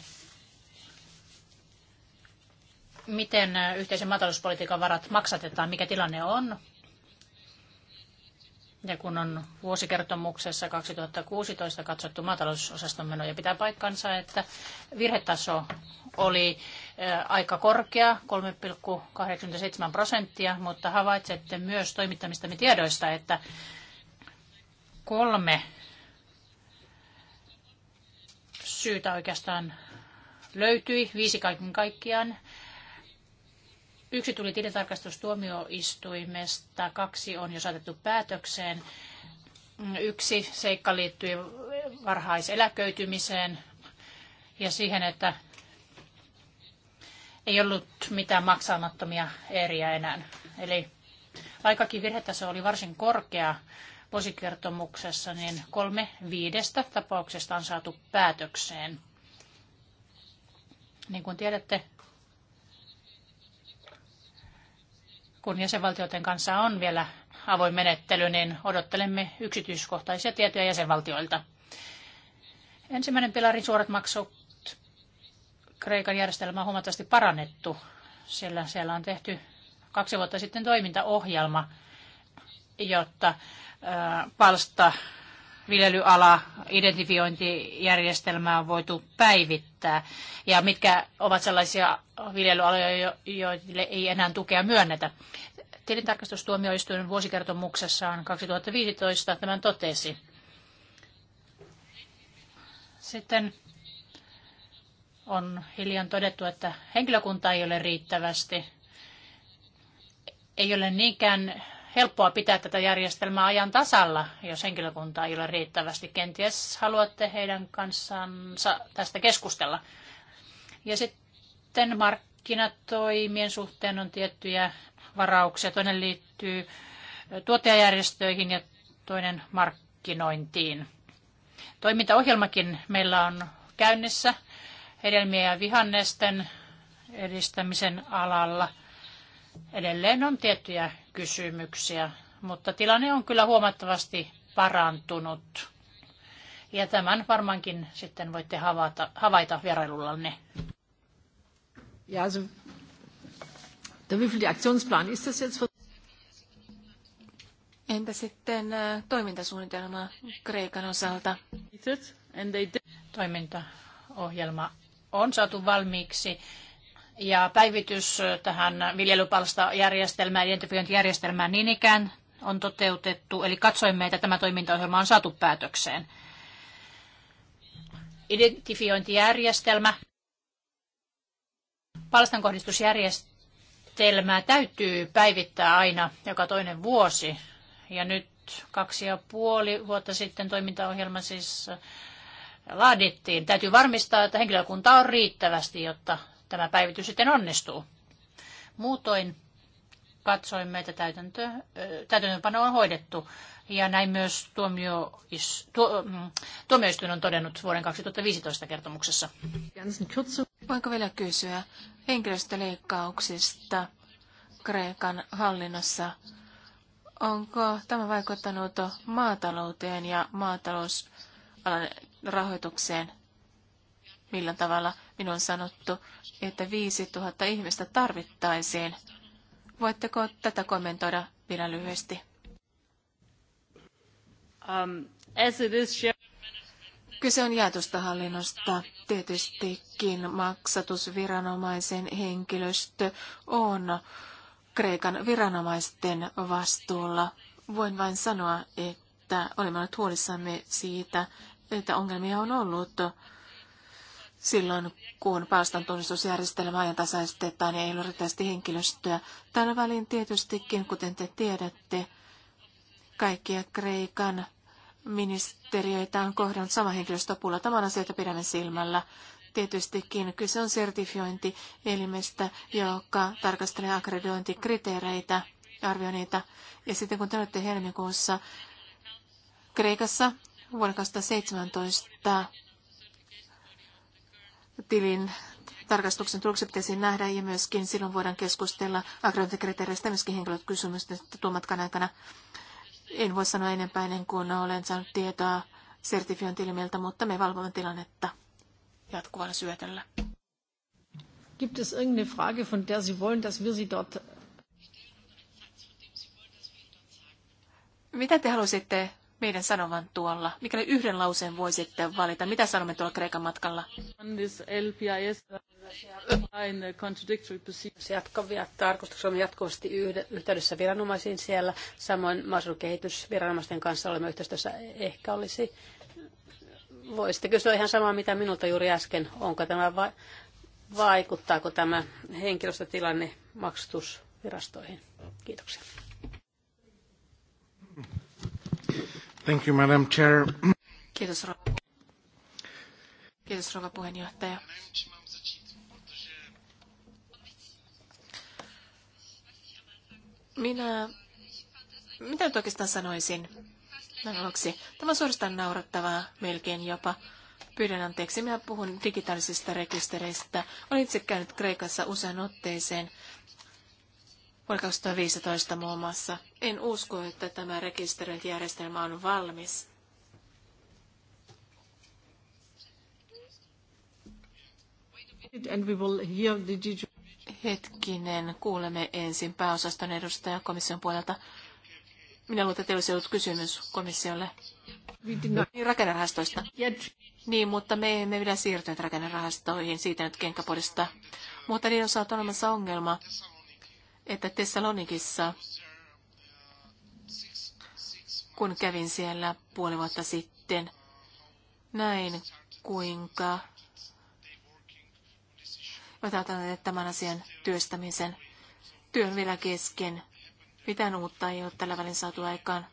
miten yhteisen maatalouspolitiikan varat maksatetaan, mikä tilanne on. Ja kun on vuosikertomuksessa 2016 katsottu maatalousosaston menoja, pitää paikkansa, että virhetaso oli aika korkea, 3,87 prosenttia, mutta havaitsette myös toimittamistamme tiedoista, että kolme syytä oikeastaan löytyi, viisi kaiken kaikkiaan. Yksi tuli tilintarkastustuomioistuimesta, kaksi on jo saatettu päätökseen. Yksi seikka liittyy varhaiseläköitymiseen ja siihen, että ei ollut mitään maksamattomia eriä enää. Eli vaikkakin virhetaso oli varsin korkea vuosikertomuksessa, niin kolme viidestä tapauksesta on saatu päätökseen. Niin kuin tiedätte, kun jäsenvaltioiden kanssa on vielä avoin menettely, niin odottelemme yksityiskohtaisia tietoja jäsenvaltioilta. Ensimmäinen pilarin suorat maksut. Kreikan järjestelmä on huomattavasti parannettu, sillä siellä on tehty kaksi vuotta sitten toimintaohjelma, jotta palsta viljelyala identifiointijärjestelmää on voitu päivittää ja mitkä ovat sellaisia viljelyaloja, joille ei enää tukea myönnetä. Tilintarkastustuomioistuin vuosikertomuksessaan 2015 tämän totesi. Sitten on hiljan todettu, että henkilökunta ei ole riittävästi. Ei ole niinkään helppoa pitää tätä järjestelmää ajan tasalla, jos henkilökuntaa ei ole riittävästi. Kenties haluatte heidän kanssaan tästä keskustella. Ja sitten markkinatoimien suhteen on tiettyjä varauksia. Toinen liittyy tuottajajärjestöihin ja toinen markkinointiin. Toimintaohjelmakin meillä on käynnissä hedelmien ja vihannesten edistämisen alalla – Edelleen on tiettyjä kysymyksiä, mutta tilanne on kyllä huomattavasti parantunut. Ja tämän varmaankin sitten voitte havaita, havaita vierailullanne. Ja, also, der wievielte Aktionsplan ist das jetzt? Entä sitten äh, toimintasuunnitelma Kreikan osalta? Toimintaohjelma on saatu valmiiksi ja päivitys tähän viljelypalstajärjestelmään, identifiointijärjestelmään niin ikään on toteutettu. Eli katsoimme, että tämä toimintaohjelma on saatu päätökseen. Identifiointijärjestelmä, palstankohdistusjärjestelmää täytyy päivittää aina joka toinen vuosi. Ja nyt kaksi ja puoli vuotta sitten toimintaohjelma siis laadittiin. Täytyy varmistaa, että henkilökunta on riittävästi, jotta tämä päivitys sitten onnistuu. Muutoin katsoimme, että täytäntö, täytäntöpano on hoidettu. Ja näin myös mm, tuomioistuin tuo, on todennut vuoden 2015 kertomuksessa. Voinko vielä kysyä henkilöstöleikkauksista Kreikan hallinnossa? Onko tämä vaikuttanut maatalouteen ja maatalousalan rahoitukseen? Millä tavalla minun on sanottu, että 5000 ihmistä tarvittaisiin. Voitteko tätä kommentoida vielä lyhyesti? Um, as it is... Kyse on jaetusta hallinnosta. Tietystikin maksatusviranomaisen henkilöstö on Kreikan viranomaisten vastuulla. Voin vain sanoa, että olemme olleet huolissamme siitä, että ongelmia on ollut silloin, kun päästön tunnistusjärjestelmä tasaistetaan ja ei ole riittävästi henkilöstöä. Tällä väliin tietystikin, kuten te tiedätte, kaikkia Kreikan ministeriöitä on kohdannut sama henkilöstöpulla. Tämä on asioita pidämme silmällä. Tietystikin kyse on sertifiointielimestä, joka tarkastelee akkreditointikriteereitä ja arvioineita. Ja sitten kun te olette helmikuussa Kreikassa vuonna 2017 tilin tarkastuksen tulokset pitäisi nähdä ja myöskin silloin voidaan keskustella agrointikriteereistä myöskin henkilökysymystä tuon matkan aikana. En voi sanoa enempää ennen kuin olen saanut tietoa sertifiointilimiltä, mutta me valvomme tilannetta jatkuvalla syötöllä. Gibt es irgendeine Frage, von der Sie wollen, dass wir sie dort... Mitä te haluaisitte meidän sanovan tuolla? Mikäli yhden lauseen voisitte valita, mitä sanomme tuolla Kreikan matkalla? Jatkavia tarkoituksia on jatkuvasti yhteydessä viranomaisiin siellä. Samoin maaseudun kehitysviranomaisten kanssa olemme yhteistyössä. Ehkä olisi... Voisitte kysyä ihan samaa, mitä minulta juuri äsken. Onko tämä va- vaikuttaako tämä henkilöstötilanne maksatusvirastoihin? Kiitoksia. Thank you, Madam Chair. Kiitos, rouva. Kiitos, rouva puheenjohtaja. Minä, mitä nyt oikeastaan sanoisin näin aluksi? Tämä on suorastaan naurattavaa, melkein jopa. Pyydän anteeksi, minä puhun digitaalisista rekistereistä. Olen itse käynyt Kreikassa usean otteeseen vuonna 2015 muun muassa. En usko, että tämä rekisteröintijärjestelmä on valmis. And we will hear the Hetkinen, kuulemme ensin pääosaston edustaja komission puolelta. Minä luulen, että teillä olisi ollut kysymys komissiolle. Niin, rakennerahastoista. Niin, mutta me emme vielä siirtyneet rakennerahastoihin siitä nyt kenkäpodista. Mutta niin osalta on olemassa ongelma että Tessalonikissa, kun kävin siellä puoli vuotta sitten, näin kuinka otan tämän asian työstämisen. Työn vielä kesken. Mitään uutta ei ole tällä välin saatu aikaan.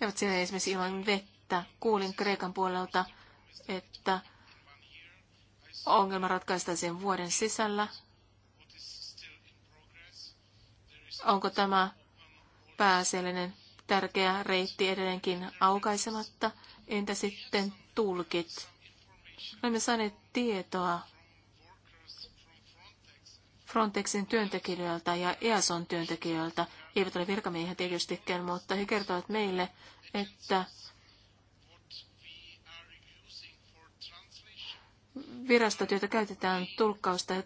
He ovat siellä esimerkiksi ilman vettä. Kuulin Kreikan puolelta, että ongelma ratkaistaisiin vuoden sisällä. Onko tämä pääasiallinen tärkeä reitti edelleenkin aukaisematta? Entä sitten tulkit? Olemme saaneet tietoa Frontexin työntekijöiltä ja EASON työntekijöiltä, he eivät ole virkamiehiä tietystikään, mutta he kertovat meille, että virastot, joita käytetään tulkkausta ja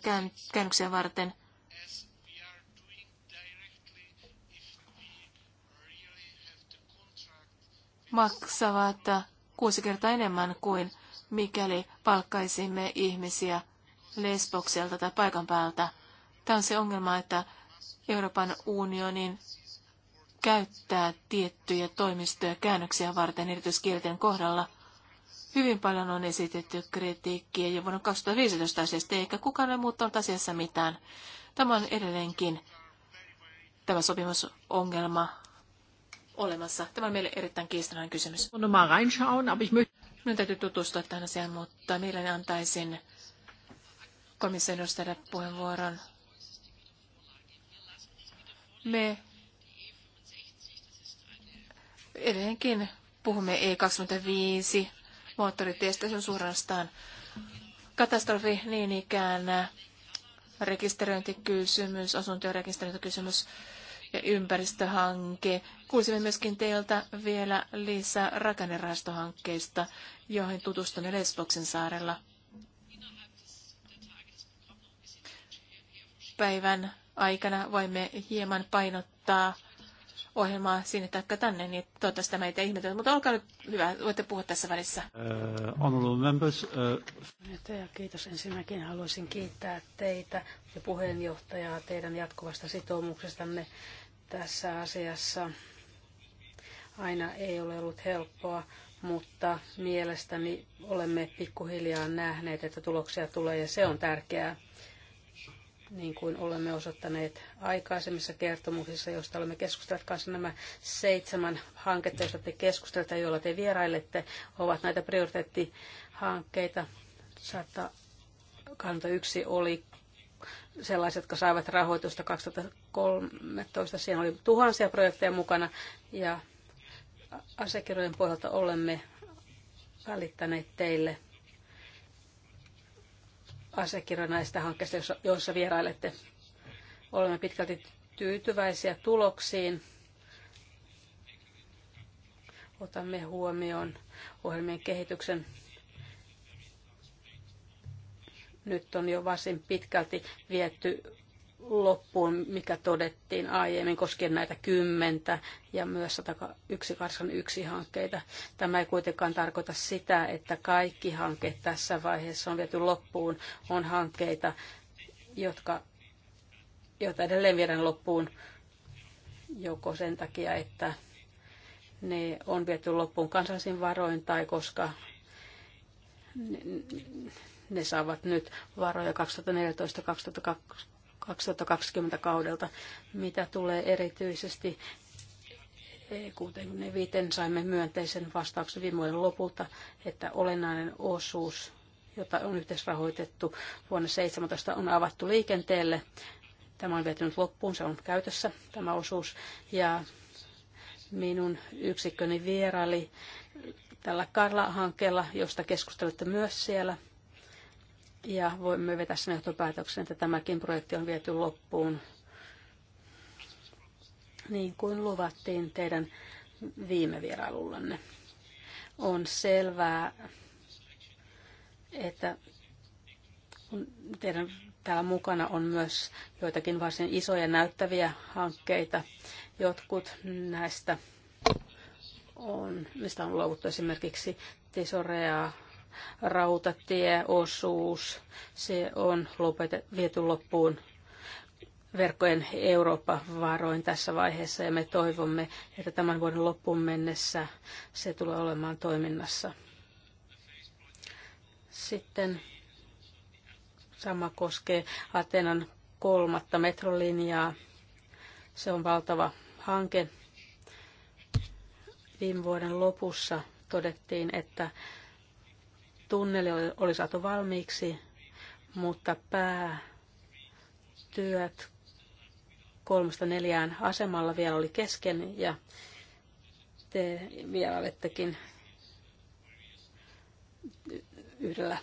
käännöksiä varten, maksavat kuusi kertaa enemmän kuin mikäli palkkaisimme ihmisiä Lesbokselta tai paikan päältä. Tämä on se ongelma, että Euroopan unionin käyttää tiettyjä toimistoja käännöksiä varten erityiskielten kohdalla. Hyvin paljon on esitetty kritiikkiä jo vuonna 2015 asiasta, eikä kukaan ole muuttanut asiassa mitään. Tämä on edelleenkin tämä sopimusongelma olemassa. Tämä on meille erittäin kiistanainen kysymys. Minun täytyy tutustua tähän asiaan, mutta mielelläni antaisin komission edustajalle puheenvuoron. Me edelleenkin puhumme E25 moottoritiestä Se on suorastaan katastrofi niin ikään rekisteröintikysymys, asuntojen rekisteröintikysymys ja ympäristöhanke. Kuulisimme myöskin teiltä vielä lisää rakennerahastohankkeista, joihin tutustumme Lesboksen saarella. Päivän aikana voimme hieman painottaa ohjelmaa sinne tai tänne, niin toivottavasti tämä ei tee ihmetä. Mutta olkaa nyt hyvä, voitte puhua tässä välissä. Uh, members, uh... Kiitos ensinnäkin. Haluaisin kiittää teitä ja puheenjohtajaa teidän jatkuvasta sitoumuksestanne tässä asiassa. Aina ei ole ollut helppoa, mutta mielestäni olemme pikkuhiljaa nähneet, että tuloksia tulee ja se on tärkeää niin kuin olemme osoittaneet aikaisemmissa kertomuksissa, joista olemme keskustelleet kanssa nämä seitsemän hanketta, joista te keskustelette, joilla te vierailette, ovat näitä prioriteettihankkeita. yksi oli sellaiset, jotka saivat rahoitusta 2013. Siinä oli tuhansia projekteja mukana ja asiakirjojen puolelta olemme välittäneet teille asiakirja näistä hankkeista, joissa vierailette. Olemme pitkälti tyytyväisiä tuloksiin. Otamme huomioon ohjelmien kehityksen. Nyt on jo varsin pitkälti vietty loppuun, mikä todettiin aiemmin koskien näitä kymmentä ja myös 181 hankkeita. Tämä ei kuitenkaan tarkoita sitä, että kaikki hankkeet tässä vaiheessa on viety loppuun. On hankkeita, jotka, joita edelleen viedään loppuun joko sen takia, että ne on viety loppuun kansallisin varoin tai koska ne, ne saavat nyt varoja 2014-2020 2020 kaudelta, mitä tulee erityisesti E65 saimme myönteisen vastauksen viime vuoden lopulta, että olennainen osuus, jota on yhteisrahoitettu vuonna 2017, on avattu liikenteelle. Tämä on vetynyt loppuun, se on käytössä tämä osuus. Ja minun yksikköni vieraili tällä Karla-hankkeella, josta keskustelette myös siellä – ja voimme vetää sen johtopäätöksen, että tämäkin projekti on viety loppuun niin kuin luvattiin teidän viime vierailullanne. On selvää, että teidän täällä mukana on myös joitakin varsin isoja näyttäviä hankkeita. Jotkut näistä on, mistä on luovuttu esimerkiksi Tesorea rautatieosuus, se on lopetet, viety loppuun verkkojen Eurooppa-varoin tässä vaiheessa ja me toivomme, että tämän vuoden loppuun mennessä se tulee olemaan toiminnassa. Sitten sama koskee Atenan kolmatta metrolinjaa. Se on valtava hanke. Viime vuoden lopussa todettiin, että Tunneli oli, oli saatu valmiiksi, mutta päätyöt kolmesta neljään asemalla vielä oli kesken ja te vielä olettekin yhdellä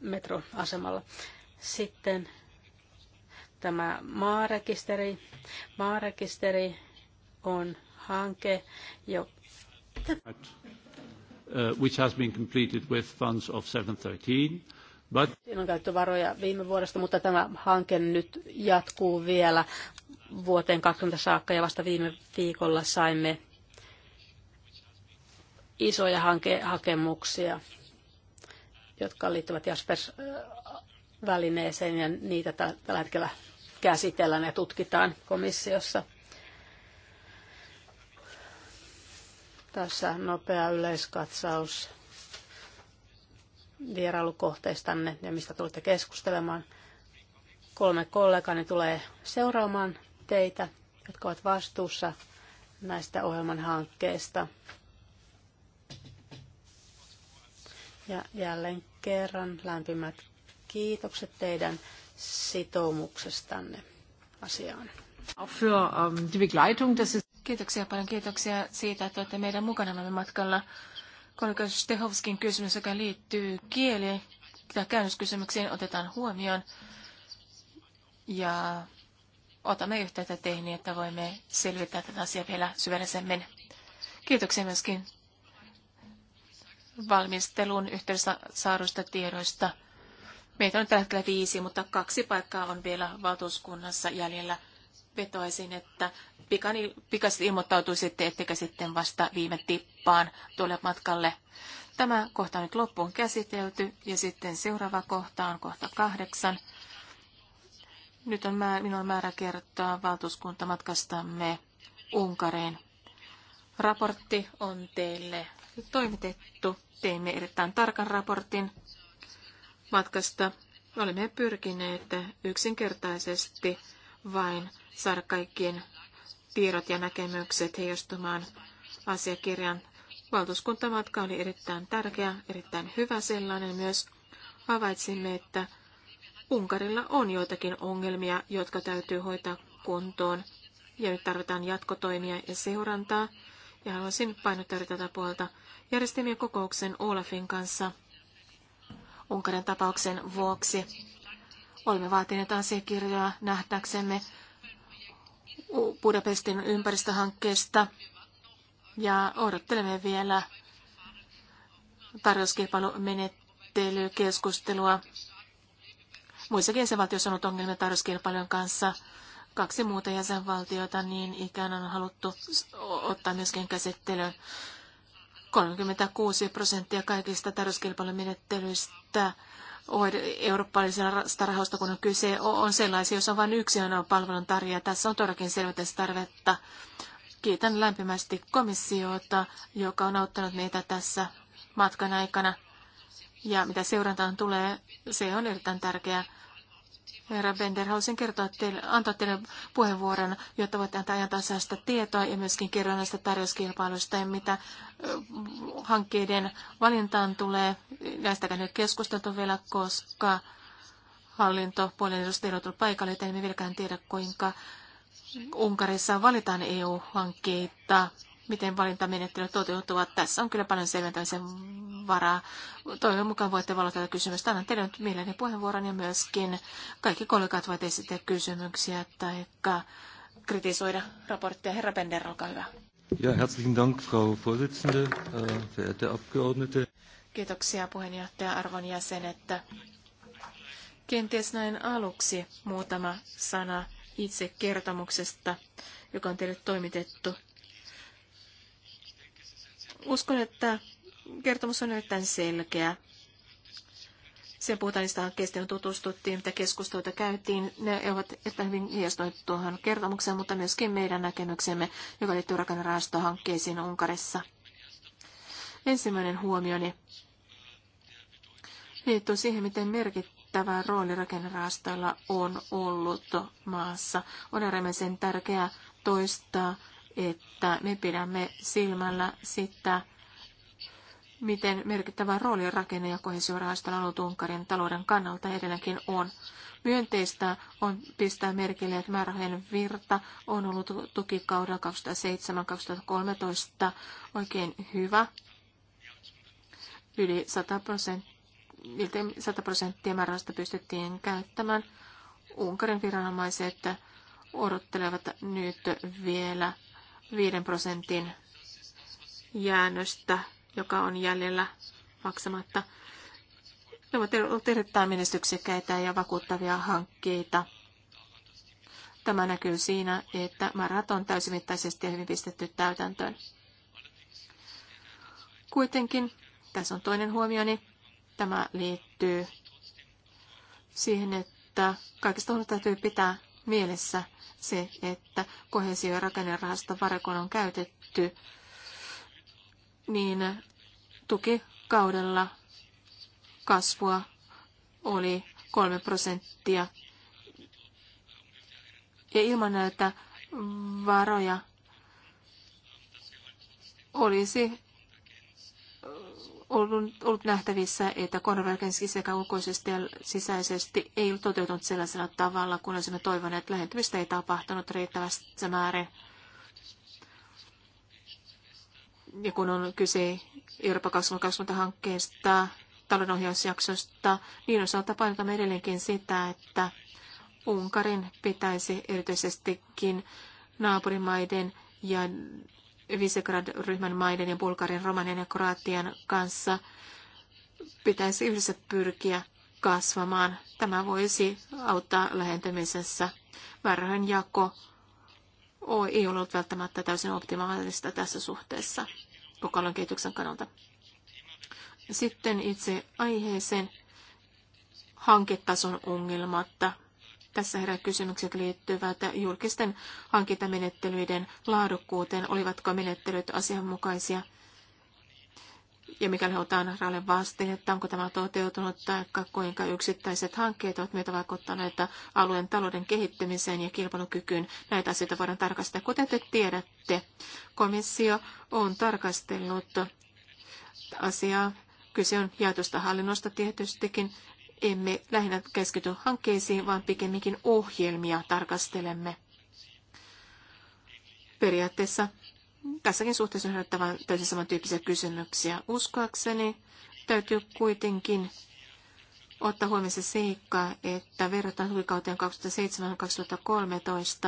metroasemalla. Sitten tämä maarekisteri. Maarekisteri on hanke, jo uh, which has been completed with funds of 713. Siinä on käytetty varoja viime vuodesta, mutta tämä hanke nyt jatkuu vielä vuoteen 20 saakka ja vasta viime viikolla saimme isoja hanke- hakemuksia, jotka liittyvät Jaspers-välineeseen ja niitä tällä hetkellä käsitellään ja tutkitaan komissiossa. Tässä nopea yleiskatsaus vierailukohteistanne ja mistä tulette keskustelemaan. Kolme kollegani tulee seuraamaan teitä, jotka ovat vastuussa näistä ohjelman hankkeista. Ja jälleen kerran lämpimät kiitokset teidän sitoumuksestanne asiaan. Auch für um, die Begleitung, das ist Kiitoksia paljon. Kiitoksia siitä, että olette meidän mukanamme matkalla. Kolika Stehovskin kysymys, joka liittyy kieli- ja käännöskysymykseen, otetaan huomioon. Ja otamme yhteyttä teihin, niin että voimme selvittää tätä asiaa vielä syvällisemmin. Kiitoksia myöskin valmistelun yhteydessä saaduista tiedoista. Meitä on tällä hetkellä viisi, mutta kaksi paikkaa on vielä valtuuskunnassa jäljellä vetoaisin, että pikani, pikaisesti ilmoittautuisitte, ettekä sitten vasta viime tippaan tuolle matkalle. Tämä kohta on nyt loppuun käsitelty ja sitten seuraava kohta on kohta kahdeksan. Nyt on määr, minun on määrä kertoa valtuuskuntamatkastamme Unkareen. Raportti on teille toimitettu. Teimme erittäin tarkan raportin matkasta. Olemme pyrkineet yksinkertaisesti vain saada kaikkien tiedot ja näkemykset heijastumaan asiakirjan. Valtuuskuntamatka oli erittäin tärkeä, erittäin hyvä sellainen myös. Havaitsimme, että Unkarilla on joitakin ongelmia, jotka täytyy hoitaa kuntoon. Ja nyt tarvitaan jatkotoimia ja seurantaa. Ja haluaisin painottaa tätä puolta järjestimme kokouksen Olafin kanssa Unkarin tapauksen vuoksi. Olemme vaatineet asiakirjoja nähtäksemme. Budapestin ympäristöhankkeesta ja odottelemme vielä tarjouskilpailumenettelykeskustelua. Muissakin jäsenvaltioissa on ollut ongelmia tarjouskilpailujen kanssa. Kaksi muuta jäsenvaltiota niin ikään on haluttu ottaa myöskin käsittelyyn. 36 prosenttia kaikista tarjouskilpailumenettelyistä menettelyistä eurooppalaisesta rahoista, kun on kyse, on sellaisia, joissa on vain yksi ainoa palvelun tarjoaja. Tässä on todellakin selvästi tarvetta. Kiitän lämpimästi komissiota, joka on auttanut meitä tässä matkan aikana. Ja mitä seurantaan tulee, se on erittäin tärkeää. Herra Bender, haluaisin kertoa teille, antaa teille puheenvuoron, jotta voitte antaa tasaista tietoa ja myöskin kerroa näistä tarjouskilpailuista ja mitä hankkeiden valintaan tulee. Näistäkään ei keskusteltu vielä, koska hallintopuolen edustajilla on tullut paikalle, joten emme vieläkään tiedä, kuinka Unkarissa valitaan EU-hankkeita miten valintamenettelyt toteutuvat. Tässä on kyllä paljon selventämisen varaa. Toivon mukaan voitte valita tätä kysymystä. Annan teille nyt mielelläni puheenvuoron ja myöskin kaikki kollegat voivat esittää kysymyksiä tai kritisoida raporttia. Herra Bender, olkaa hyvä. Ja, herzlichen Dank, Frau Vorsitzende, äh, verehrte Abgeordnete. Kiitoksia puheenjohtaja arvon jäsenet. Kenties näin aluksi muutama sana itse kertomuksesta, joka on teille toimitettu. Uskon, että kertomus on erittäin selkeä. Sen puhutaan niistä hankkeista, joihin tutustuttiin, mitä keskusteluita käytiin. Ne ovat että hyvin hiestoneet tuohon kertomukseen, mutta myöskin meidän näkemyksemme, joka liittyy rakennerahastohankkeisiin Unkarissa. Ensimmäinen huomioni liittyy siihen, miten merkittävä rooli rakennerahastoilla on ollut maassa. On äärimmäisen tärkeää toistaa että me pidämme silmällä sitä, miten merkittävä rooli rakenne- ja kohesiorahaston ollut Unkarin talouden kannalta edelläkin on. Myönteistä on pistää merkille, että määrähojen virta on ollut tukikaudella 2007-2013 oikein hyvä. Yli 100 prosenttia, määrästä pystyttiin käyttämään. Unkarin viranomaiset odottelevat nyt vielä 5 prosentin jäännöstä, joka on jäljellä maksamatta. Ne ovat olleet erittäin menestyksekkäitä ja vakuuttavia hankkeita. Tämä näkyy siinä, että määrät on täysimittaisesti ja hyvin pistetty täytäntöön. Kuitenkin, tässä on toinen huomioni, tämä liittyy siihen, että kaikista huolimatta täytyy pitää mielessä, se, että kohesio- ja rakennerahaston varakon on käytetty, niin tukikaudella kasvua oli 3 prosenttia. Ja ilman näitä varoja olisi ollut, ollut nähtävissä, että konvergenssi sekä ulkoisesti ja sisäisesti ei ole toteutunut sellaisella tavalla, kun olisimme toivoneet. Lähentymistä ei tapahtunut riittävästi määrin. Ja kun on kyse Euroopan 2020-hankkeesta, talonohjausjaksosta, niin osalta painotamme edelleenkin sitä, että Unkarin pitäisi erityisestikin naapurimaiden ja Visegrad-ryhmän maiden ja Bulgarian, Romanian ja Kroatian kanssa pitäisi yhdessä pyrkiä kasvamaan. Tämä voisi auttaa lähentämisessä. Varhain jako ei ollut välttämättä täysin optimaalista tässä suhteessa kokonaisen kehityksen kannalta. Sitten itse aiheeseen hanketason ongelmatta. Tässä herää kysymykset liittyvät julkisten hankintamenettelyiden laadukkuuteen. Olivatko menettelyt asianmukaisia? Ja mikäli otan rahalle vastin, että onko tämä toteutunut tai kuinka yksittäiset hankkeet ovat myötä vaikuttaneet alueen talouden kehittymiseen ja kilpailukykyyn. Näitä asioita voidaan tarkastella. Kuten te tiedätte, komissio on tarkastellut asiaa Kyse on jaetusta hallinnosta tietystikin emme lähinnä keskity hankkeisiin, vaan pikemminkin ohjelmia tarkastelemme. Periaatteessa tässäkin suhteessa on herättävän täysin samantyyppisiä kysymyksiä. Uskoakseni täytyy kuitenkin ottaa huomioon se seikka, että verrattuna tukikauteen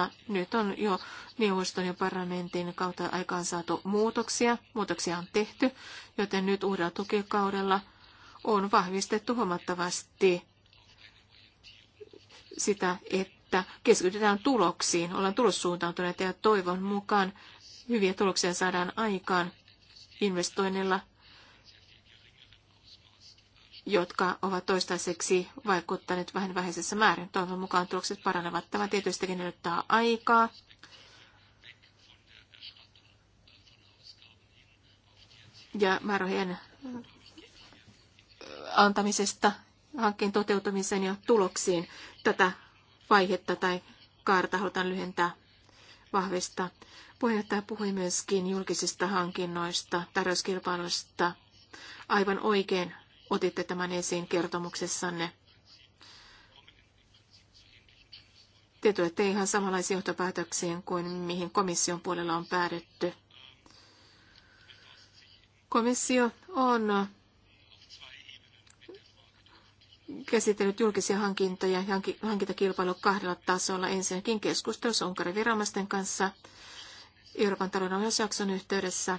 2007-2013 nyt on jo neuvoston ja parlamentin kautta saatu muutoksia. Muutoksia on tehty, joten nyt uudella tukikaudella – on vahvistettu huomattavasti sitä, että keskitytään tuloksiin, ollaan tulossuuntautuneita ja toivon mukaan hyviä tuloksia saadaan aikaan investoinnilla, jotka ovat toistaiseksi vaikuttaneet vähän vähäisessä määrin. Toivon mukaan tulokset paranevat. Tämä tietystikin edellyttää aikaa. Ja määrähien antamisesta hankkeen toteutumiseen ja tuloksiin. Tätä vaihetta tai kaarta halutaan lyhentää vahvista. Puheenjohtaja puhui myöskin julkisista hankinnoista, tarjouskilpailuista. Aivan oikein otitte tämän esiin kertomuksessanne. Te tulette ihan samanlaisiin johtopäätöksiin kuin mihin komission puolella on päädytty. Komissio on käsitellyt julkisia hankintoja ja hankintakilpailu kahdella tasolla. Ensinnäkin keskustelussa Unkarin viranomaisten kanssa Euroopan talouden ohjausjakson yhteydessä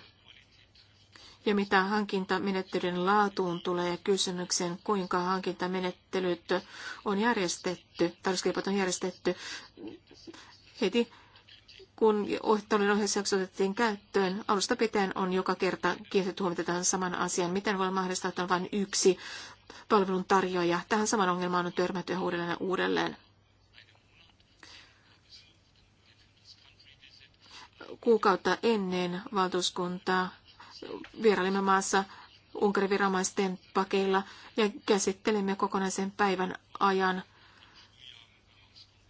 ja mitä hankintamenettelyn laatuun tulee ja kysymykseen, kuinka hankintamenettelyt on järjestetty, tarjouskilpailut on järjestetty heti kun talouden ohjausjakso otettiin käyttöön, alusta pitäen on joka kerta kiinnitetty huomiota tähän saman asian. Miten voi mahdollista, että on vain yksi Palvelun tarjoaja Tähän saman ongelmaan on törmätty uudelleen ja uudelleen. Kuukautta ennen valtuuskuntaa vierailimme maassa Unkarin viranomaisten pakeilla ja käsittelimme kokonaisen päivän ajan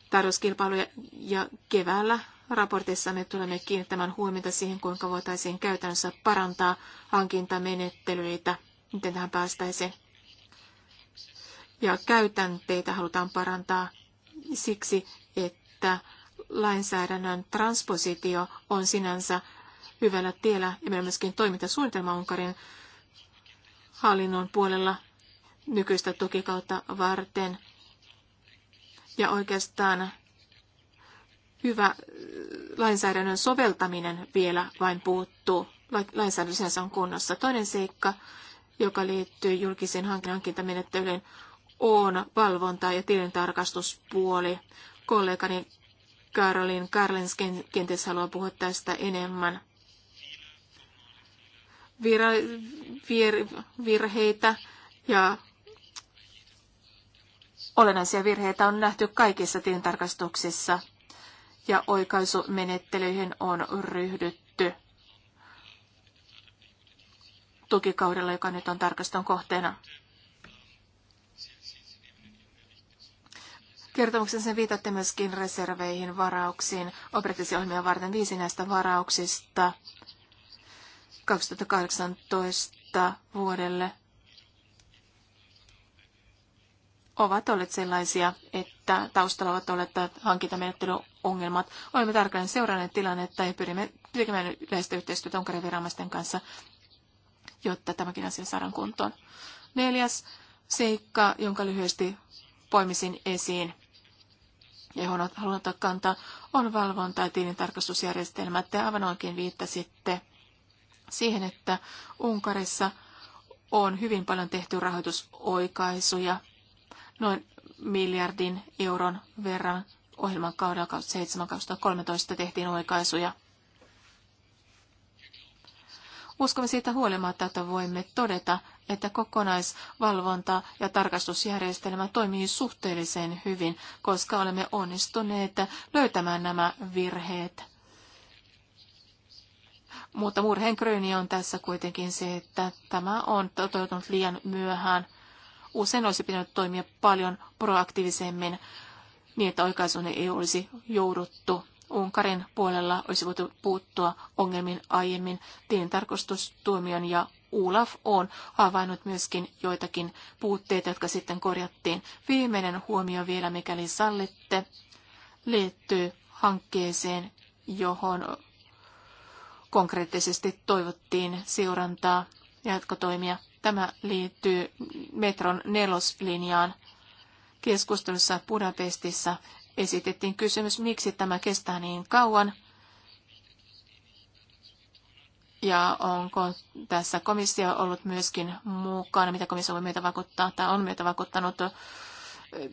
tarjouskilpailuja ja keväällä raportissa me tulemme kiinnittämään huomiota siihen, kuinka voitaisiin käytännössä parantaa hankintamenettelyitä, miten tähän päästäisiin ja käytänteitä halutaan parantaa siksi, että lainsäädännön transpositio on sinänsä hyvällä tiellä ja meillä myöskin toimintasuunnitelma Unkarin hallinnon puolella nykyistä tukikautta varten. Ja oikeastaan hyvä äh, lainsäädännön soveltaminen vielä vain puuttuu. Lainsäädäntö on kunnossa. Toinen seikka, joka liittyy julkisen hankintamenettelyyn, on valvonta- ja tilintarkastuspuoli. Kollegani Karolin Karlens kenties haluaa puhua tästä enemmän. Vira- vir- virheitä ja olennaisia virheitä on nähty kaikissa tilintarkastuksissa ja oikaisumenettelyihin on ryhdytty tukikaudella, joka nyt on tarkaston kohteena. Kertomuksessa viitatte myöskin reserveihin, varauksiin, operatiivisia varten viisi näistä varauksista 2018 vuodelle ovat olleet sellaisia, että taustalla ovat olleet hankintamenettelyongelmat. Olemme tarkalleen seuranneet tilannetta ja pyrimme tekemään yleistä yhteistyötä Unkarin viranomaisten kanssa, jotta tämäkin asia saadaan kuntoon. Neljäs seikka, jonka lyhyesti poimisin esiin ja johon haluan ottaa kantaa, on valvonta- ja tilintarkastusjärjestelmä. Te aivan oikein viittasitte siihen, että Unkarissa on hyvin paljon tehty rahoitusoikaisuja, noin miljardin euron verran ohjelman kaudella 2007-2013 tehtiin oikaisuja. Uskomme siitä huolimatta, että voimme todeta, että kokonaisvalvonta ja tarkastusjärjestelmä toimii suhteellisen hyvin, koska olemme onnistuneet löytämään nämä virheet. Mutta murheen kryyni on tässä kuitenkin se, että tämä on toteutunut liian myöhään. Usein olisi pitänyt toimia paljon proaktiivisemmin niin, että oikaisuun ei olisi jouduttu. Unkarin puolella olisi voitu puuttua ongelmiin aiemmin. Tilintarkastustuomion ja Olaf on havainnut myöskin joitakin puutteita, jotka sitten korjattiin. Viimeinen huomio vielä, mikäli sallitte, liittyy hankkeeseen, johon konkreettisesti toivottiin seurantaa ja jatkotoimia. Tämä liittyy metron neloslinjaan. Keskustelussa Budapestissa Esitettiin kysymys, miksi tämä kestää niin kauan ja onko tässä komissio ollut myöskin mukana, mitä komissio voi meitä vakuuttaa tai on meitä vakuuttanut.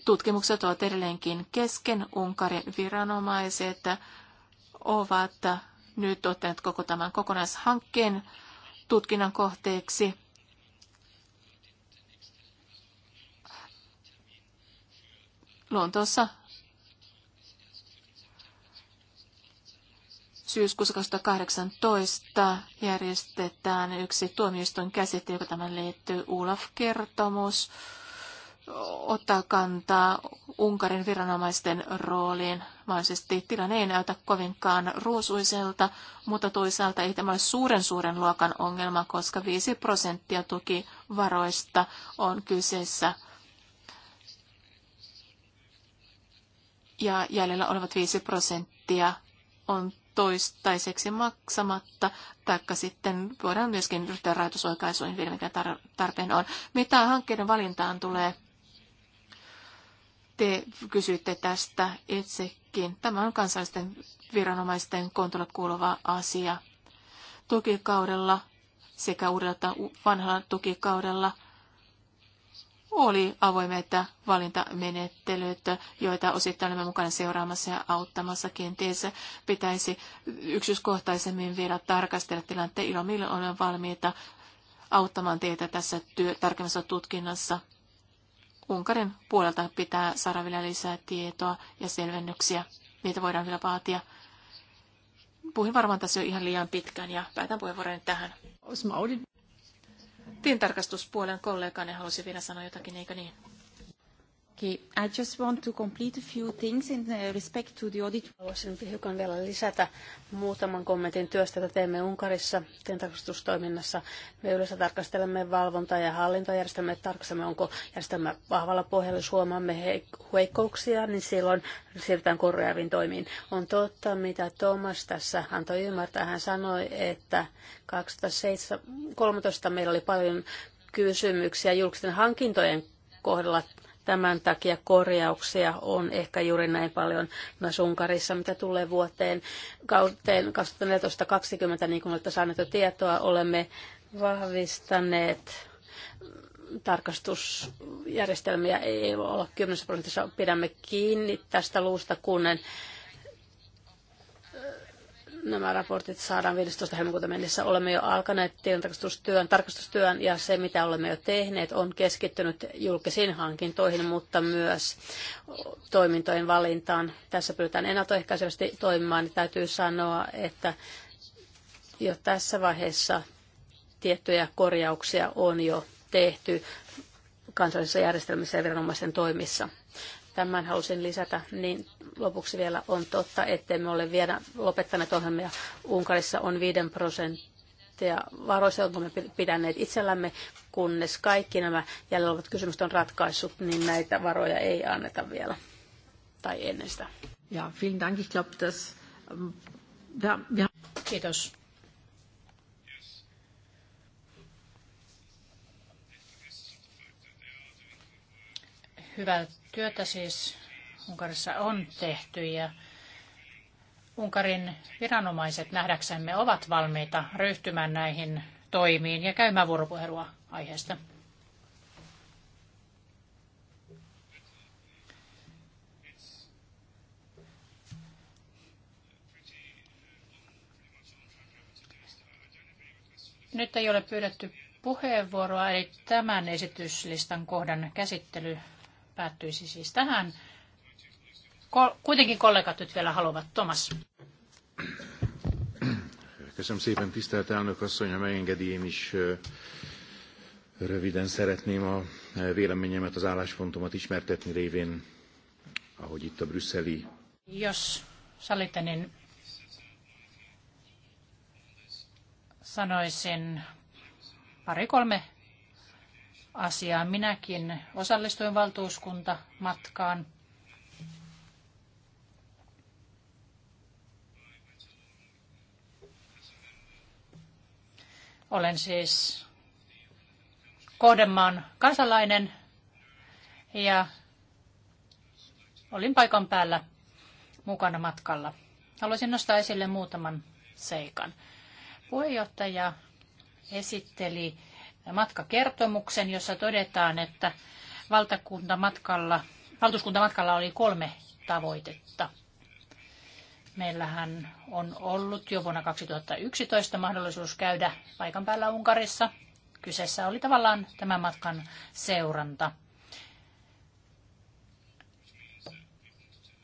Tutkimukset ovat edelleenkin kesken. Unkarin viranomaiset ovat nyt ottaneet koko tämän kokonaishankkeen tutkinnan kohteeksi. Lontoossa syyskuussa 2018 järjestetään yksi tuomioistuin käsite, joka tämän liittyy ULAF-kertomus, ottaa kantaa Unkarin viranomaisten rooliin. Mahdollisesti tilanne ei näytä kovinkaan ruusuiselta, mutta toisaalta ei tämä ole suuren suuren luokan ongelma, koska 5 prosenttia tukivaroista on kyseessä ja jäljellä olevat 5 prosenttia on toistaiseksi maksamatta, taikka sitten voidaan myöskin ryhtyä rahoitusoikaisuihin vielä, mikä tarpeen on. Mitä hankkeiden valintaan tulee? Te kysyitte tästä itsekin. Tämä on kansallisten viranomaisten kontolle kuuluva asia. Tukikaudella sekä uudella että vanhalla tukikaudella – oli avoimet valintamenettelyt, joita osittain olemme mukana seuraamassa ja auttamassa. Kenties pitäisi yksityiskohtaisemmin vielä tarkastella tilanteen ilomille olen valmiita auttamaan teitä tässä työ, tarkemmassa tutkinnassa. Unkarin puolelta pitää saada vielä lisää tietoa ja selvennyksiä. Niitä voidaan vielä vaatia. Puhuin varmaan tässä jo ihan liian pitkään ja päätän puheenvuoron tähän. Tintarkastuspuolen kollegani halusi vielä sanoa jotakin, eikö niin? Okay, I just want to complete a few things in uh, respect to the audit. Haluaisin hiukan vielä lisätä muutaman kommentin työstä, jota teemme Unkarissa tarkastustoiminnassa. Me yleensä tarkastelemme valvontaa ja hallintojärjestelmää, että tarkastamme, onko järjestelmä vahvalla pohjalla, jos huomaamme heikkouksia, niin silloin siirrytään korjaaviin toimiin. On totta, mitä Thomas tässä antoi ymmärtää. Hän sanoi, että 2013 meillä oli paljon kysymyksiä julkisten hankintojen kohdalla Tämän takia korjauksia on ehkä juuri näin paljon myös Unkarissa, mitä tulee vuoteen 2014-2020, niin kuin olette saaneet jo tietoa, olemme vahvistaneet tarkastusjärjestelmiä ei ole 10 prosentissa. Pidämme kiinni tästä luusta, kunnen nämä raportit saadaan 15. helmikuuta mennessä. Olemme jo alkaneet tilintarkastustyön, tarkastustyön ja se, mitä olemme jo tehneet, on keskittynyt julkisiin hankintoihin, mutta myös toimintojen valintaan. Tässä pyritään ennaltaehkäisevästi toimimaan. Niin täytyy sanoa, että jo tässä vaiheessa tiettyjä korjauksia on jo tehty kansallisissa järjestelmissä ja viranomaisten toimissa tämän halusin lisätä, niin lopuksi vielä on totta, ettei me ole vielä lopettaneet ohjelmia. Unkarissa on 5 prosenttia varoista, jotka me pitäneet itsellämme, kunnes kaikki nämä jäljellä olevat kysymykset on ratkaissut, niin näitä varoja ei anneta vielä tai ennen sitä. Ja, vielen Dank. Ich glaube, dass, ja, ähm, ja. Kiitos. Hyvä. Työtä siis Unkarissa on tehty ja Unkarin viranomaiset nähdäksemme ovat valmiita ryhtymään näihin toimiin ja käymään vuoropuhelua aiheesta. Nyt ei ole pyydetty puheenvuoroa, eli tämän esityslistan kohdan käsittely päättyisi siis tähän. Kuitenkin kollegat nyt vielä haluavat. Tomas. Köszönöm szépen, tisztelt elnök asszony, ha megengedi, én is röviden szeretném a véleményemet, az álláspontomat ismertetni révén, ahogy itt a brüsszeli. Jos sallitte, niin sanoisin pari-kolme asiaa. Minäkin osallistuin valtuuskuntamatkaan. Olen siis kohdemaan kansalainen ja olin paikan päällä mukana matkalla. Haluaisin nostaa esille muutaman seikan. Puheenjohtaja esitteli matkakertomuksen, jossa todetaan, että valtakuntamatkalla, valtuuskuntamatkalla oli kolme tavoitetta. Meillähän on ollut jo vuonna 2011 mahdollisuus käydä paikan päällä Unkarissa. Kyseessä oli tavallaan tämän matkan seuranta.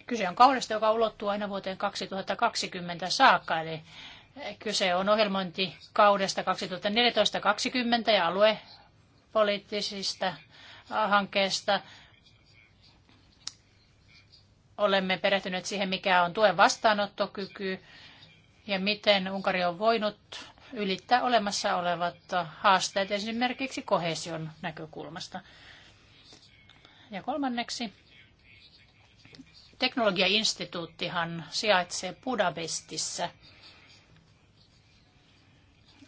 Kyse on kaudesta, joka ulottuu aina vuoteen 2020 saakka, eli Kyse on ohjelmointikaudesta 2014-2020 ja aluepoliittisista hankkeista. Olemme perehtyneet siihen, mikä on tuen vastaanottokyky ja miten Unkari on voinut ylittää olemassa olevat haasteet esimerkiksi kohesion näkökulmasta. Ja kolmanneksi, teknologiainstituuttihan sijaitsee Budapestissa –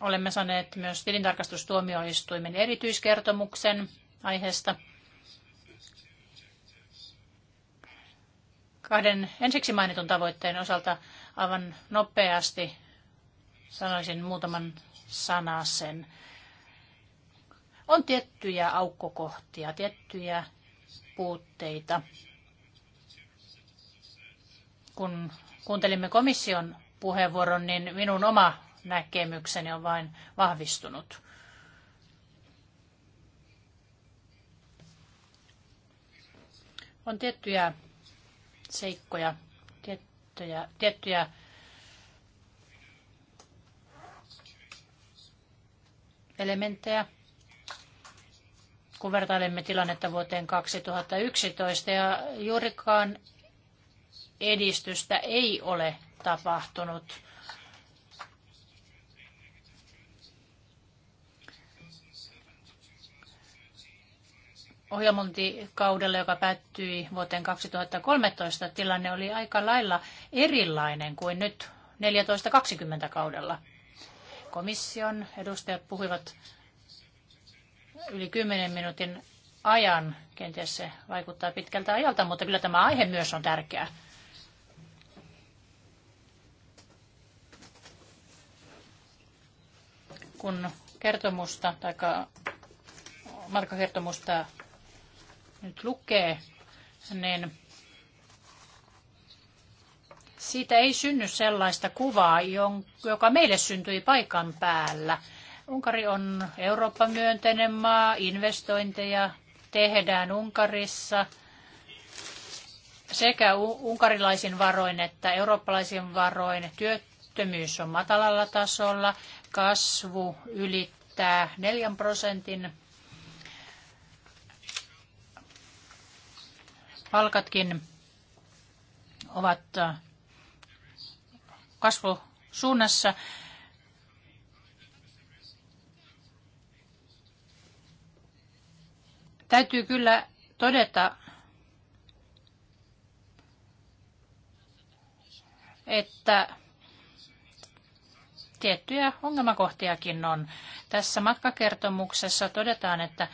Olemme saaneet myös tilintarkastustuomioistuimen erityiskertomuksen aiheesta. Kahden ensiksi mainitun tavoitteen osalta aivan nopeasti sanoisin muutaman sana sen. On tiettyjä aukkokohtia, tiettyjä puutteita. Kun kuuntelimme komission puheenvuoron, niin minun oma näkemykseni on vain vahvistunut. On tiettyjä seikkoja, tiettyjä, tiettyjä elementtejä, kun vertailemme tilannetta vuoteen 2011 ja juurikaan edistystä ei ole tapahtunut. ohjelmointikaudella, joka päättyi vuoteen 2013, tilanne oli aika lailla erilainen kuin nyt 14-20 kaudella. Komission edustajat puhuivat yli 10 minuutin ajan. Kenties se vaikuttaa pitkältä ajalta, mutta kyllä tämä aihe myös on tärkeä. Kun kertomusta tai kertomusta nyt lukee, niin siitä ei synny sellaista kuvaa, joka meille syntyi paikan päällä. Unkari on Eurooppa-myönteinen maa, investointeja tehdään Unkarissa sekä unkarilaisin varoin että eurooppalaisin varoin. Työttömyys on matalalla tasolla, kasvu ylittää 4 prosentin palkatkin ovat äh, kasvusuunnassa. Täytyy kyllä todeta, että tiettyjä ongelmakohtiakin on. Tässä matkakertomuksessa todetaan, että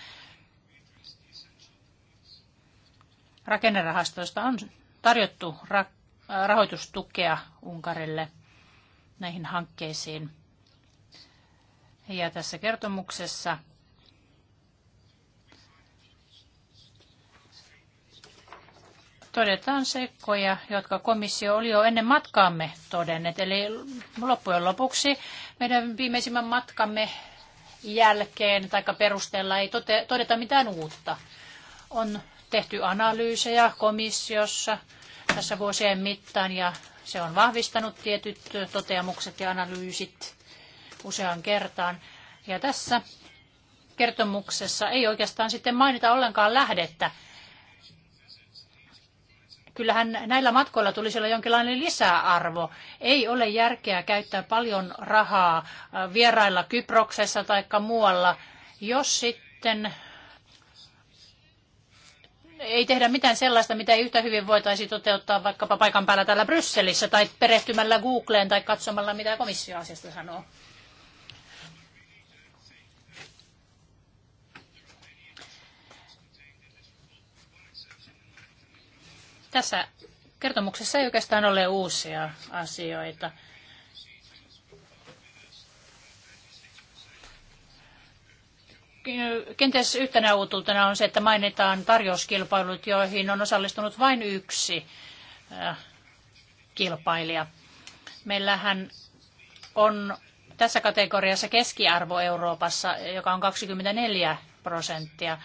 rakennerahastoista on tarjottu ra- äh, rahoitustukea Unkarille näihin hankkeisiin. Ja tässä kertomuksessa todetaan seikkoja, jotka komissio oli jo ennen matkaamme todennet. Eli loppujen lopuksi meidän viimeisimmän matkamme jälkeen tai perusteella ei tote, todeta mitään uutta. On tehty analyysejä komissiossa tässä vuosien mittaan ja se on vahvistanut tietyt toteamukset ja analyysit useaan kertaan. Ja tässä kertomuksessa ei oikeastaan sitten mainita ollenkaan lähdettä. Kyllähän näillä matkoilla tulisi olla jonkinlainen lisäarvo. Ei ole järkeä käyttää paljon rahaa vierailla Kyproksessa tai muualla, jos sitten ei tehdä mitään sellaista, mitä ei yhtä hyvin voitaisi toteuttaa vaikkapa paikan päällä täällä Brysselissä tai perehtymällä Googleen tai katsomalla, mitä komissio asiasta sanoo. Tässä kertomuksessa ei oikeastaan ole uusia asioita. kenties yhtenä uutuutena on se, että mainitaan tarjouskilpailut, joihin on osallistunut vain yksi äh, kilpailija. Meillähän on tässä kategoriassa keskiarvo Euroopassa, joka on 24 prosenttia.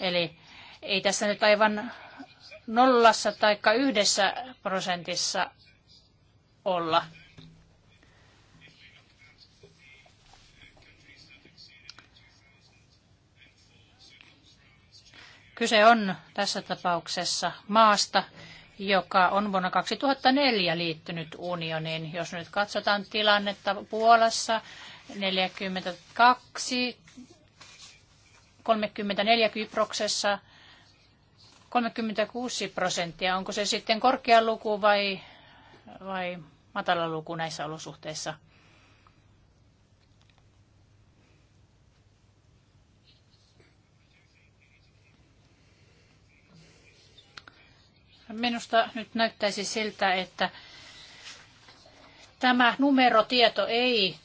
Eli ei tässä nyt aivan nollassa tai yhdessä prosentissa olla. Kyse on tässä tapauksessa maasta, joka on vuonna 2004 liittynyt unioniin. Jos nyt katsotaan tilannetta Puolassa, 42, 34 Kyproksessa, 36 prosenttia. Onko se sitten korkea luku vai, vai matala luku näissä olosuhteissa? Minusta nyt näyttäisi siltä, että tämä numerotieto ei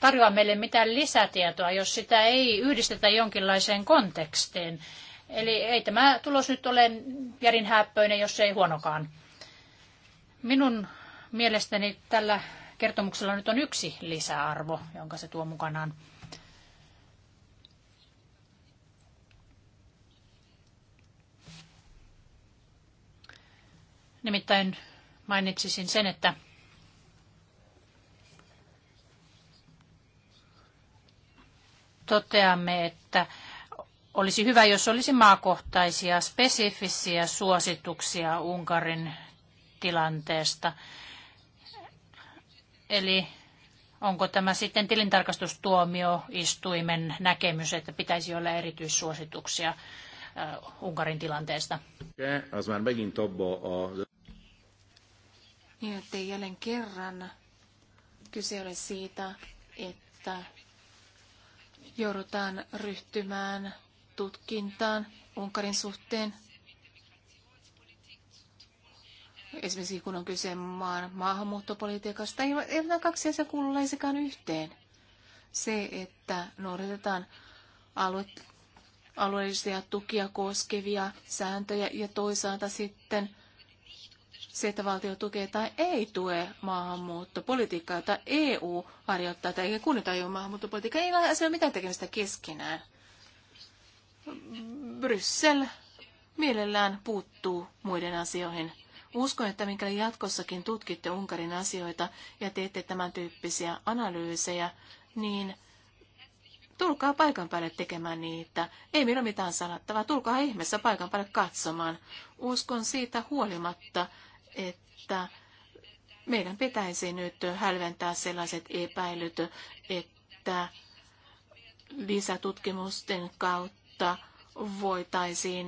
tarjoa meille mitään lisätietoa, jos sitä ei yhdistetä jonkinlaiseen kontekstiin. Eli ei tämä tulos nyt ole järin häppöinen, jos ei huonokaan. Minun mielestäni tällä kertomuksella nyt on yksi lisäarvo, jonka se tuo mukanaan. Nimittäin mainitsisin sen, että toteamme, että olisi hyvä, jos olisi maakohtaisia spesifisiä suosituksia Unkarin tilanteesta. Eli onko tämä sitten tilintarkastustuomioistuimen näkemys, että pitäisi olla erityissuosituksia äh, Unkarin tilanteesta? niin ettei jälleen kerran kyse ole siitä, että joudutaan ryhtymään tutkintaan Unkarin suhteen. Esimerkiksi kun on kyse maan maahanmuuttopolitiikasta, ei, ole nämä kaksi asiaa kuulu yhteen. Se, että noudatetaan alue, alueellisia tukia koskevia sääntöjä ja toisaalta sitten se, että valtio tukee tai ei tue maahanmuuttopolitiikkaa, jota EU harjoittaa tai eikä kunnita EU maahanmuuttopolitiikkaa, ei ole mitään tekemistä keskenään. Bryssel mielellään puuttuu muiden asioihin. Uskon, että mikäli jatkossakin tutkitte Unkarin asioita ja teette tämän tyyppisiä analyysejä, niin tulkaa paikan päälle tekemään niitä. Ei meillä ole mitään sanottavaa, tulkaa ihmeessä paikan päälle katsomaan. Uskon siitä huolimatta, että meidän pitäisi nyt hälventää sellaiset epäilyt, että lisätutkimusten kautta voitaisiin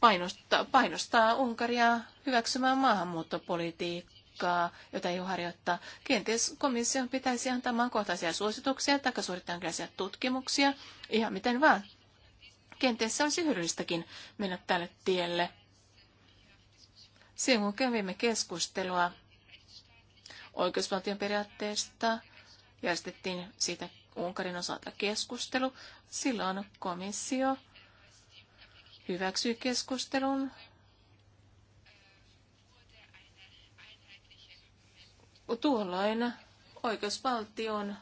painostaa, painostaa Unkaria hyväksymään maahanmuuttopolitiikkaa, jota ei harjoittaa. Kenties komission pitäisi antaa maankohtaisia suosituksia tai suorittaa jonkinlaisia tutkimuksia, ihan miten vaan. Kenties se olisi hyödyllistäkin mennä tälle tielle. Siinä kun kävimme keskustelua oikeusvaltion periaatteesta, järjestettiin siitä Unkarin osalta keskustelu. Silloin komissio hyväksyi keskustelun tuolloin oikeusvaltion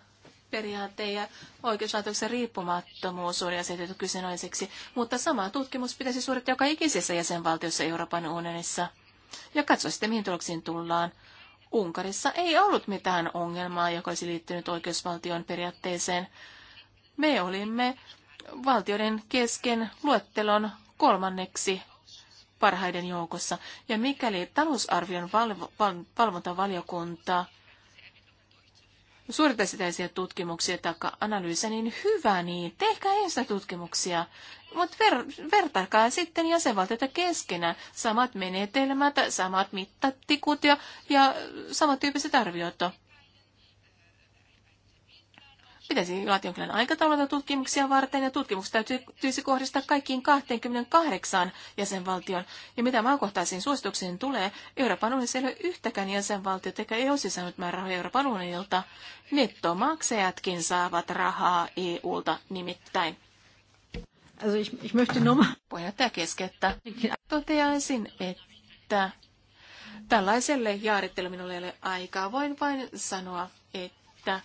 periaate ja oikeuslaitoksen riippumattomuus oli asetettu kyseenalaiseksi, mutta sama tutkimus pitäisi suorittaa joka ikisessä jäsenvaltiossa Euroopan unionissa ja katso sitten, mihin tuloksiin tullaan. Unkarissa ei ollut mitään ongelmaa, joka olisi liittynyt oikeusvaltion periaatteeseen. Me olimme valtioiden kesken luettelon kolmanneksi parhaiden joukossa. Ja mikäli talousarvion valvo- val- valvontavaliokunta suorita sitäisiä tutkimuksia tai analyysiä, niin hyvä niin. Tehkää ensin tutkimuksia, mutta ver- vertaakaa sitten jäsenvaltioita keskenään. Samat menetelmät, samat mittatikut ja, ja tyyppiset arviot. Pitäisi laatia jonkinlainen aikataulu tutkimuksia varten, ja tutkimukset täytyisi kohdistaa kaikkiin 28 jäsenvaltion. Ja mitä maakohtaisiin suosituksiin tulee, Euroopan unionissa ei ole yhtäkään jäsenvaltiota, eikä e olisi saanut määrärahoja Euroopan unionilta. Nettomaksajatkin saavat rahaa EUlta nimittäin. Also ich, ich möchte Puheenjohtaja keskeyttää. Toteaisin, että tällaiselle jaarittelulle ei ole aikaa. Voin vain sanoa, että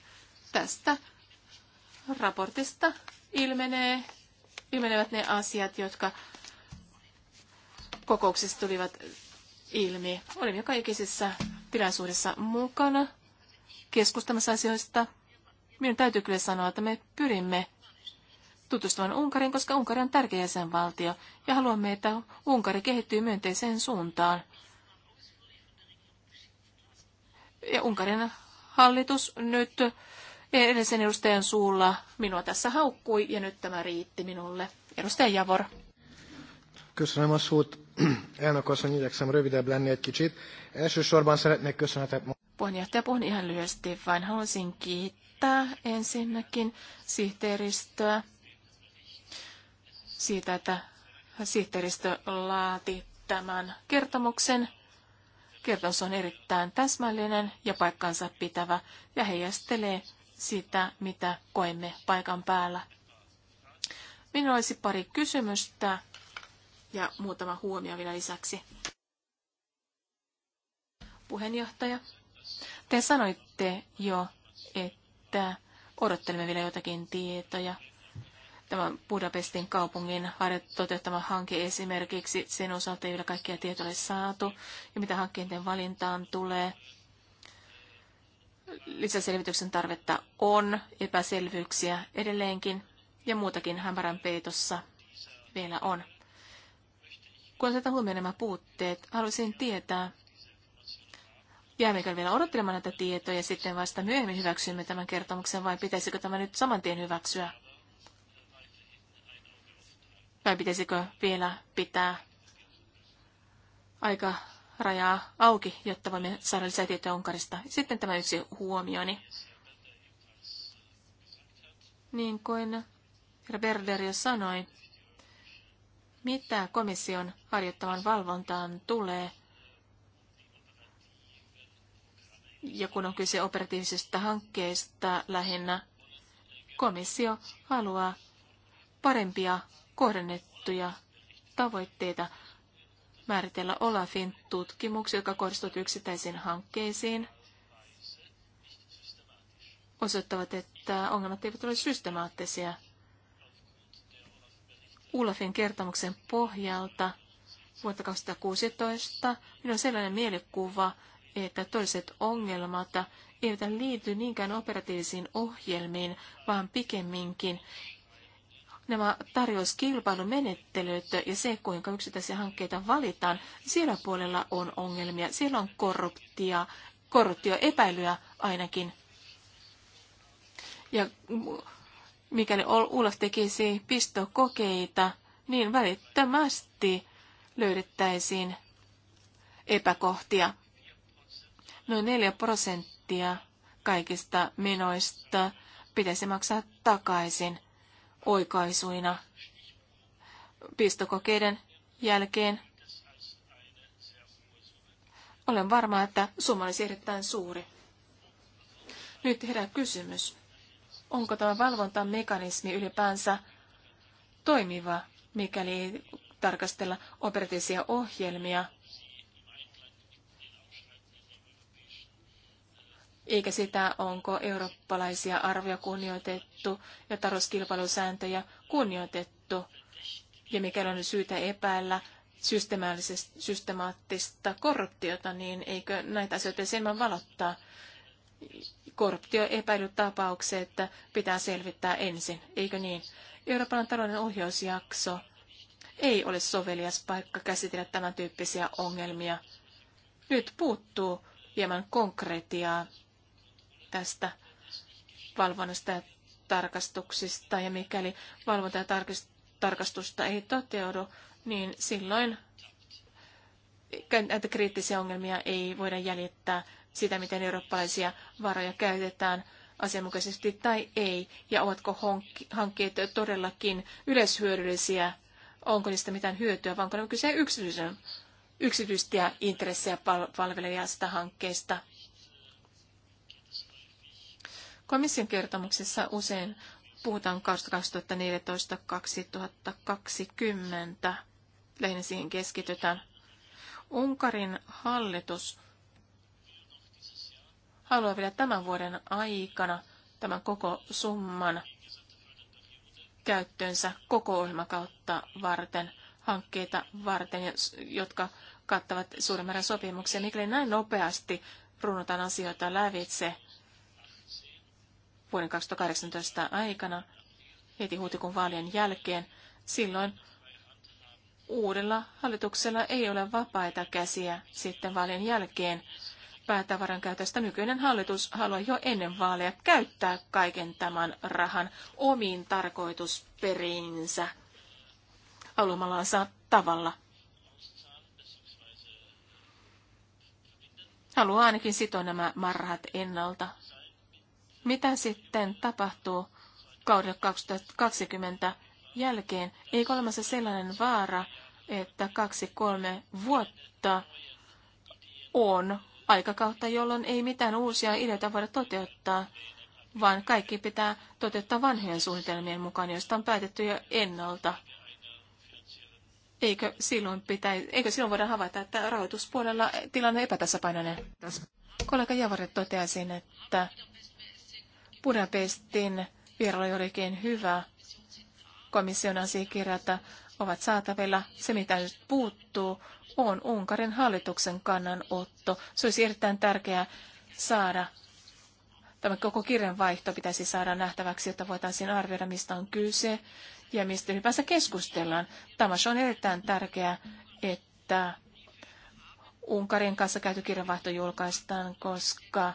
tästä raportista ilmenee, ilmenevät ne asiat, jotka kokouksessa tulivat ilmi. Olin joka ikisessä tilaisuudessa mukana keskustamassa asioista. Minun täytyy kyllä sanoa, että me pyrimme tutustumaan Unkarin, koska Unkari on tärkeä jäsenvaltio ja haluamme, että Unkari kehittyy myönteiseen suuntaan. Ja Unkarin hallitus nyt edellisen edustajan suulla minua tässä haukkui ja nyt tämä riitti minulle. Edustaja Javor. Köszönöm a szót. <clears throat> Elnök asszony, igyekszem rövidebb lenni egy kicsit. Elsősorban szeretnék köszönetet Puheenjohtaja, puhun ihan lyhyesti, vain haluaisin kiittää ensinnäkin sihteeristöä siitä, että sihteeristö laati tämän kertomuksen. Kertomus on erittäin täsmällinen ja paikkansa pitävä ja heijastelee sitä, mitä koemme paikan päällä. Minulla olisi pari kysymystä ja muutama huomio vielä lisäksi. Puheenjohtaja, te sanoitte jo, että odottelemme vielä jotakin tietoja. Tämä Budapestin kaupungin toteuttama hanke esimerkiksi, sen osalta ei vielä kaikkia tietoja ole saatu. Ja mitä hankkeiden valintaan tulee, lisäselvityksen tarvetta on, epäselvyyksiä edelleenkin ja muutakin hämärän peitossa vielä on. Kun otetaan huomioon nämä puutteet, haluaisin tietää, jäämmekö vielä odottelemaan näitä tietoja ja sitten vasta myöhemmin hyväksymme tämän kertomuksen vai pitäisikö tämä nyt saman tien hyväksyä? Vai pitäisikö vielä pitää aika rajaa auki, jotta voimme saada lisää tietoa Unkarista. Sitten tämä yksi huomioni. Niin kuin herra Berder jo sanoi, mitä komission harjoittavan valvontaan tulee, ja kun on kyse operatiivisista hankkeista lähinnä, komissio haluaa parempia kohdennettuja tavoitteita määritellä Olafin tutkimuksia, jotka kohdistuvat yksittäisiin hankkeisiin, osoittavat, että ongelmat eivät ole systemaattisia. Olafin kertomuksen pohjalta vuotta 2016 minulla on sellainen mielikuva, että toiset ongelmat eivät liity niinkään operatiivisiin ohjelmiin, vaan pikemminkin nämä tarjouskilpailumenettelyt ja se, kuinka yksittäisiä hankkeita valitaan, siellä puolella on ongelmia. Siellä on korruptia, korruptioepäilyä ainakin. Ja mikäli Olaf tekisi pistokokeita, niin välittömästi löydettäisiin epäkohtia. Noin 4 prosenttia kaikista menoista pitäisi maksaa takaisin oikaisuina pistokokeiden jälkeen. Olen varma, että summa olisi erittäin suuri. Nyt herää kysymys, onko tämä valvontamekanismi ylipäänsä toimiva, mikäli ei tarkastella operatiivisia ohjelmia – eikä sitä, onko eurooppalaisia arvoja kunnioitettu ja tarjouskilpailusääntöjä kunnioitettu. Ja mikäli on syytä epäillä systemaattista korruptiota, niin eikö näitä asioita enemmän valottaa? Korruptioepäilyt tapaukset pitää selvittää ensin, eikö niin? Euroopan talouden ohjausjakso ei ole sovelias paikka käsitellä tämän tyyppisiä ongelmia. Nyt puuttuu hieman konkretiaa tästä valvonnasta ja tarkastuksista. Ja mikäli valvonta ja tarkastusta ei toteudu, niin silloin näitä kriittisiä ongelmia ei voida jäljittää sitä, miten eurooppalaisia varoja käytetään asianmukaisesti tai ei, ja ovatko hankkeet todellakin yleishyödyllisiä, onko niistä mitään hyötyä, vaan onko ne kyse yksityisen, yksityistä intressejä palvelevista hankkeista. Komission kertomuksessa usein puhutaan 2014-2020. Lähinnä siihen keskitytään. Unkarin hallitus haluaa vielä tämän vuoden aikana tämän koko summan käyttöönsä koko ohjelmakautta varten, hankkeita varten, jotka kattavat suuren määrän sopimuksia. Mikäli näin nopeasti runnotaan asioita lävitse, vuoden 2018 aikana, heti huhtikuun vaalien jälkeen, silloin uudella hallituksella ei ole vapaita käsiä sitten vaalien jälkeen. Päätavaran käytöstä nykyinen hallitus haluaa jo ennen vaaleja käyttää kaiken tämän rahan omiin tarkoitusperiinsä haluamallansa tavalla. Haluaa ainakin sitoa nämä marhat ennalta mitä sitten tapahtuu kaudella 2020 jälkeen? Ei olemassa sellainen vaara, että kaksi-kolme vuotta on aikakautta, jolloin ei mitään uusia ideoita voida toteuttaa, vaan kaikki pitää toteuttaa vanhojen suunnitelmien mukaan, joista on päätetty jo ennalta. Eikö silloin, pitä, eikö silloin voida havaita, että rahoituspuolella tilanne on epätasapainoinen? Kollega Javare toteaisin, että Budapestin vierailu oli oikein hyvä. Komission asiakirjat ovat saatavilla. Se, mitä nyt puuttuu, on Unkarin hallituksen kannanotto. Se olisi erittäin tärkeää saada. Tämä koko kirjanvaihto pitäisi saada nähtäväksi, jotta voitaisiin arvioida, mistä on kyse ja mistä ylipäänsä keskustellaan. Tämä on erittäin tärkeää, että Unkarin kanssa käyty kirjanvaihto julkaistaan, koska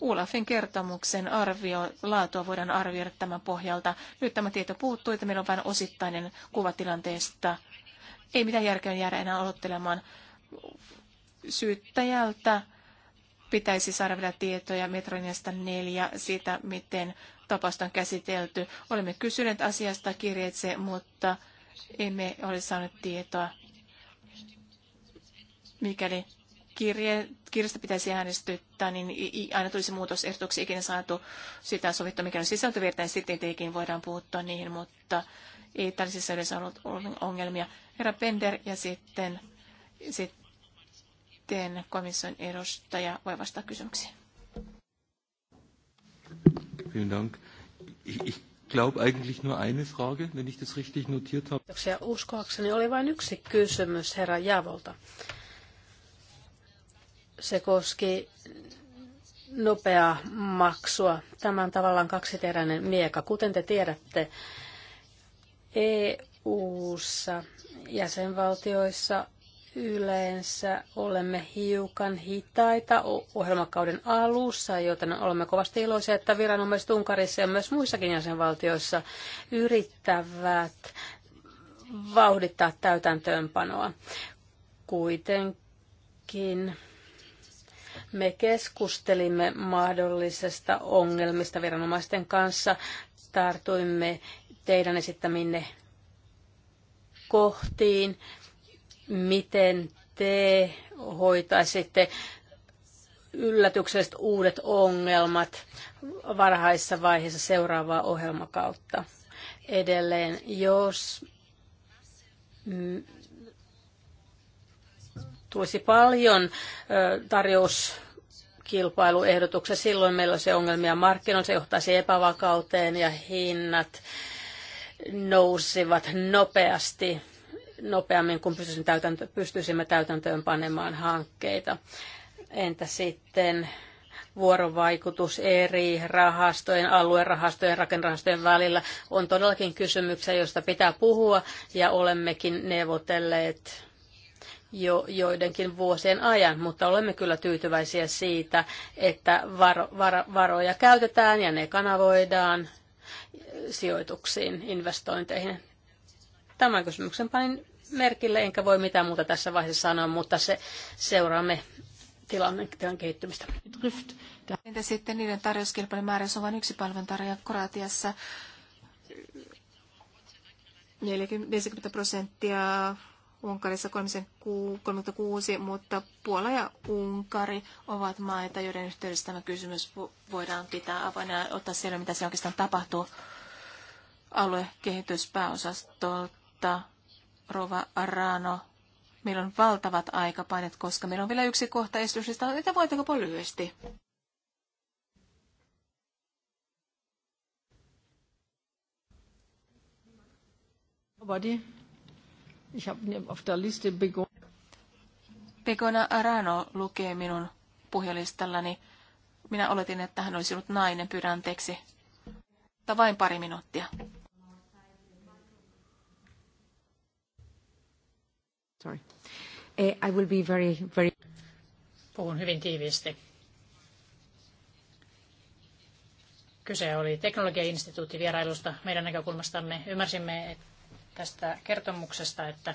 Olafin kertomuksen arvio, laatua voidaan arvioida tämän pohjalta. Nyt tämä tieto puuttuu, että meillä on vain osittainen kuva tilanteesta. Ei mitään järkeä jäädä enää odottelemaan syyttäjältä. Pitäisi saada vielä tietoja Metroniasta neljä siitä, miten tapausta on käsitelty. Olemme kysyneet asiasta kirjeitse, mutta emme ole saaneet tietoa. Mikäli kirje, kirjasta pitäisi äänestyttää, niin aina tulisi muutosehdotuksia ikinä saatu sitä sovittua, mikä on sisältövirta, ja sitten tietenkin voidaan puuttua niihin, mutta ei tällaisissa yleensä ollut ongelmia. Herra Bender ja sitten, sitten komission edustaja voi vastata kysymyksiin. Vielen Dank. Ich glaube eigentlich nur eine Frage, wenn ich das richtig notiert habe. Uskoakseni oli vain yksi kysymys herra Javolta se koski nopeaa maksua. Tämä on tavallaan kaksiteräinen mieka. Kuten te tiedätte, EU-ssa jäsenvaltioissa yleensä olemme hiukan hitaita ohjelmakauden alussa, joten olemme kovasti iloisia, että viranomaiset Unkarissa ja myös muissakin jäsenvaltioissa yrittävät vauhdittaa täytäntöönpanoa. Kuitenkin me keskustelimme mahdollisesta ongelmista viranomaisten kanssa, tartuimme teidän esittäminne kohtiin, miten te hoitaisitte yllätykselliset uudet ongelmat varhaisessa vaiheessa seuraavaa ohjelmakautta. Edelleen, jos tulisi paljon tarjous kilpailuehdotuksen. Silloin meillä on se ongelmia markkinoilla, se johtaisi epävakauteen ja hinnat nousivat nopeasti, nopeammin kuin pystyisimme, täytäntö, pystyisimme täytäntöön panemaan hankkeita. Entä sitten vuorovaikutus eri rahastojen, aluerahastojen, rakennerahastojen välillä on todellakin kysymyksiä, joista pitää puhua ja olemmekin neuvotelleet jo joidenkin vuosien ajan, mutta olemme kyllä tyytyväisiä siitä, että varo, var, varoja käytetään ja ne kanavoidaan sijoituksiin, investointeihin. Tämän kysymyksen panin merkille, enkä voi mitään muuta tässä vaiheessa sanoa, mutta se, seuraamme tilanteen kehittymistä. Entä sitten niiden tarjouskilpailun määrässä on vain yksi palveluntarjoaja Kroatiassa? 40, 50 prosenttia Unkarissa 36, mutta Puola ja Unkari ovat maita, joiden yhteydessä tämä kysymys voidaan pitää avoinna ja ottaa selvä, mitä se oikeastaan tapahtuu aluekehityspääosastolta. Rova Arano, meillä on valtavat aikapainet, koska meillä on vielä yksi kohta esityksestä, että voitako lyhyesti? Nobody. Ich habe auf der Liste Arano lukee minun puhelistallani. Minä oletin, että hän olisi ollut nainen, pyydän anteeksi. Mutta vain pari minuuttia. Sorry. Eh, I will be very, very... Puhun hyvin tiiviisti. Kyse oli teknologiainstituutti vierailusta meidän näkökulmastamme. Ymmärsimme, että tästä kertomuksesta, että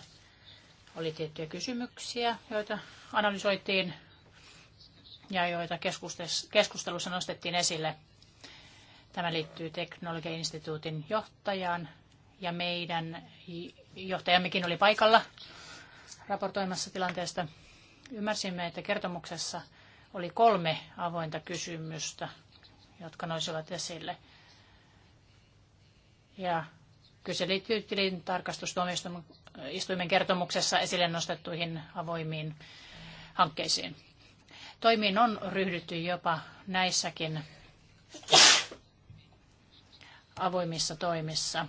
oli tiettyjä kysymyksiä, joita analysoitiin ja joita keskustelussa nostettiin esille. Tämä liittyy Teknologiainstituutin johtajaan ja meidän johtajammekin oli paikalla raportoimassa tilanteesta. Ymmärsimme, että kertomuksessa oli kolme avointa kysymystä, jotka nousivat esille. Ja Kyse liittyy tilintarkastustuomioistuimen äh, kertomuksessa esille nostettuihin avoimiin hankkeisiin. Toimiin on ryhdytty jopa näissäkin avoimissa toimissa.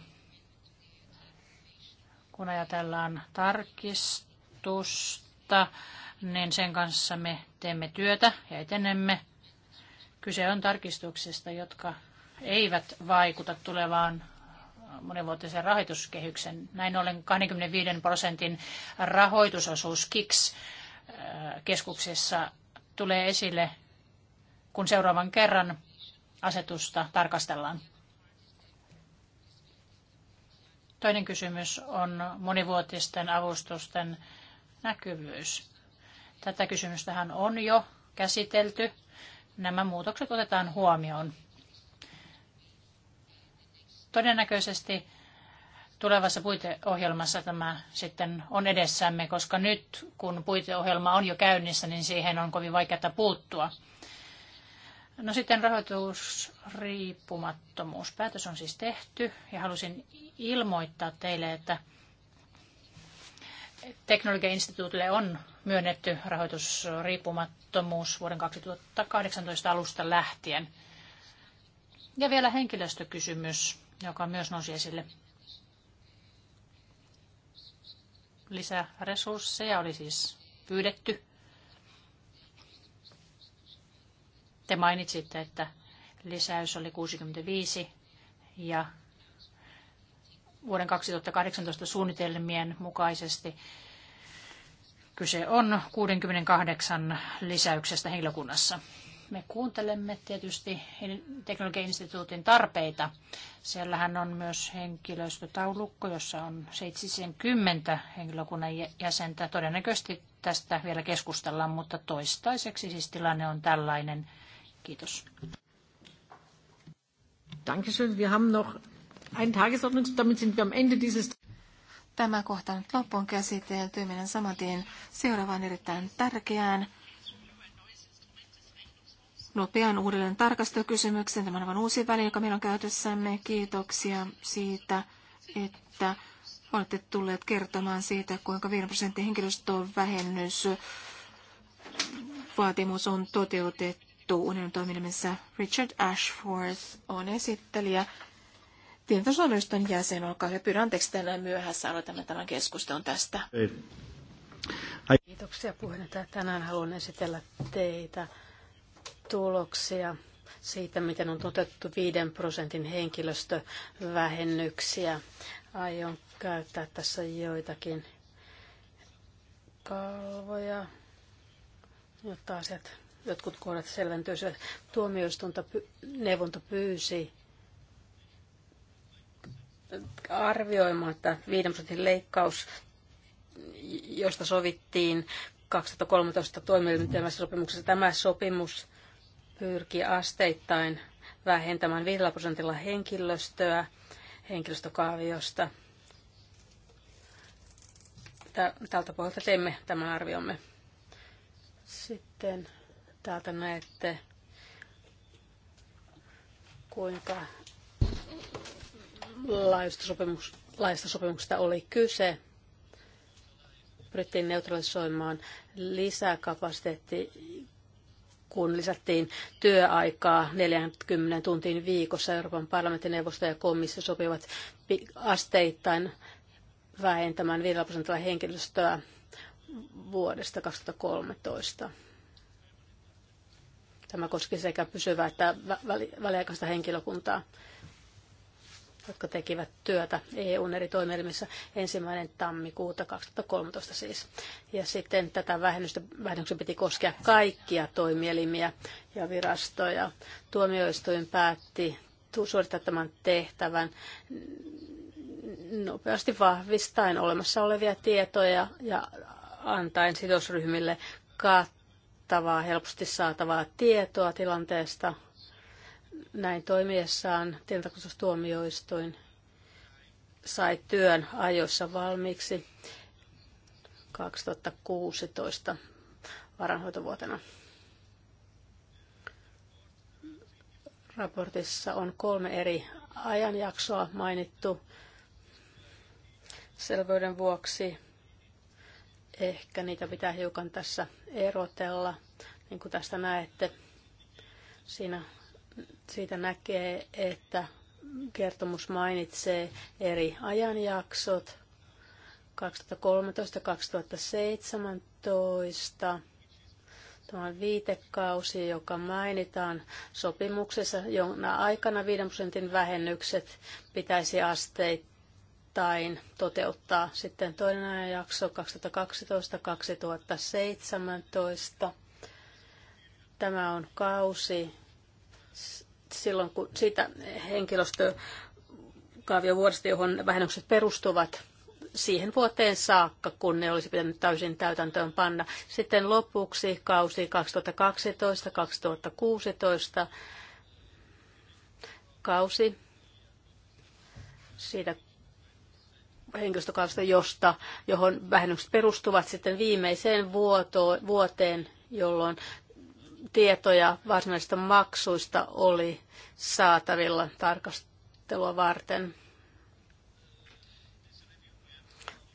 Kun ajatellaan tarkistusta, niin sen kanssa me teemme työtä ja etenemme. Kyse on tarkistuksista, jotka eivät vaikuta tulevaan monivuotisen rahoituskehyksen. Näin ollen 25 prosentin rahoitusosuus KIKS-keskuksessa äh, tulee esille, kun seuraavan kerran asetusta tarkastellaan. Toinen kysymys on monivuotisten avustusten näkyvyys. Tätä kysymystähän on jo käsitelty. Nämä muutokset otetaan huomioon. Todennäköisesti tulevassa puiteohjelmassa tämä sitten on edessämme, koska nyt kun puiteohjelma on jo käynnissä, niin siihen on kovin vaikeaa puuttua. No sitten rahoitusriippumattomuus. Päätös on siis tehty ja halusin ilmoittaa teille, että Teknologiainstituutille on myönnetty rahoitusriippumattomuus vuoden 2018 alusta lähtien. Ja vielä henkilöstökysymys joka myös nousi esille. Lisäresursseja oli siis pyydetty. Te mainitsitte, että lisäys oli 65 ja vuoden 2018 suunnitelmien mukaisesti kyse on 68 lisäyksestä henkilökunnassa me kuuntelemme tietysti teknologiainstituutin tarpeita. Siellähän on myös henkilöstötaulukko, jossa on 70 henkilökunnan jäsentä. Todennäköisesti tästä vielä keskustellaan, mutta toistaiseksi siis tilanne on tällainen. Kiitos. Dankeschön. Wir haben noch ein Tagesordnungspunkt. Damit sind wir am Ende dieses Tämä kohta nyt loppuun käsitelty. Mennään saman tien seuraavaan erittäin tärkeään nopean uudelleen tarkastelukysymyksen. Tämä on aivan uusi väline, joka meillä on käytössämme. Kiitoksia siitä, että olette tulleet kertomaan siitä, kuinka 5 prosentin henkilöstön vähennys vaatimus on toteutettu unionin toiminnassa. Richard Ashforth on esittelijä. Tietosuomioiston jäsen, olkaa hyvä. Pyydän anteeksi tänään myöhässä. Aloitamme tämän keskustelun tästä. Kiitoksia puheenjohtaja. Tänään haluan esitellä teitä tuloksia siitä, miten on toteutettu 5 prosentin henkilöstövähennyksiä. Aion käyttää tässä joitakin kalvoja, jotta asiat, jotkut kohdat selventyisivät. Tuomioistunta neuvonta pyysi arvioimaan, että 5 prosentin leikkaus, josta sovittiin 2013 toimielimitelmässä sopimuksessa, tämä sopimus pyrki asteittain vähentämään 5 prosentilla henkilöstöä henkilöstökaaviosta. Tältä pohjalta teemme tämän arviomme. Sitten täältä näette, kuinka laista sopimuksesta oli kyse. Pyrittiin neutralisoimaan lisäkapasiteetti kun lisättiin työaikaa 40 tuntiin viikossa. Euroopan parlamentin neuvosto ja komissio sopivat asteittain vähentämään 5 prosentilla henkilöstöä vuodesta 2013. Tämä koski sekä pysyvää että väliaikaista henkilökuntaa jotka tekivät työtä EUn eri toimielimissä ensimmäinen tammikuuta 2013 siis. Ja sitten tätä vähennystä, vähennyksen piti koskea kaikkia toimielimiä ja virastoja. Tuomioistuin päätti suorittaa tämän tehtävän nopeasti vahvistaen olemassa olevia tietoja ja antaen sidosryhmille kattavaa, helposti saatavaa tietoa tilanteesta – näin toimiessaan tilintarkastustuomioistuin sai työn ajoissa valmiiksi 2016 varanhoitovuotena. Raportissa on kolme eri ajanjaksoa mainittu selvyyden vuoksi. Ehkä niitä pitää hiukan tässä erotella, niin kuin tästä näette. Siinä siitä näkee, että kertomus mainitsee eri ajanjaksot 2013-2017. Tämä on viitekausi, joka mainitaan sopimuksessa, jona aikana 5 prosentin vähennykset pitäisi asteittain toteuttaa. Sitten toinen ajanjakso 2012-2017. Tämä on kausi, silloin, kun siitä henkilöstökaavio johon vähennykset perustuvat, siihen vuoteen saakka, kun ne olisi pitänyt täysin täytäntöön panna. Sitten lopuksi kausi 2012-2016 kausi siitä henkilöstökausta josta, johon vähennykset perustuvat sitten viimeiseen vuoto vuoteen, jolloin tietoja varsinaisista maksuista oli saatavilla tarkastelua varten.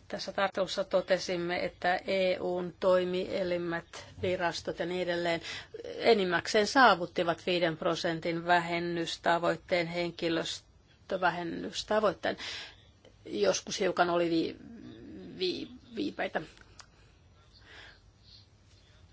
Tässä tarkastelussa totesimme, että EUn toimielimmät virastot ja niin edelleen enimmäkseen saavuttivat 5 prosentin vähennystavoitteen henkilöstövähennystavoitteen. Joskus hiukan oli vi- vi- viipeitä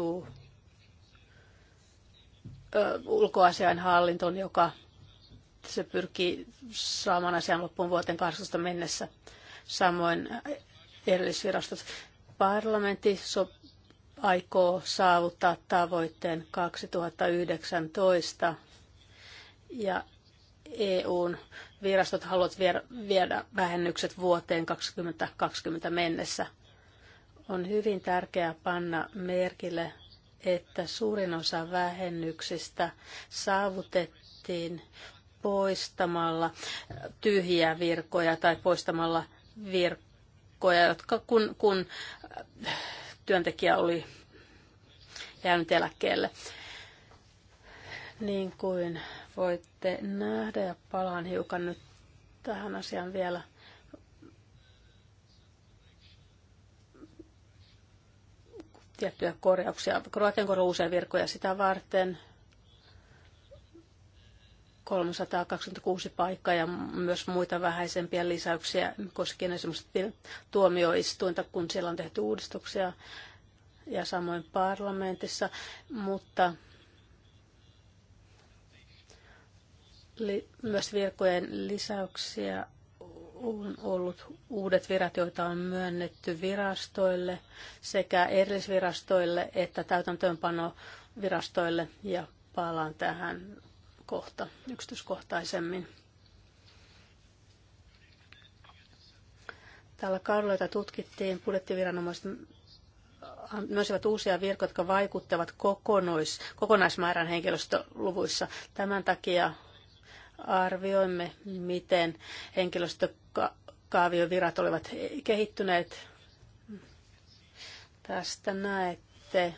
perustuu ulkoasiainhallintoon, joka se pyrkii saamaan asian loppuun vuoteen 18 mennessä. Samoin erillisvirastot. Parlamentti so- aikoo saavuttaa tavoitteen 2019 ja EUn virastot haluavat viedä vähennykset vuoteen 2020 mennessä. On hyvin tärkeää panna merkille, että suurin osa vähennyksistä saavutettiin poistamalla tyhjiä virkoja tai poistamalla virkoja, jotka kun, kun äh, työntekijä oli jäänyt eläkkeelle. Niin kuin voitte nähdä, ja palaan hiukan nyt tähän asiaan vielä – tiettyjä korjauksia. Kroatian kohdalla uusia virkoja sitä varten. 326 paikkaa ja myös muita vähäisempiä lisäyksiä koskien esimerkiksi tuomioistuinta, kun siellä on tehty uudistuksia ja samoin parlamentissa, mutta myös virkojen lisäyksiä on ollut uudet virat, joita on myönnetty virastoille sekä erillisvirastoille että täytäntöönpanovirastoille ja palaan tähän kohta yksityiskohtaisemmin. Tällä kaudella, jota tutkittiin, budjettiviranomaiset myös uusia virkoja, jotka vaikuttavat kokonais, kokonaismäärän henkilöstöluvuissa. Tämän takia arvioimme, miten henkilöstö kaaviovirat olivat kehittyneet. Tästä näette,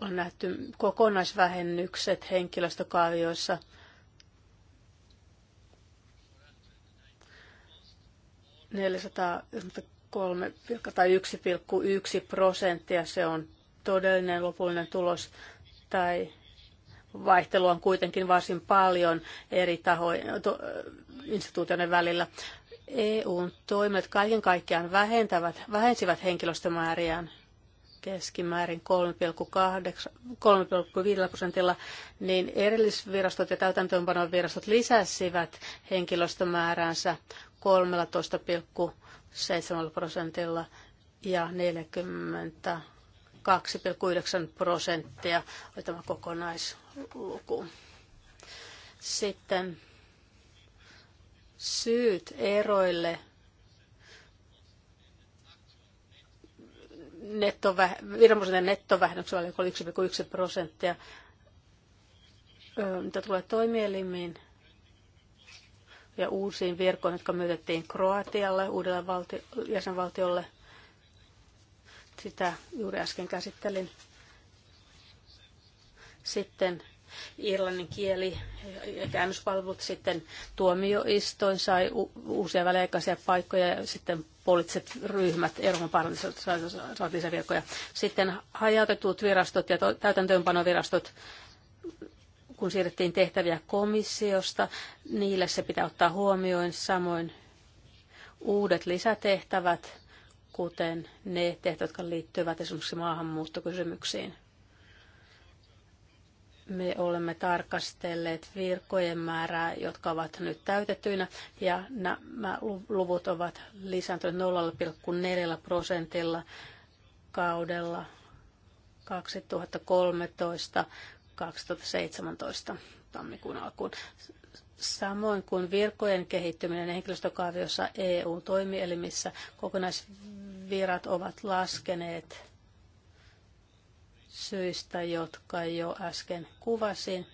on nähty kokonaisvähennykset henkilöstökaavioissa. kolme tai yksi prosenttia se on todellinen lopullinen tulos tai vaihtelua on kuitenkin varsin paljon eri tahojen, instituutioiden välillä. EUn toimet kaiken kaikkiaan vähentävät, vähensivät henkilöstömääriään keskimäärin 3,5 prosentilla, niin erillisvirastot ja täytäntöönpanovirastot lisäsivät henkilöstömääränsä 13,7 prosentilla ja 42,9 prosenttia oli tämä kokonais luku. Sitten syyt eroille nettovä, viranomaisen nettovähennyksen oli 1,1 prosenttia. Mitä tulee toimielimiin ja uusiin virkoihin, jotka myytettiin Kroatialle, uudelle valti- jäsenvaltiolle, sitä juuri äsken käsittelin. Sitten irlannin kieli ja käännöspalvelut. Sitten tuomioistuin sai u- uusia väliaikaisia paikkoja ja sitten poliittiset ryhmät Euroopan parlamentissa saivat virkoja. Sitten hajautetut virastot ja täytäntöönpanovirastot kun siirrettiin tehtäviä komissiosta, niille se pitää ottaa huomioon samoin uudet lisätehtävät, kuten ne tehtävät, jotka liittyvät esimerkiksi maahanmuuttokysymyksiin me olemme tarkastelleet virkojen määrää, jotka ovat nyt täytettyinä, ja nämä luvut ovat lisääntyneet 0,4 prosentilla kaudella 2013-2017 tammikuun alkuun. Samoin kuin virkojen kehittyminen henkilöstökaaviossa EU-toimielimissä, kokonaisvirat ovat laskeneet syistä, jotka jo äsken kuvasin.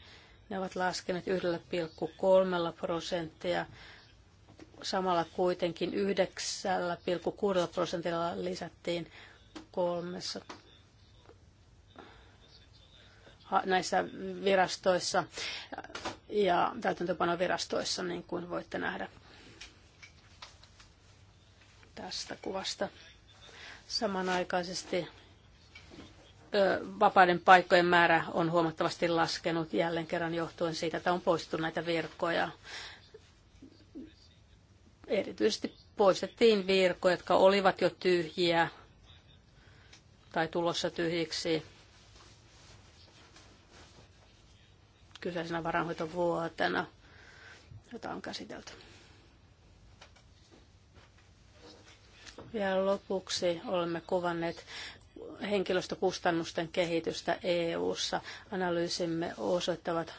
Ne ovat laskeneet 1,3 prosenttia, samalla kuitenkin 9,6 prosentilla lisättiin kolmessa näissä virastoissa ja täytäntöpanovirastoissa, niin kuin voitte nähdä tästä kuvasta. Samanaikaisesti vapaiden paikkojen määrä on huomattavasti laskenut jälleen kerran johtuen siitä, että on poistettu näitä virkoja. Erityisesti poistettiin virkoja, jotka olivat jo tyhjiä tai tulossa tyhjiksi kyseisenä varanhoitovuotena, jota on käsitelty. Vielä lopuksi olemme kuvanneet henkilöstökustannusten kehitystä EU-ssa. Analyysimme osoittavat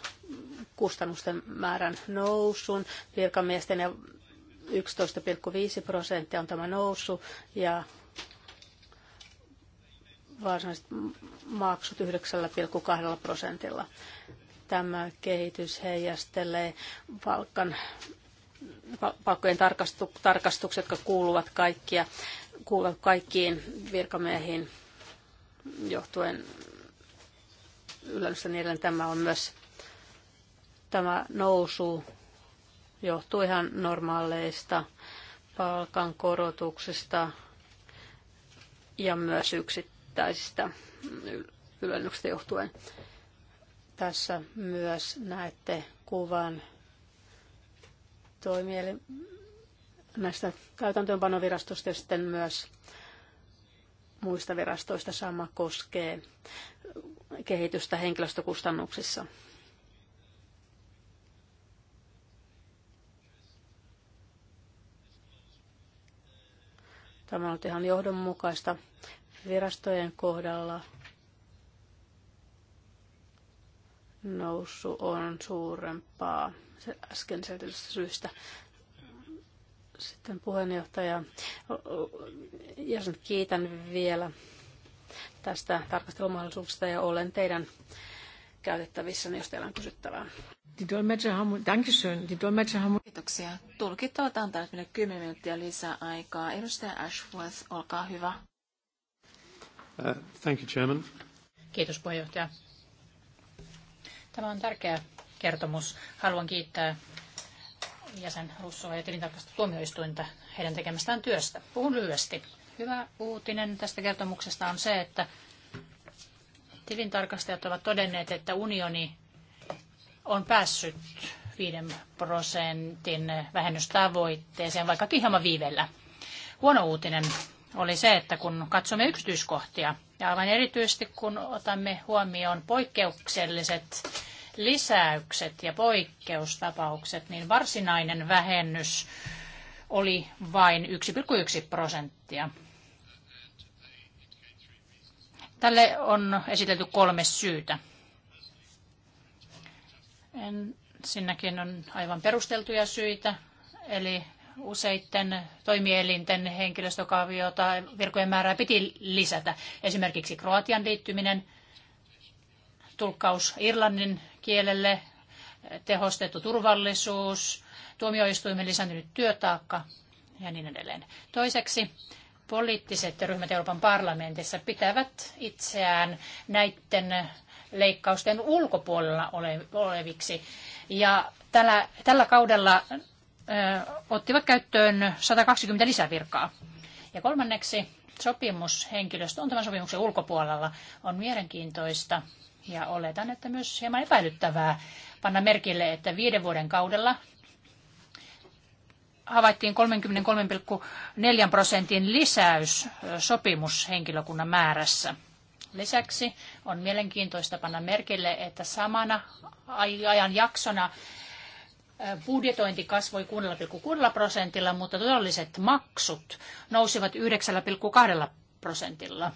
kustannusten määrän nousun, virkamiesten ja 11,5 prosenttia on tämä nousu ja varsinaiset maksut 9,2 prosentilla. Tämä kehitys heijastelee palkan, palkkojen tarkastukset, jotka kuuluvat, kaikkia, kuuluvat kaikkiin virkamiehiin johtuen yllätystä niiden niin tämä on myös tämä nousu johtuu ihan normaaleista palkankorotuksista ja myös yksittäisistä ylennyksistä johtuen. Tässä myös näette kuvan toimielin näistä käytäntöönpanovirastosta ja sitten myös muista virastoista. Sama koskee kehitystä henkilöstökustannuksissa. Tämä on ihan johdonmukaista virastojen kohdalla. Nousu on suurempaa äsken syystä. Sitten puheenjohtaja, jos nyt kiitän vielä tästä tarkastelumahdollisuuksista ja olen teidän käytettävissä, jos teillä on kysyttävää. Kiitoksia. Tulkit ovat antaneet minulle 10 minuuttia lisää aikaa. Edustaja Ashworth, olkaa hyvä. Uh, thank you, Chairman. Kiitos puheenjohtaja. Tämä on tärkeä kertomus. Haluan kiittää jäsen Russoa ja tuomioistuinta heidän tekemästään työstä. Puhun lyhyesti. Hyvä uutinen tästä kertomuksesta on se, että tilintarkastajat ovat todenneet, että unioni on päässyt 5 prosentin vähennystavoitteeseen, vaikkakin hieman viivellä. Huono uutinen oli se, että kun katsomme yksityiskohtia, ja aivan erityisesti kun otamme huomioon poikkeukselliset lisäykset ja poikkeustapaukset, niin varsinainen vähennys oli vain 1,1 prosenttia. Tälle on esitelty kolme syytä. Ensinnäkin on aivan perusteltuja syitä, eli useiden toimielinten henkilöstökaviota virkojen määrää piti lisätä. Esimerkiksi Kroatian liittyminen, tulkkaus Irlannin kielelle, tehostettu turvallisuus, tuomioistuimen lisääntynyt työtaakka ja niin edelleen. Toiseksi poliittiset ryhmät Euroopan parlamentissa pitävät itseään näiden leikkausten ulkopuolella oleviksi. Ja tällä, tällä kaudella ö, ottivat käyttöön 120 lisävirkaa. Ja kolmanneksi sopimushenkilöstö on tämän sopimuksen ulkopuolella. On mielenkiintoista, ja oletan, että myös hieman epäilyttävää panna merkille, että viiden vuoden kaudella havaittiin 33,4 prosentin lisäys sopimushenkilökunnan määrässä. Lisäksi on mielenkiintoista panna merkille, että samana ajan jaksona budjetointi kasvoi 6,6 prosentilla, mutta todelliset maksut nousivat 9,2 prosentilla.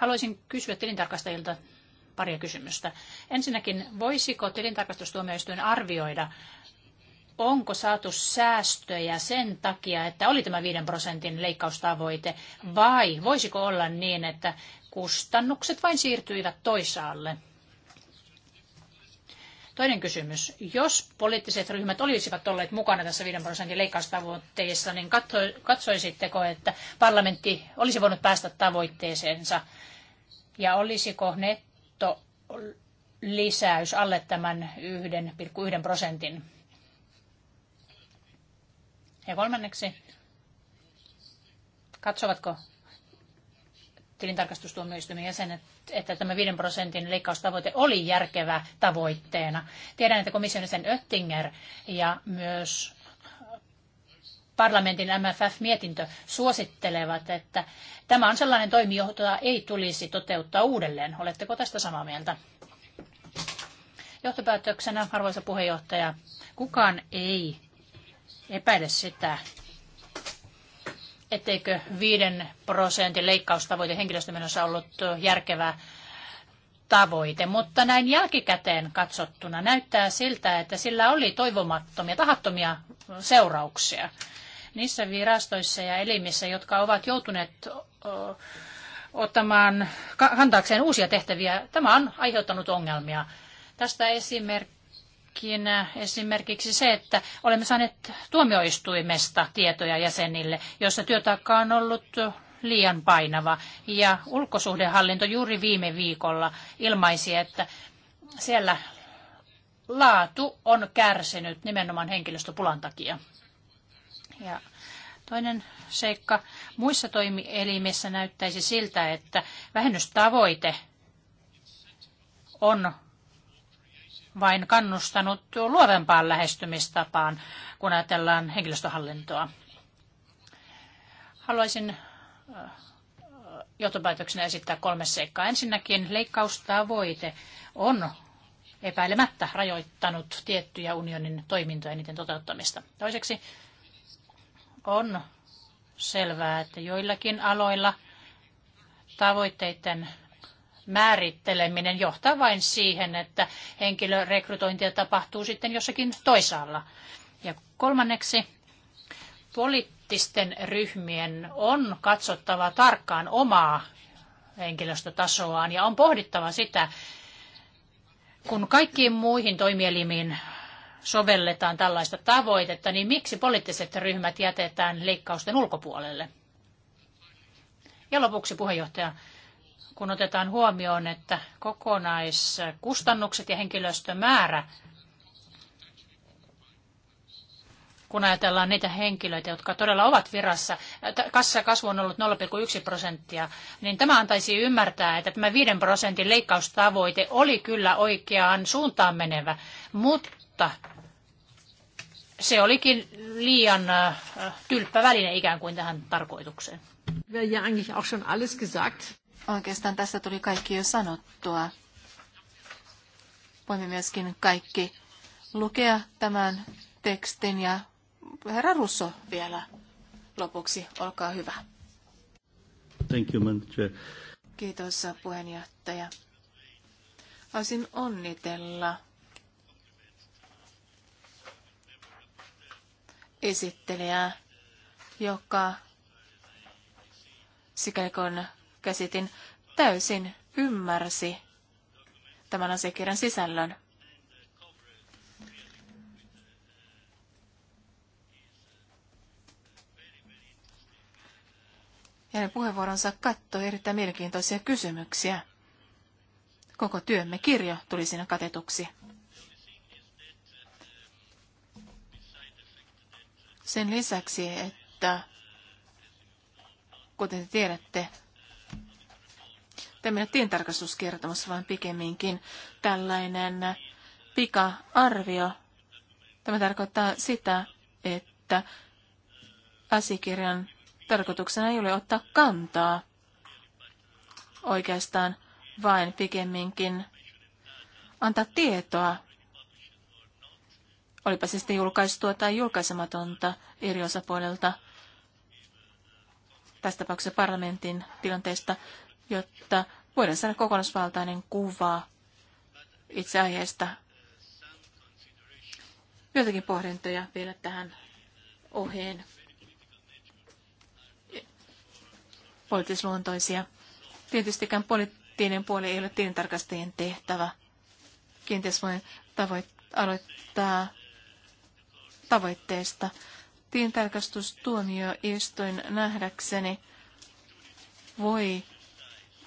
Haluaisin kysyä tilintarkastajilta paria kysymystä. Ensinnäkin, voisiko tilintarkastustuomioistuin arvioida, onko saatu säästöjä sen takia, että oli tämä 5 prosentin leikkaustavoite, vai voisiko olla niin, että kustannukset vain siirtyivät toisaalle? Toinen kysymys. Jos poliittiset ryhmät olisivat olleet mukana tässä 5 prosentin leikkaustavoitteessa, niin katsoisitteko, että parlamentti olisi voinut päästä tavoitteeseensa? Ja olisiko netto lisäys alle tämän 1,1 prosentin? Ja kolmanneksi, katsovatko tilintarkastustuomioistuimen jäsenet että tämä 5 prosentin leikkaustavoite oli järkevä tavoitteena. Tiedän, että komission sen Oettinger ja myös parlamentin MFF-mietintö suosittelevat, että tämä on sellainen toimi, jota ei tulisi toteuttaa uudelleen. Oletteko tästä samaa mieltä? Johtopäätöksenä, arvoisa puheenjohtaja, kukaan ei epäile sitä, etteikö viiden prosentin leikkaustavoite henkilöstömenossa ollut järkevä tavoite, mutta näin jälkikäteen katsottuna näyttää siltä, että sillä oli toivomattomia, tahattomia seurauksia. Niissä virastoissa ja elimissä, jotka ovat joutuneet ottamaan kantaakseen uusia tehtäviä, tämä on aiheuttanut ongelmia. Tästä esimerkki esimerkkinä äh, esimerkiksi se, että olemme saaneet tuomioistuimesta tietoja jäsenille, jossa työtaakka on ollut liian painava. Ja ulkosuhdehallinto juuri viime viikolla ilmaisi, että siellä laatu on kärsinyt nimenomaan henkilöstöpulan takia. Ja toinen seikka. Muissa toimielimissä näyttäisi siltä, että vähennystavoite on vain kannustanut luovempaan lähestymistapaan, kun ajatellaan henkilöstöhallintoa. Haluaisin johtopäätöksenä esittää kolme seikkaa. Ensinnäkin leikkaustavoite on epäilemättä rajoittanut tiettyjä unionin toimintoja ja niiden toteuttamista. Toiseksi on selvää, että joillakin aloilla tavoitteiden määritteleminen johtaa vain siihen, että henkilörekrytointia tapahtuu sitten jossakin toisaalla. Ja kolmanneksi, poliittisten ryhmien on katsottava tarkkaan omaa henkilöstötasoaan ja on pohdittava sitä, kun kaikkiin muihin toimielimiin sovelletaan tällaista tavoitetta, niin miksi poliittiset ryhmät jätetään leikkausten ulkopuolelle? Ja lopuksi puheenjohtaja, kun otetaan huomioon, että kokonaiskustannukset ja henkilöstömäärä, kun ajatellaan niitä henkilöitä, jotka todella ovat virassa, kassakasvu on ollut 0,1 prosenttia, niin tämä antaisi ymmärtää, että tämä 5 prosentin leikkaustavoite oli kyllä oikeaan suuntaan menevä, mutta se olikin liian tylppä väline ikään kuin tähän tarkoitukseen. Ja eigentlich auch schon alles gesagt. Oikeastaan tässä tuli kaikki jo sanottua. Voimme myöskin kaikki lukea tämän tekstin ja herra Russo vielä lopuksi. Olkaa hyvä. Thank you, manager. Kiitos puheenjohtaja. Haluaisin onnitella esittelijää, joka sikäli kun käsitin, täysin ymmärsi tämän asiakirjan sisällön. ja ne puheenvuoronsa kattoi erittäin mielenkiintoisia kysymyksiä. Koko työmme kirjo tuli siinä katetuksi. Sen lisäksi, että kuten te tiedätte, tämä tientarkastuskertomus, vaan pikemminkin tällainen pika-arvio. Tämä tarkoittaa sitä, että asiakirjan tarkoituksena ei ole ottaa kantaa oikeastaan, vain pikemminkin antaa tietoa, olipa se sitten julkaistua tai julkaisematonta eri osapuolelta, tässä tapauksessa parlamentin tilanteesta, jotta voidaan saada kokonaisvaltainen kuva itse aiheesta. Joitakin pohdintoja vielä tähän oheen poliittisluontoisia. Tietystikään poliittinen puoli ei ole tilintarkastajien tehtävä. Kenties voin tavoit- aloittaa tavoitteesta. Tilintarkastustuomioistuin nähdäkseni voi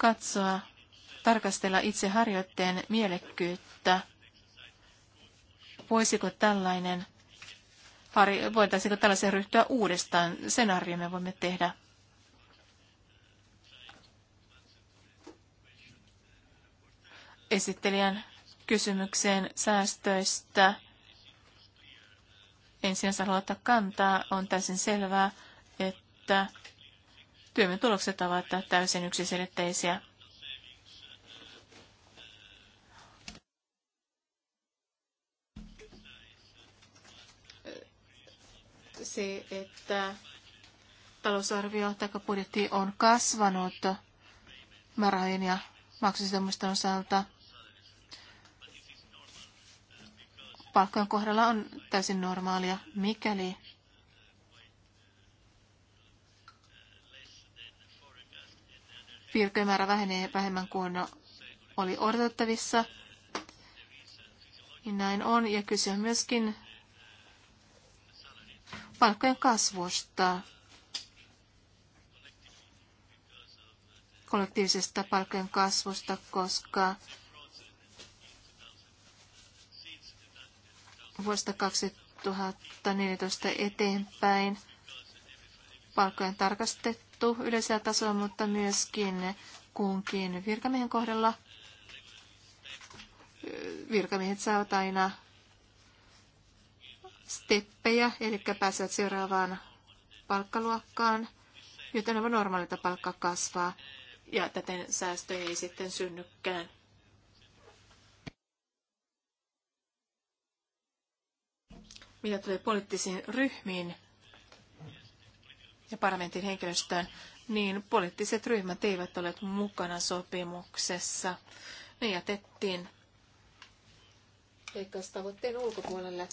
katsoa, tarkastella itse harjoitteen mielekkyyttä. Voisiko tällainen, voitaisiinko tällaisen ryhtyä uudestaan? Sen arvio me voimme tehdä. Esittelijän kysymykseen säästöistä. Ensin haluaa ottaa kantaa. On täysin selvää, että Työmme tulokset ovat täysin yksiselitteisiä. Se, että talousarvio tai budjetti on kasvanut määrärahojen ja maksusitoumusten osalta. Palkkojen kohdalla on täysin normaalia, mikäli Virkojen määrä vähenee vähemmän kuin oli odotettavissa. Niin näin on, ja kyse on myöskin palkkojen kasvusta, kollektiivisesta palkkojen kasvusta, koska vuodesta 2014 eteenpäin palkkojen tarkastettu sovittu yleisellä tasolla, mutta myöskin kunkin virkamiehen kohdalla. Virkamiehet saavat aina steppejä, eli pääsevät seuraavaan palkkaluokkaan, joten aivan normaalita palkka kasvaa ja täten säästöjä ei sitten synnykään. Mitä tulee poliittisiin ryhmiin, ja parlamentin henkilöstöön, niin poliittiset ryhmät eivät ole mukana sopimuksessa. Ne jätettiin leikkaustavoitteen ulkopuolelle.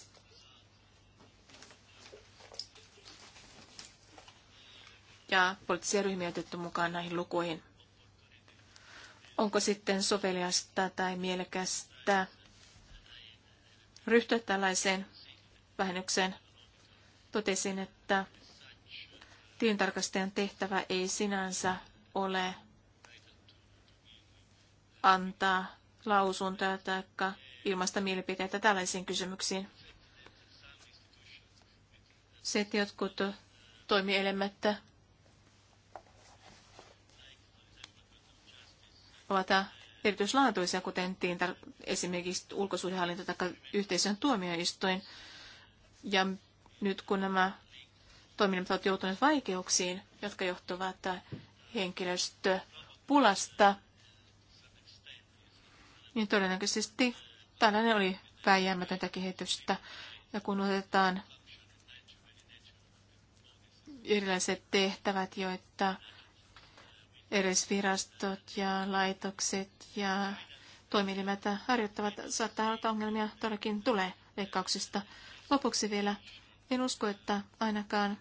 Ja poliittisia ryhmiä otettu mukaan näihin lukuihin. Onko sitten soveliasta tai mielekästä ryhtyä tällaiseen vähennykseen? Totesin, että Tilintarkastajan tehtävä ei sinänsä ole antaa lausuntoja tai ilmaista mielipiteitä tällaisiin kysymyksiin. Se, että jotkut toimielimet ovat erityislaatuisia, kuten tiintar- esimerkiksi ulkosuhdehallinto tai yhteisön tuomioistuin. Ja nyt kun nämä toiminnat ovat joutuneet vaikeuksiin, jotka johtuvat henkilöstöpulasta, niin todennäköisesti tällainen oli vääjäämätöntä kehitystä. Ja kun otetaan erilaiset tehtävät, joita virastot ja laitokset ja toimielimet harjoittavat, saattaa olla, että ongelmia todellakin tulee leikkauksista. Lopuksi vielä en usko, että ainakaan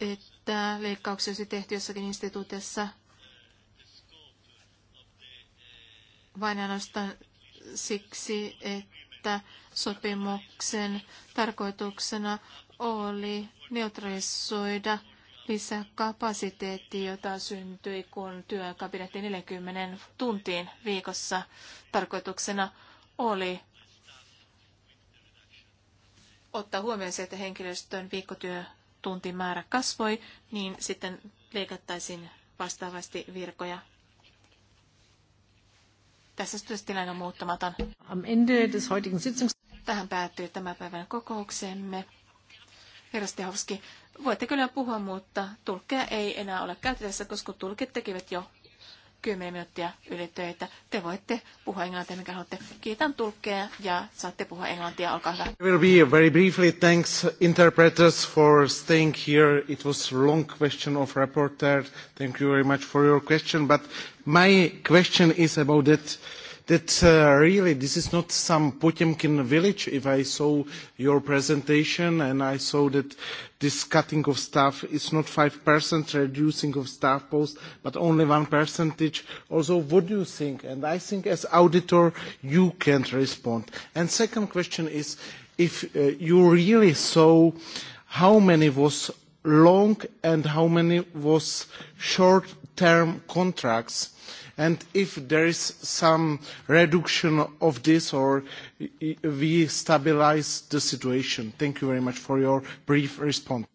että leikkauksia olisi tehty jossakin instituutissa. vain ainoastaan siksi, että sopimuksen tarkoituksena oli neutralisoida – lisäkapasiteetti, jota syntyi, kun työaika pidettiin 40 tuntiin viikossa. Tarkoituksena oli ottaa huomioon se, että henkilöstön viikkotyötuntimäärä kasvoi, niin sitten leikattaisiin vastaavasti virkoja. Tässä tilanne on muuttamaton. Tähän päättyy tämän päivän kokouksemme. Herra Stehovski, voitte kyllä puhua, mutta tulkkeja ei enää ole käytettävissä, koska tulkit tekivät jo 10 minuuttia ylitöitä. Te voitte puhua englantia, mikä haluatte. Kiitän tulkkeja ja saatte puhua englantia. Olkaa hyvä. Very briefly, thanks interpreters for staying here. It was a long question of reporter. Thank you very much for your question, but my question is about that that uh, really this is not some Potemkin village. If I saw your presentation and I saw that this cutting of staff is not 5% reducing of staff posts, but only one percentage, Also, what do you think? And I think as auditor, you can't respond. And second question is, if uh, you really saw how many was long and how many was short-term contracts, and if there is some reduction of this or we stabilize the situation? Thank you very much for your brief response.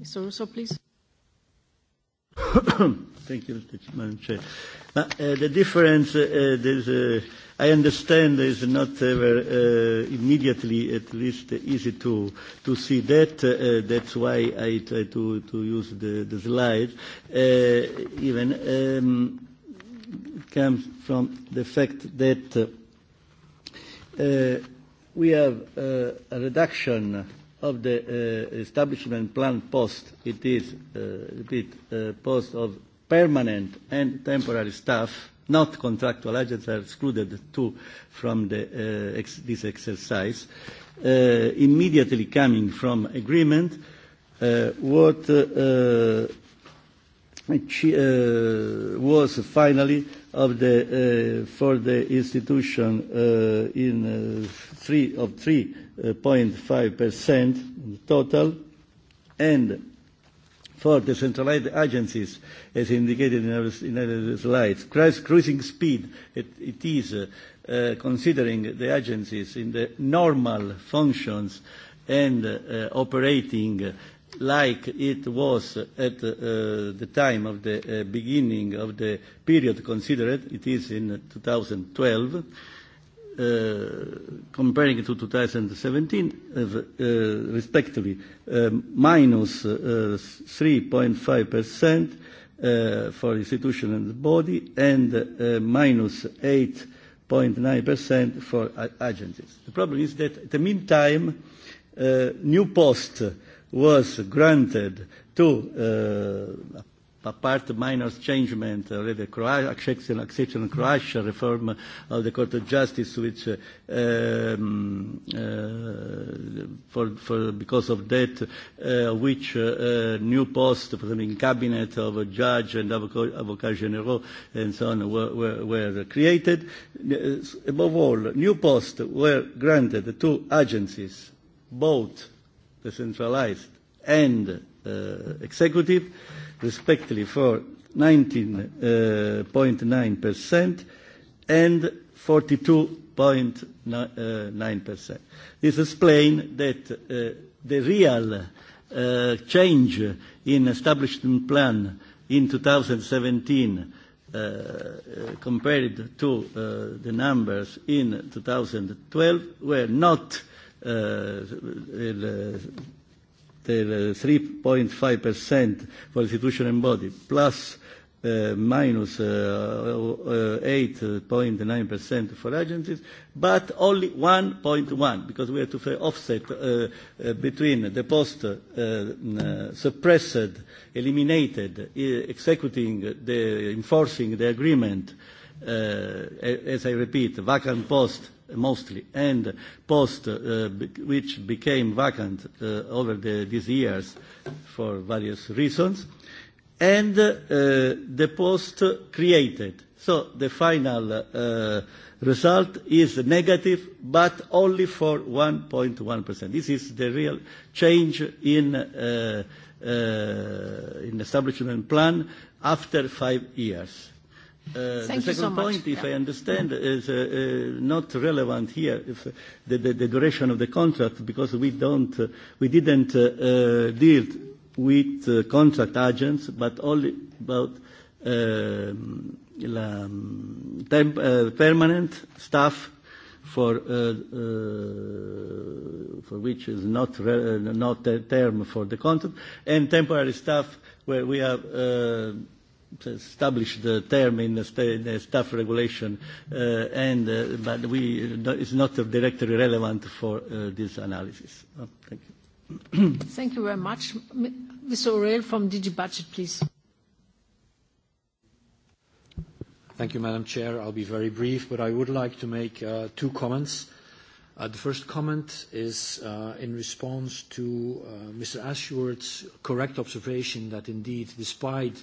Mr. Russo, please. <coughs> Thank you, Madam Chair. Now, uh, the difference, uh, uh there's a uh, I understand it's not uh, uh, immediately, at least, easy to, to see that. Uh, that's why I try to, to use the, the slide. Uh, even um, comes from the fact that uh, we have uh, a reduction of the uh, establishment plan post. It is, uh, bit uh, post of permanent and temporary staff not contractual agents are excluded too from the, uh, ex this exercise, uh, immediately coming from agreement, uh, what uh, uh, uh was finally of the, uh, for the institution uh, in uh, three, of 3.5% uh, total, and for decentralized agencies, as indicated in our, in our slides. Cruising speed, it, it is uh, uh, considering the agencies in the normal functions and uh, operating like it was at uh, the time of the uh, beginning of the period considered, it is in 2012 uh, comparing to 2017, uh, uh, respectively, uh, minus uh, 3.5% uh, for institution and body and uh, minus 8.9% for agencies. The problem is that in the meantime, uh, new post was granted to uh, apart minor changement uh, of the accession, accession Croatia reform of the Court of Justice, which uh, um, uh, for, for, because of that, uh, which uh, uh, new post, for the cabinet of a judge and avocat, general and so on were, were, were created. Uh, above all, new posts were granted to agencies, both decentralized and uh, executive respectively for 19.9% uh, and 42.9%. Uh, This explains that uh, the real uh, change in establishment plan in 2017 Uh, compared to uh, the numbers in 2012 were not uh, 3.5% uh, for institution and body, plus uh, minus 8.9% uh, for agencies, but only 1.1, because we have to offset between the post suppressed, eliminated, e, executing the enforcing the agreement, as I repeat, vacant post mostly, and post, uh, which became vacant uh, over the, these years for various reasons, and uh, the post created. So the final uh, result is negative, but only for 1.1%. This is the real change in, uh, uh, in establishment plan after five years. Uh, Thank the second so point, much. if yeah. I understand, is uh, uh, not relevant here, if uh, the, the, the duration of the contract, because we don't, uh, we didn't uh, uh, deal with uh, contract agents, but only about uh, la, temp, uh, permanent staff for uh, uh, for which is not re, uh, not a term for the contract, and temporary staff where we have. Uh, establish the term in the, sta the staff regulation, uh, and uh, but we uh, it's not directly relevant for uh, this analysis. Oh, thank you. <coughs> thank you very much, Mr. O'Reilly from DG Budget, please. Thank you, Madam Chair. I'll be very brief, but I would like to make uh, two comments. Uh, the first comment is uh, in response to uh, Mr. Ashworth's correct observation that indeed, despite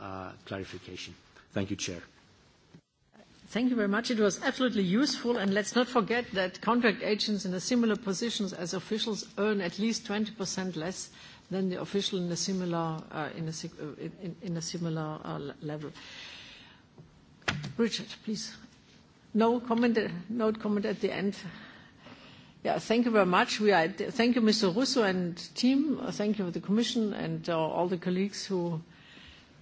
Uh, clarification. Thank you, Chair. Thank you very much. It was absolutely useful. And let's not forget that contract agents in the similar positions as officials earn at least 20% less than the official in a similar, uh, in a, uh, similar level. Richard, please. No comment, no comment at the end. Yeah, thank you very much. We are, thank you, Mr. Russo and team. Thank you, the Commission and all the colleagues who